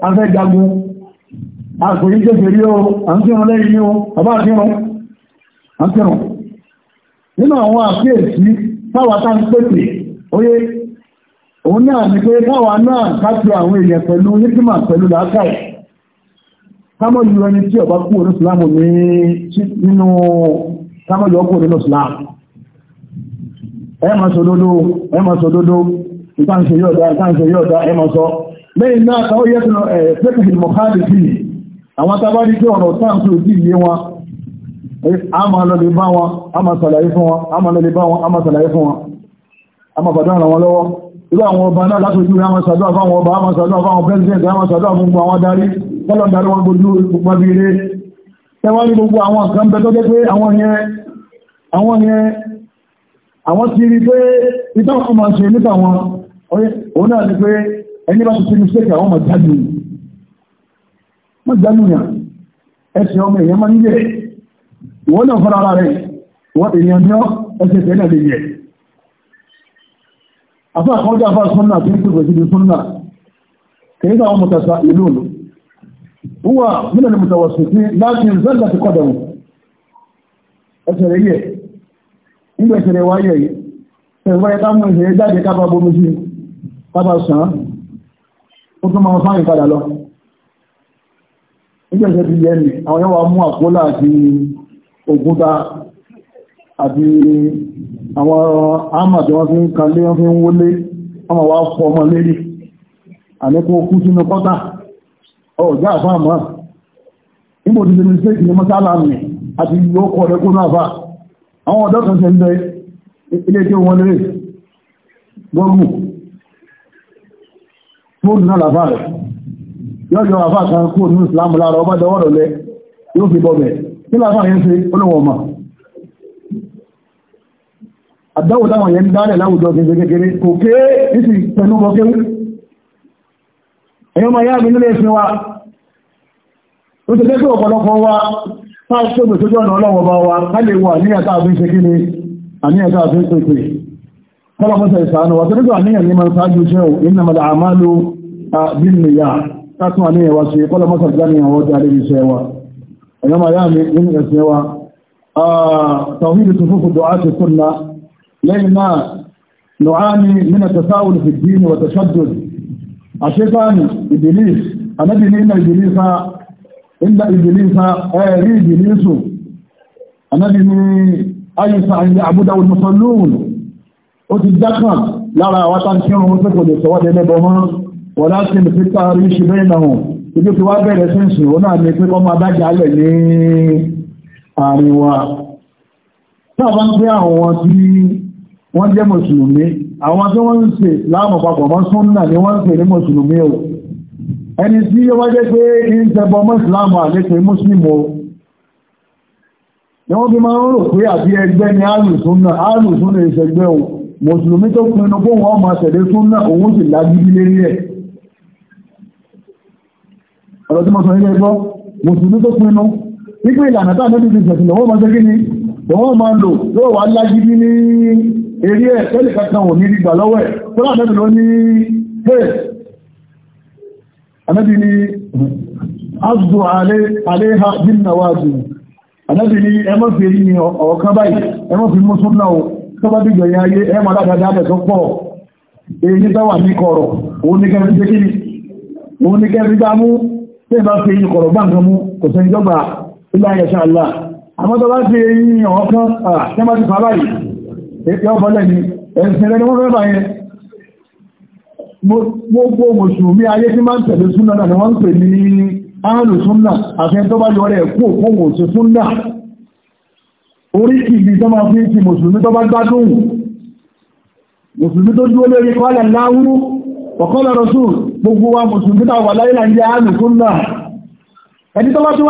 afẹ́jagun àkòyí jẹ́fẹ̀ rí o, à ń kírun lẹ́yìn ní o, bàbá àkírun, à ń kírun. Nínú àwọn àkíyèsí táwa tá ń pèpè, oye, òun náà ni pé táwa náà ká ti àwọn èèyàn pẹ̀lú nígbìmọ̀ pẹ̀lú làákàyè kámọ́ yìí ẹni tí ọba kú ní ìsìlámù ní nínú kámọ́ yọ kú nínú ìsìlámù ẹ máa sọ dodo ẹ máa sọ dodo ìtànṣe yóò dá ìtànṣe yóò dá ẹ máa sọ lẹ́yìn náà káwọ́ yẹ́ tún ẹ̀ fẹ́kì mọ̀kádì sí àwọn tábárí tí ọ̀rọ̀ táǹkì òjì yé wọn a máa lọ lè bá wọn a máa sàlàyé fún wọn a máa lọ lè bá wọn a máa sàlàyé fún wọn a máa bàdá ara wọn lọ́wọ́ irú àwọn ọba náà látòjú àwọn sàdúrà fáwọn ọba àwọn sàdúrà fáwọn pẹ́sidẹ̀ntì àwọn sàdúrà fún gbogbo àwọn darí bọ́lọ̀ darí wọn gbójú gbogbo abìrẹ́ tẹwọ́n ní gbogbo àwọn nǹkan bẹ tó jẹ́ pé àwọn yẹn àwọn yẹn àwọn ti rí pé ìtàn ọmọ ṣe nípa wọn òun náà ni pé ẹni bá ti ti mistake àwọn ọmọ jáde wọ́n jáde yàn ẹsẹ̀ ọmọ èèyàn máa ń yẹ ìwọ́n náà fọ́nà ara rẹ̀ wọ́n èèyàn ní ẹsẹ̀ tẹ́ náà lè yẹ afẹ́ àkọ́jọ́ afẹ́ sọ́nà tí ń pèsè sí sunna kìí sáwọn mọ̀tàṣà ìlú òlù هو من المتوسطين لكن زلت قدمه ẹsẹ̀rẹ̀ yẹ̀ nígbà ìṣẹ̀lẹ̀ wáyé yìí ẹ̀rọ ẹ̀ká mú ìṣẹ̀lẹ̀ jáde kábà bomi sí kábà sàn án ó tún máa fáyìn padà lọ nígbà ìṣẹ̀lẹ̀ ti yẹ ni àwọn yẹ́wà mú àpólà àti òkúta àti àwọn àmà tí wọ́n fi ọ̀gá àfá àmọ́ nígbò tí lèmi sí ìní mọ́sálà mi àti ìlú ọkọ̀ ọ̀rẹ́kún náà fà àwọn ọ̀dọ́ kan ṣe ń bẹ ilé tí wọ́n lè gọ́ọ̀mù fóònù náà làfà rẹ̀ yọ́jọ́ àfá kan kó ní ìsìlámù lára ọba dọwọ́rọ̀ lẹ yóò fi bọ́bẹ̀ kí làfà yẹn ṣe olówó ọmọ àdáwò táwọn yẹn dálẹ̀ láwùjọ kékeré kò ké ní ti pẹ̀lú bọ́kéwú ẹ̀yọ́ ma yáàmì nílé ẹ̀sìn wa ó ti lẹ́gbẹ́ ọ̀pọ̀lọpọ̀ wa fáà tó bè tó jọ́nà ọlọ́wọ̀ bá wa kálè wà ní ẹ̀ta àbí ṣe kí ni àníyàtà àbí ṣe pé kọ́lọ̀mọ́sẹ̀ ìsànà wà tó nígbà àníyàn ní máa sáájú iṣẹ́ ò iná mọ̀lá àmálò bínnìyà látún àníyàn wa ṣe kọ́lọ̀mọ́sẹ̀ ìdániyàn wọ́n jáde iṣẹ́ wa ẹ̀yọ́ ma yáàmì nínú ẹ̀sìn àṣẹ́fàánì ìbìlìs anábì ní ìmọ̀ ìbìlìsá ìlà ìbìlìsá ẹ̀rí ìbìlìsù anábì ní ayùsá àyè àbúdá olùmọ̀sánlóhùn ó ti dákà lára àwátá tí ó rún pẹ́kọ̀ lè sọwọ́dẹ̀ lẹ́bọ̀ mọ́ wọ́n láti lè fíta rí ṣùgbẹ́ ìnáwó ibi tí wá bẹ̀rẹ̀ sẹ́ǹsì ó náà ní pé kọ́mọ adájà lẹ̀ ní àríwá táwọn ń pẹ́ àwọn tí wọ́n jẹ́ mùsùlùmí àwọn tí wọ́n ń ṣe láàmù papọ̀ mọ́ súnnà ni wọ́n ń pè ní mùsùlùmí o ẹni tí ó wájẹ́ pé ń tẹbọ mọ́sùlámù àlékè mùsùlùmí o ni wọ́n fi máa ń rò pé àbí ẹgbẹ́ ni alùsúnnà alùsúnnà ìṣẹ́gbẹ́ o mùsùlùmí tó pinnu kó wọ́n máa tẹ̀lé súnnà òun sì lágídí lérí ẹ̀ ọ̀rọ̀ tí mo sọ nílé ẹgbọ́ mùsùlùmí tó pinnu wípé ni lọ́wọ́ máa lò yóò eré ẹ̀ tẹ́lẹ̀ kankan wò ní gbígbà lọ́wọ́ ẹ̀ tó rà lẹ́bì lọ ní hey anábi ni azù aléha dínàwájú anábi ni ẹmọ́ fi èyí ni ọ̀kan báyìí ẹmọ́ fi mọ́sún náà tó bá dìgbẹ̀ yẹn ayé ẹmọ́ aládàdà bẹ̀ tó pọ̀ èyí tó wà ní kọ̀rọ̀ òun ní kẹrin jẹ́ kíni òun ní kẹrin dá mú tí ìbá fi èyí kọ̀rọ̀ gbàǹkan mú kò sẹ́yìn jọba ilé ayẹ̀ṣà ètò ọbọ̀lẹ̀ ni ẹ̀sìn rẹ̀ ni wọ́n rẹ̀bà yẹn gbogbo mùsùlùmí ayé tí máa ń tẹ̀lé súnà náà ni wọ́n ń pè ní áàlù súnà àfihàn tó bá yọ rẹ̀ kú òkú òsù súnà orí kìí tó máa fi ti mùsùlùmí tó bá gbádùn mùsùlùmí tó dúró lórí kọ́lá láwúrú ọ̀kọ́lá rọ̀sùn gbogbo wa mùsùlùmí tàwà láyé là ń jẹ́ áàlù súnà ẹni tó bá tí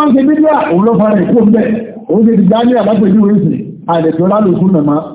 wọ́n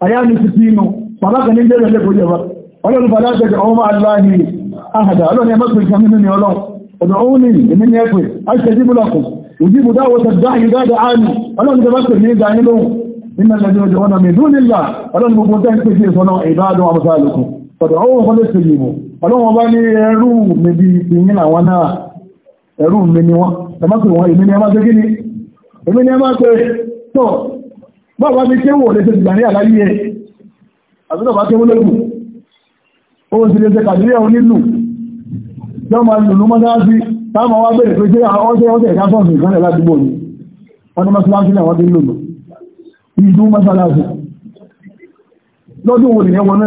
àyáni ti fi inú pàlákà ní bẹ̀rẹ̀ lẹ́kọ̀ọ́ jẹba ọlọ́run pàlákà jẹ ọmọ aláàrí ahàdà ọlọ́run ẹmọ́ pẹ̀lú ìṣàmínú ni ọlọ́run ọ̀dọ̀ òun ni èmi ní ẹ̀pẹ̀ àṣẹjú búlọ̀kù òjì bùdá wọ́ta dáhì dáadà áàmì ọlọ́run tẹ́bá pẹ̀lú ní ìgbà nílò nínú ẹgbẹ́ ọjọ́ ọ̀nà mi dún nílà ọlọ́run gbogbo tẹ́ ń pèsè ìsọ̀nà ìbádùn àmúsàlùkù ọ̀dọ̀ òun kọ́ bọ́ọ̀bá mi kí wò lè ṣe ìgbà ní àláyé ẹ̀ àtúnàbà kí wọ́n lẹ́gùn ó sì lè ṣe kàdíríà onílù jọ ma lùlù mọ́sáàsì táàmà wá bẹ̀rẹ̀ pé jẹ́ ọjọ́ ọjọ́ ìkápọ̀sì ìkánlẹ̀ ládùúgbò ni wọ́n ní mọ́sáàsì náà wọ́n ti lùlù ìlú mọ́sáàsì lọ́dún wo nìyẹn wọn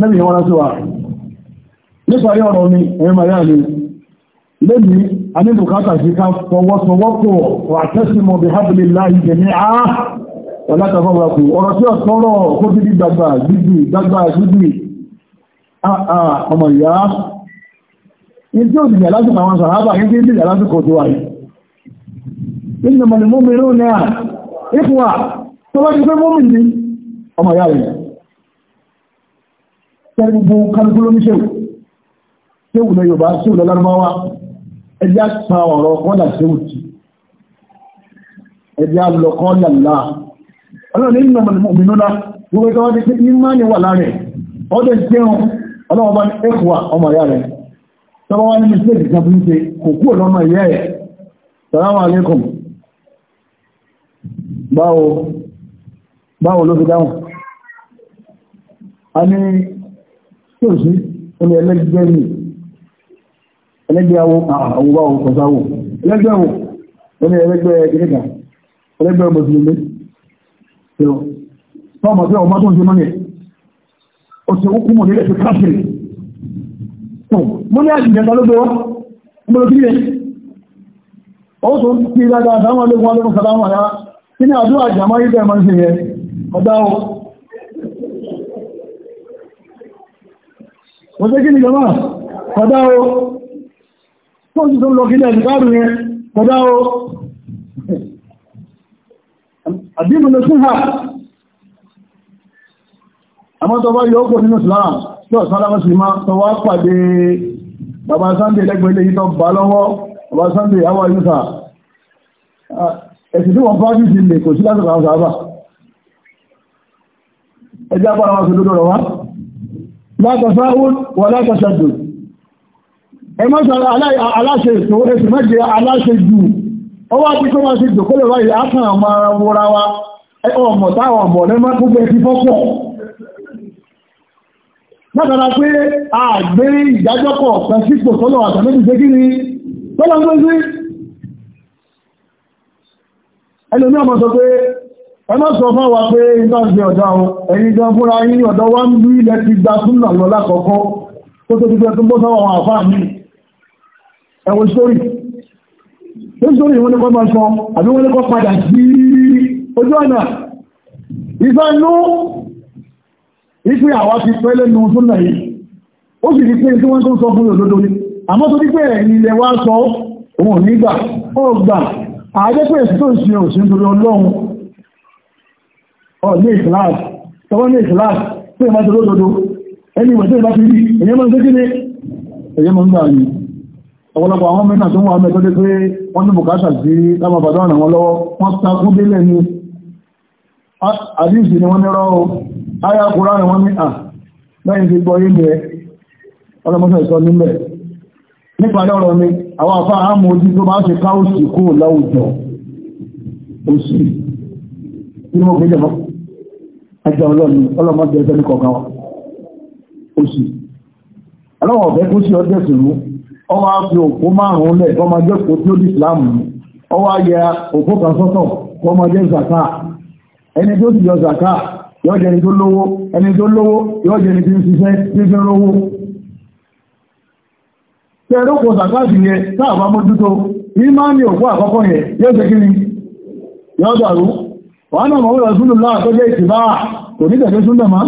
mẹ́sẹ̀ níparí ọ̀rọ̀ mi ẹ̀yìn mariá ni lẹ́ni a ní bùkátà sí ká fọwọ́sowọ́pọ̀ wà tẹ́sìmọ̀ bí hábìlì láì jẹ ní àá ọ̀látàfọ́wọ́pù ọ̀rọ̀ tí ọ̀tọ́rọ̀ kó dídí gbàgbà gbígbì gbàgbà gbígbì àà ọmọ ìyá in tí ó ti yà lásìkò àwọn sàhábà in tí ó ti yà lásìkò tó wà yìí nínú mọ̀lẹ́mọ́mìnú náà ipò à tó bá ti pé mọ́mìnì ọmọ ìyá rẹ̀ tẹ́lẹ̀ gbogbo kálukú lóníṣẹ́wò séwù lọ Yorùbá séwù lọ lárúbáwá ẹjá pa ọ̀rọ̀ kọ́là séwù tì ẹjá lọ kọ́là là ọlọ́run ní ìlànà òmìnira gbogbo ẹgbẹ́ wá ti pé ìmánì wà láàrẹ̀ ọdẹ jẹun ọlọ́run bá ní ẹkùwà ọmọ ìyá rẹ̀ tọ́wọ́ wá ní mistake kan bí ń báwo báwo ló fi dáhùn a ní tí ò sí ilẹ̀ ẹlẹ́gbẹ́ mi ẹlẹ́gbẹ́ àwọ àwọ̀wá ah, òkọ̀sáwò ẹlẹ́gbẹ́ àwọ̀ ẹni ẹlẹ́gbẹ́ ìrìnà ẹlẹ́gbẹ́ mọ̀sílùmí tọ́ọ̀mọ̀ tí ọmọ tó ń ṣe mọ́ yẹn ó ti ó kúmọ̀ nílẹ̀ fi káfìrì mọ́ ní àjìjẹ́ lọ́gbọ́ ọmọ lókè yẹn ó tó ti dáadáa àtàwọn ológun ológun sàdáwọn àyá kí ni àdúrà àjàmọ́ tó ti tó lọ kílẹ̀ ìgbàrù yẹn kọjá o àdínú lè súnhà àmọ́ tó bá yóò kò nínú islam tí ó sọ́lá mọ́ sí máa tó wá pàdé bàbá sunday lẹ́gbẹ̀ẹ́lẹ́ yìí tó bá lọ́wọ́ bàbá sunday àwọ̀ ìrúsà ẹ̀sì tí wọ́n bá ní ti lè kò sí lásìkò àwọn sàábà ẹjá bára wọn sí lódò rọ̀ wá wà látàsàdùn ẹmọ́sọ̀rọ̀ aláṣẹ ètò ètò méje aláṣẹ jù ọwá tí kó máa ṣe jòkólẹ̀ wáyé ápùn àwọn wòra wa ọmọ táwọn ọmọ lẹ́mọ́ púpọ̀ ti fọ́pọ̀ látara pé a gbé ìdájọ́ pọ̀ pẹ̀sípò tọ́lọ̀ àtàlẹ́bì ṣe kíni tọ́lọ̀ ń gbé ẹlòmí ọmọ sọ pé ẹmọ́ sọ fún wa pé ìtọ́sí ọ̀dọ́ àwọn ẹ̀yìn gan fúnra yín ọ̀dọ́ wa ń bí ilẹ̀ ti gba súnà lọ lákọ̀ọ́kọ́ tó tó ti gbẹ́ tó ń bọ́ sọ́wọ́ àwọn àfáà míì ẹ̀wọ̀n sórí ló sórí wọ́n ní kọ́ máa sọ àbí wọ́n ní kọ́ padà sí ojú ọ̀nà ìfẹ́nú ìpé àwa ti pẹ́ lẹ́nu súnà yìí ó sì rí pé tí wọ́n tó sọ fún òdodo ní àmọ́ tó dípẹ́ ilẹ̀ wá sọ òun ò nígbà ó gbà àádẹ́pẹ́ èsì tó ń ṣe òṣì nítorí ọlọ́run ọ̀ ní ìsìláàsì tọwọ́ ní ìsìláàsì pé ìmọ̀ tó lódodo ẹni ìwẹ̀ tó ìbá ti rí èyẹ́ mọ́ ń gbé kíni èyẹ́ mọ́ ń gbà ọ̀pọ̀lọpọ̀ àwọn mẹ́ta tó wà mẹ́tọ́ dé pé wọ́n ní bùkátà sí lábà bàtà ọ̀nà wọn lọ́wọ́ wọ́n takún délẹ̀ ni àdíṣì ni wọ́n nírọ́ o ayá kúrá rẹ̀ wọ́n ní à lẹ́yìn ti gbọ́ yé bẹ́ẹ̀ ọlọ́mọ́sọ̀ ìsọ nílẹ̀ nípa lọ́rọ̀ mi àwọn afá àmójú tó bá ṣe ká òsì kó láwùjọ òsì ọ̀fẹ́ kó sí ọjọ́ ìṣèlú ọwọ́ á fi òkú márùn-ún lẹ̀ kọ́ máa jẹ́ kó tí ó di Islam ọwọ́ á yẹ òkú kan sọ́tọ̀ kọ́ máa jẹ́ zaka ẹni tó ti yọ zaka yóò jẹ́ ẹni tó lówó ẹni tó lówó yóò jẹ́ tí ń ṣiṣẹ́ tí ń lówó tẹ̀rọ kò zaka sì yẹ táàbá mójútó ìmáàmì òkú àkọ́kọ́ yẹ yóò jẹ́ kíni yóò dàrú wọ́n náà mọ̀ wọ́n Rasulullah tó jẹ́ ìtìbá kò ní tẹ̀lé súnlẹ̀ máa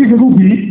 sí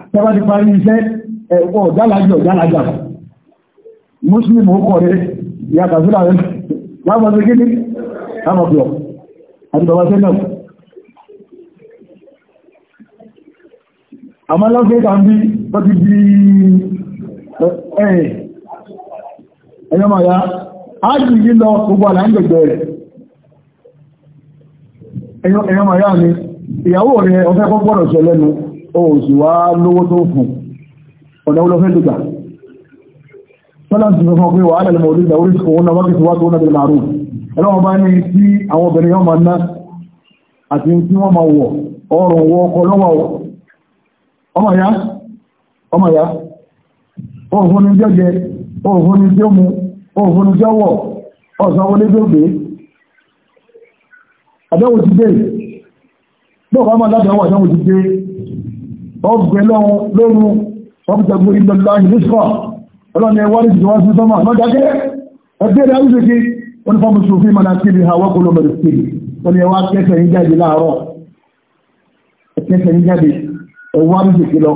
tẹ́bá ti parí iṣẹ́ ẹ̀kọ́ ọ̀dálájọ̀ ọ̀dálájà muslim ó kọ̀ rẹ̀ ìyàtà sí kí ní láàmà pọ̀ àti bàbá sẹ́lẹ̀ àmọ́ lọ́fẹ́ta ń bí bọ́ti bí ìyàwó rẹ̀ ọ̀fẹ́ oṣù wá lówó tó fún ọ̀nà olófẹ́ lùgbà tọ́lá ti fẹ́ fún ọgbẹ́ wà álẹ̀ mọ̀lú ìgbà orí ṣùgbọ́n náà wákìtí wá tó náà bẹ̀rẹ̀ màrún ẹlọ́wọ́n bá ní tí àwọn obìnrin yọ́ ma ná àti tí wọ́n ma wọ̀ ọrùn wọ ọkọ̀ lọ́wọ́ ọmọ ya ọmọ ya òhun ni jẹ́jẹ òhun ni mu òhun ni jẹ́wọ̀ ọ̀sán wọlé gbé àdẹ́wò ti dé bọ́ọ̀ bá máa dáadáa wà àdẹ́wò ti dé ọgbẹ̀ lọ́run ọgbẹ̀gbẹ̀ ìlọ́lá ìlúṣọ́ ọlọ́ni ẹwàrí ìjọwá sí sọ́mà lọ́jájẹ́ ẹgbẹ́ rẹ̀ àríṣẹ́kí wọ́n fọ́mù ṣòfí mana kí ni àwọn kòlò mẹ́rin sí wọ́n ni ẹwà kẹsẹ̀ ń jáde láàárọ̀ kẹsẹ̀ ń jáde ẹwà àríṣẹ́kí lọ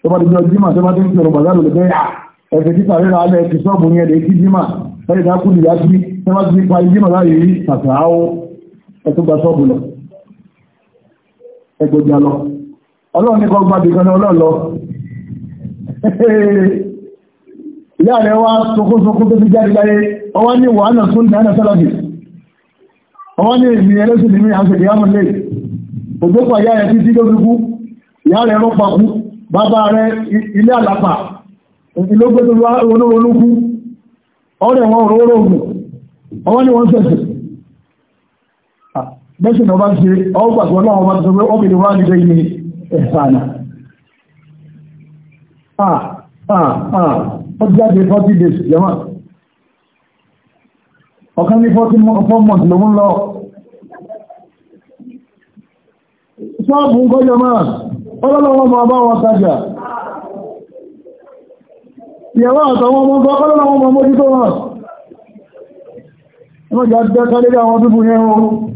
tó bá dìjọ jímà tó bá dé ń sọ̀rọ̀ bàzárò lè bẹ́yà ẹ̀fẹ̀ títà rírà alẹ́ ti sọ́ọ̀bù yẹn lè kí jímà lẹ́yìn tá kú nìyá sí tó bá ti pa jímà láyé yìí tàtàáwó ẹ̀tún gba sọ́ọ̀bù lọ ẹgbẹ̀gbẹ̀ lọ ọlọ́run ní kọgbà bìkan ní ọlọ́lọ́ ìyá rẹ̀ wá sokúnsokún tó fi jáde láyé ọwá ní wàhánà tó ń dáná sálọ́dì ọwá ní èmì ẹlẹ́sìn ní àwọn ìyá mọ̀ lè òjòpá ìyá rẹ̀ títí ló fi kú ìyá rẹ̀ ló pa kú bàbá rẹ̀ ilé àlàpà ìlógbé tó wá olóolókú ọ̀rẹ́ wọn òróró ògùn ọwá ní wọn sẹ̀sẹ̀ ah, bẹ́sìn ọba ṣe ọgbàgbọ́ náà wọn sọ pé ọkùnrin wá nílé yìí ẹ̀fànà ah, ah, ah. ó jáde 40 days jẹ́mọ́ ọ̀kan ní 44 months lòun lọ ṣọ́ọ̀bù ń kọjọ máa ọlọ́lọ́wọ́ ma bá wọn tajà ìyàwó àtàwọn ọmọ ọgbọ́ ọlọ́lọ́wọ́ ma mójútó wọn wọ́n jẹ́ àti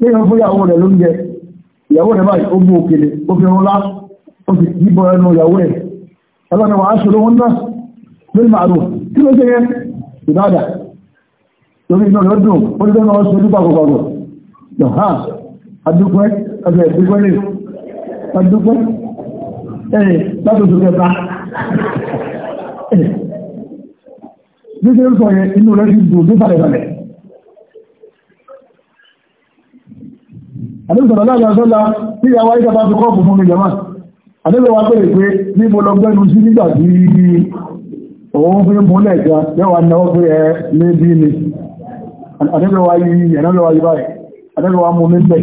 Léyàn fún ìyàwó rẹ̀ ló ń jẹ, ìyàwó rẹ̀ báyìí ó mú òkèlè, ó fi rọlá, ó fi yíbọ ẹnu ìyàwó rẹ̀. Ọlọ́run wà á ṣòro wọn náà lórí màálù. Kí ló ṣe yẹ? Ìbáàdà. Torí iná rẹ̀ dùn, ó ní lọ́nà ọ̀ṣọ́ ní pàgọ́pàgọ́. Yọ̀há, adúpẹ́, ọjọ́ ìdúpẹ́ lè, adúpẹ́, ẹ̀yìn láti oṣù kẹta. Bí ṣe ń sọ yẹn, inú rẹ̀ ti dùn bí balẹ̀ balẹ̀. àdébì sọ̀rọ̀ láàrín àṣọ́lá tí ìyàwó ayíta bá fi kọ́ọ̀pù fún mi jẹ̀má àdébì wa pèrè pé ní mo lọ gbẹ́nu sí nígbà tí òun fi ń múlẹ̀ ìjà yẹ́wà náà pé ẹ lé bí ni àdébì wa yí ẹ̀nàlẹ́ wa yí báyìí àdébì wa mú mi bẹ̀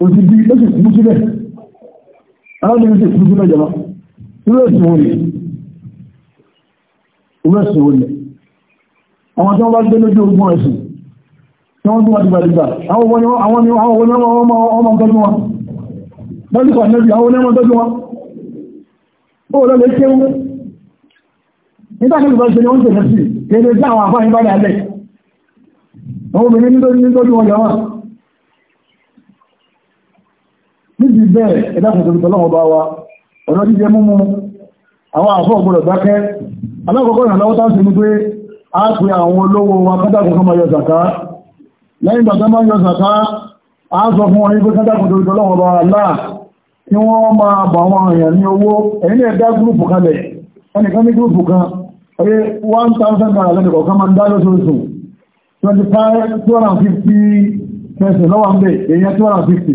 òtí bí ó sì kú sílẹ̀ arábìnrin sì kú sílẹ̀ jọba irú ẹ̀sìn olè irú ẹ̀sìn olè àwọn tí wọ́n bá gbé lójú ogun ẹ̀sìn tí wọ́n dúnwà dìgbàdìgbà àwọn wọn ni wọ́n ọmọ tọ́jú wọn lọ́jú kan lẹ́bí àwọn onímọ̀ tọ́jú wọn ó lọ lè kéwú nígbà tí ìbá ṣe ni wọ́n tẹ̀lé sí kéde sí àwọn àfáà ìbálẹ̀ alẹ́ àwọn obìnrin nítorí wọn jọ wọn níbi bẹ́ẹ̀ ẹ̀dàkùnkùn tọ́lọ́wọ́ bá wa ọ̀nà jíjẹ múmú àwọn àfọ́ ọ̀gbọ̀rọ̀ dákẹ́ alákọ̀ọ́kọ́ ìrànlọ́wọ́ tán sí ní pé a pè àwọn olówó wa kọ́dàkùnkùn máa yọ zàká lẹ́yìn bàtà máa yọ zàká a sọ fún wọn ní pé kọ́dàkùnkùn tọ́lọ́wọ́ bá Allah kí wọ́n máa bà wọn èèyàn ní owó ẹ̀yìn lè dá gúrùpù kalẹ̀ ẹnìkan ní gúrùpù kan oye one thousand naira lẹ́nu kọ̀ọ̀kan máa ń dá lóṣooṣù twenty five two hundred and fifty pẹ̀sẹ̀ lọ́wọ́ ń bẹ̀ èèyàn two hundred and fifty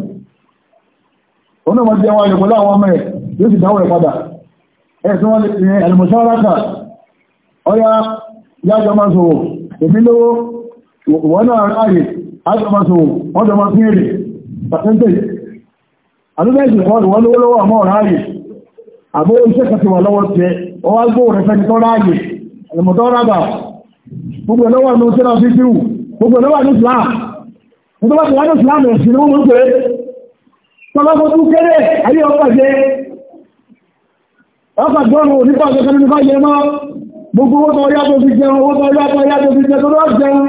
ọ̀nà ma jẹ́ wọn lè pẹ̀lú àwọn ọmọ ẹ̀ yóò sì dáwọ̀ ẹ̀ padà ẹ̀sùn wọn lè ẹ̀lùmọ̀ṣọ́ráta ọya yájọ máa sọ̀wọ̀ èmi lówó wọ́n náà ráyè ájọ máa sọ̀wọ̀ wọ́n jọ máa fi èrè pàtẹ́ntẹ̀ àdúgbẹ́sì kọ́ọ̀lù wọ́n lówó lọ́wọ́ àmọ́ ráyè àbó iṣẹ́ kan ti wà lọ́wọ́ tẹ wọ́n wá gbó rẹ̀ fẹ́ni tó ráyè ẹ̀lùmọ̀ṣọ́ráta gbogbo lọ́wọ́ ní sẹ́ra fífíwù gbogbo lọ́wọ́ ní Islam Tọ́lọ́gbọ́ tún kéré, ayé ọkọ̀ jẹ́, ọkọ̀ gbọ́nù nípa ọ̀sọ̀kan nípa yẹ mọ́, gbogbo owó tọ́ yá tó fi jẹun, owó tọ́ yá tọ́ yá tó fi jẹun, tọ́lọ́ jẹun,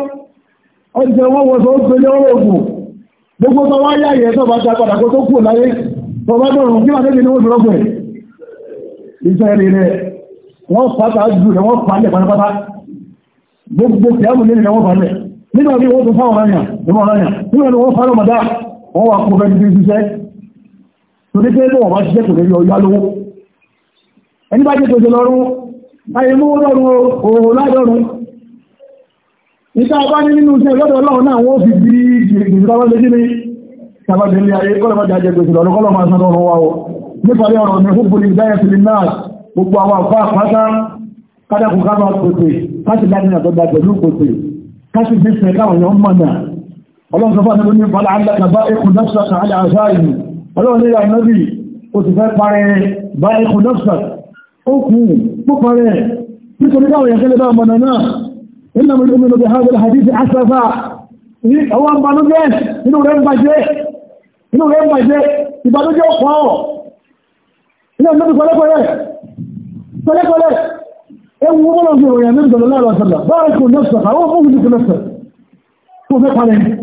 ọjọ́ wọ́n wọ́n tó ń pèlé owó ògùn, gbogbo tọ́ wá yá yẹ tọ́ bá ta padà kó tó kù láyé, tọ́ bá dọ̀rùn kí wọ́n tẹ́lẹ̀ ní oṣù rọ́gbẹ̀. Iṣẹ́ rẹ̀ rẹ̀, wọ́n pàtà jù rẹ̀ wọ́n pàlẹ̀ pátápátá, gbogbo kìámù nílẹ̀ wọ́n pàlẹ̀, nígbà bí wọ́n tó fáwọn ọ̀rọ̀ yàn, nígbà bí wọ́n fáwọn ọmọdá, wọ́n wà kó fẹ́ torí pé bọ́ wọ́n ṣiṣẹ́ kò lórí ọyá lówó ẹni bá jẹ́ tó ṣe lọ́rún ayé mú lọ́rún òòrò ládọ́rún níta bá ní nínú iṣẹ́ lọ́dọ̀ ọlọ́run náà fún àwọn àfá àpáta kádàkù kábà pèsè káṣì ládìnà tó ọlọ́run nílẹ̀ ànábì ó ti fẹ́ parẹ́ bá ẹkùn dọ́kítà ó kú púpọ̀ rẹ̀ nítorí káwọn yẹn kẹ́lẹ́ bá ọmọdé náà nínú mi lómi lóbi hajj alhadisi asafa ní ọwọ́ ìbànújẹ́ inú rẹ̀ ń bàjẹ́ inú rẹ̀ ń bàjẹ́ ìbànújẹ́ ọ̀pọ̀ ilé ìlú kọlẹ́kọlẹ́ kọlẹ́kọlẹ́ ewu mọ́lọ́gbọ̀n ìròyìn àmì ìdọ̀lọ́lọ́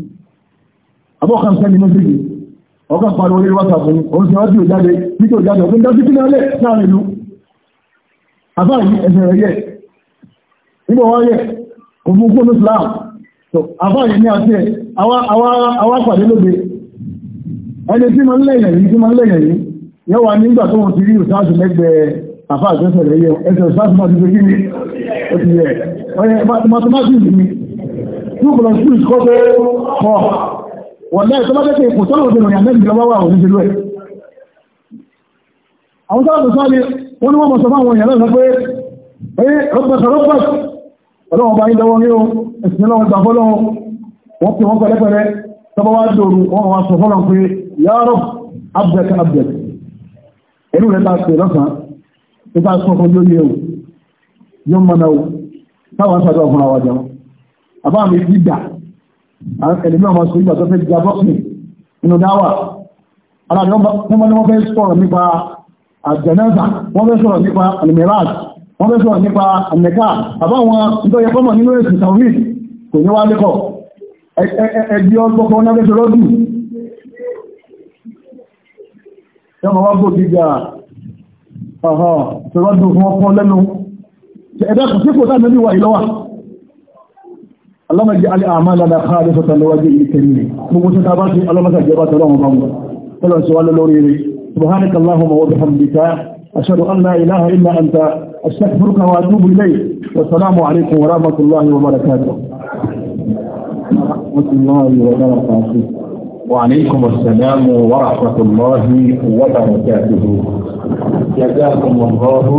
abọ́kan sẹ́ni mẹ́sìlì ọkàn parí orí wákàtí ní oun tí wọ́n tí ó jáde tí ó jáde ọdún dájú kí ní ọlẹ́ láàrin ìlú àbáyí ẹ̀sẹ̀ rẹ̀ yẹ nígbà wọ́n yẹ kò mú kúrò islam tó àbáyí ní àti àwa pàdé lóde ẹni tí ma ń lẹ́yìn yìí tí ma ń lẹ́yìn yìí yóò wá nígbà tó wọ́n ti rí ìsáàsù lẹ́gbẹ̀ẹ́ àfá àtẹ́sẹ̀ rẹ̀ yẹ ẹsẹ̀ ìsáàsù máa ti fi kíni ó ti yẹ mathematics ni 2 plus 2 is called 4 wọ̀n lẹ́yìn tó bá jẹ́ pé ipò tọ́lọ̀ òbí rìn àmẹ́bì lọ wọ́n ni wọ́n mọ̀ sọ fáwọn èèyàn lọ́sọ pé ẹ́ rọ́pẹ̀sọ̀ rọ́pẹ̀sọ̀ ọlọ́wọ́n bá ń lọ́wọ́ ní o ẹ̀sìn lọ́wọ́ gbà fọ́lọ́wọ́ wọ́n pè wọ́n pẹ̀lẹ́pẹ̀lẹ́ tọ́bọ́ wá dòrú wọ́n wá sọ fọ́lọ́ pé yà rọ̀ abdẹ̀k abdẹ̀k ẹ̀rù rẹ̀ bá pè lọ́sàn tó àwọn ẹ̀lẹ́mí ọmọ sọ ìgbà tó fẹ́ jà bọ́ọ̀sì nínú dáwà ara ni wọ́n fẹ́ sọ̀rọ̀ nípa àjẹ̀nẹ́sà wọ́n fẹ́ sọ̀rọ̀ nípa alìmíràn wọ́n fẹ́ sọ̀rọ̀ nípa àmẹ́ká àbáwọn nítorí ẹ̀kọ́mọ̀ nínú èsì tàwíìs kò ní wá lẹ́kọ̀ọ́ ẹgbẹ́ ọgbọ́kọ́ náà fẹ́ sọ̀rọ̀ dùn yọ́mọ wá gbò gíga ọ̀họ̀ sọ̀rọ̀ dùn fún ọkọ̀ lẹ́nu ẹ̀dá kò sí kò sáà اللهم اجعل اعمالنا خالصه لوجهك الكريم وقوت تاباتي اللهم اجعل اللهم بامر قل سؤال لوري سبحانك اللهم وبحمدك اشهد ان لا اله الا انت استغفرك واتوب اليك والسلام عليكم ورحمه الله وبركاته ورحمه الله وبركاته وعليكم السلام ورحمه الله وبركاته جزاكم الله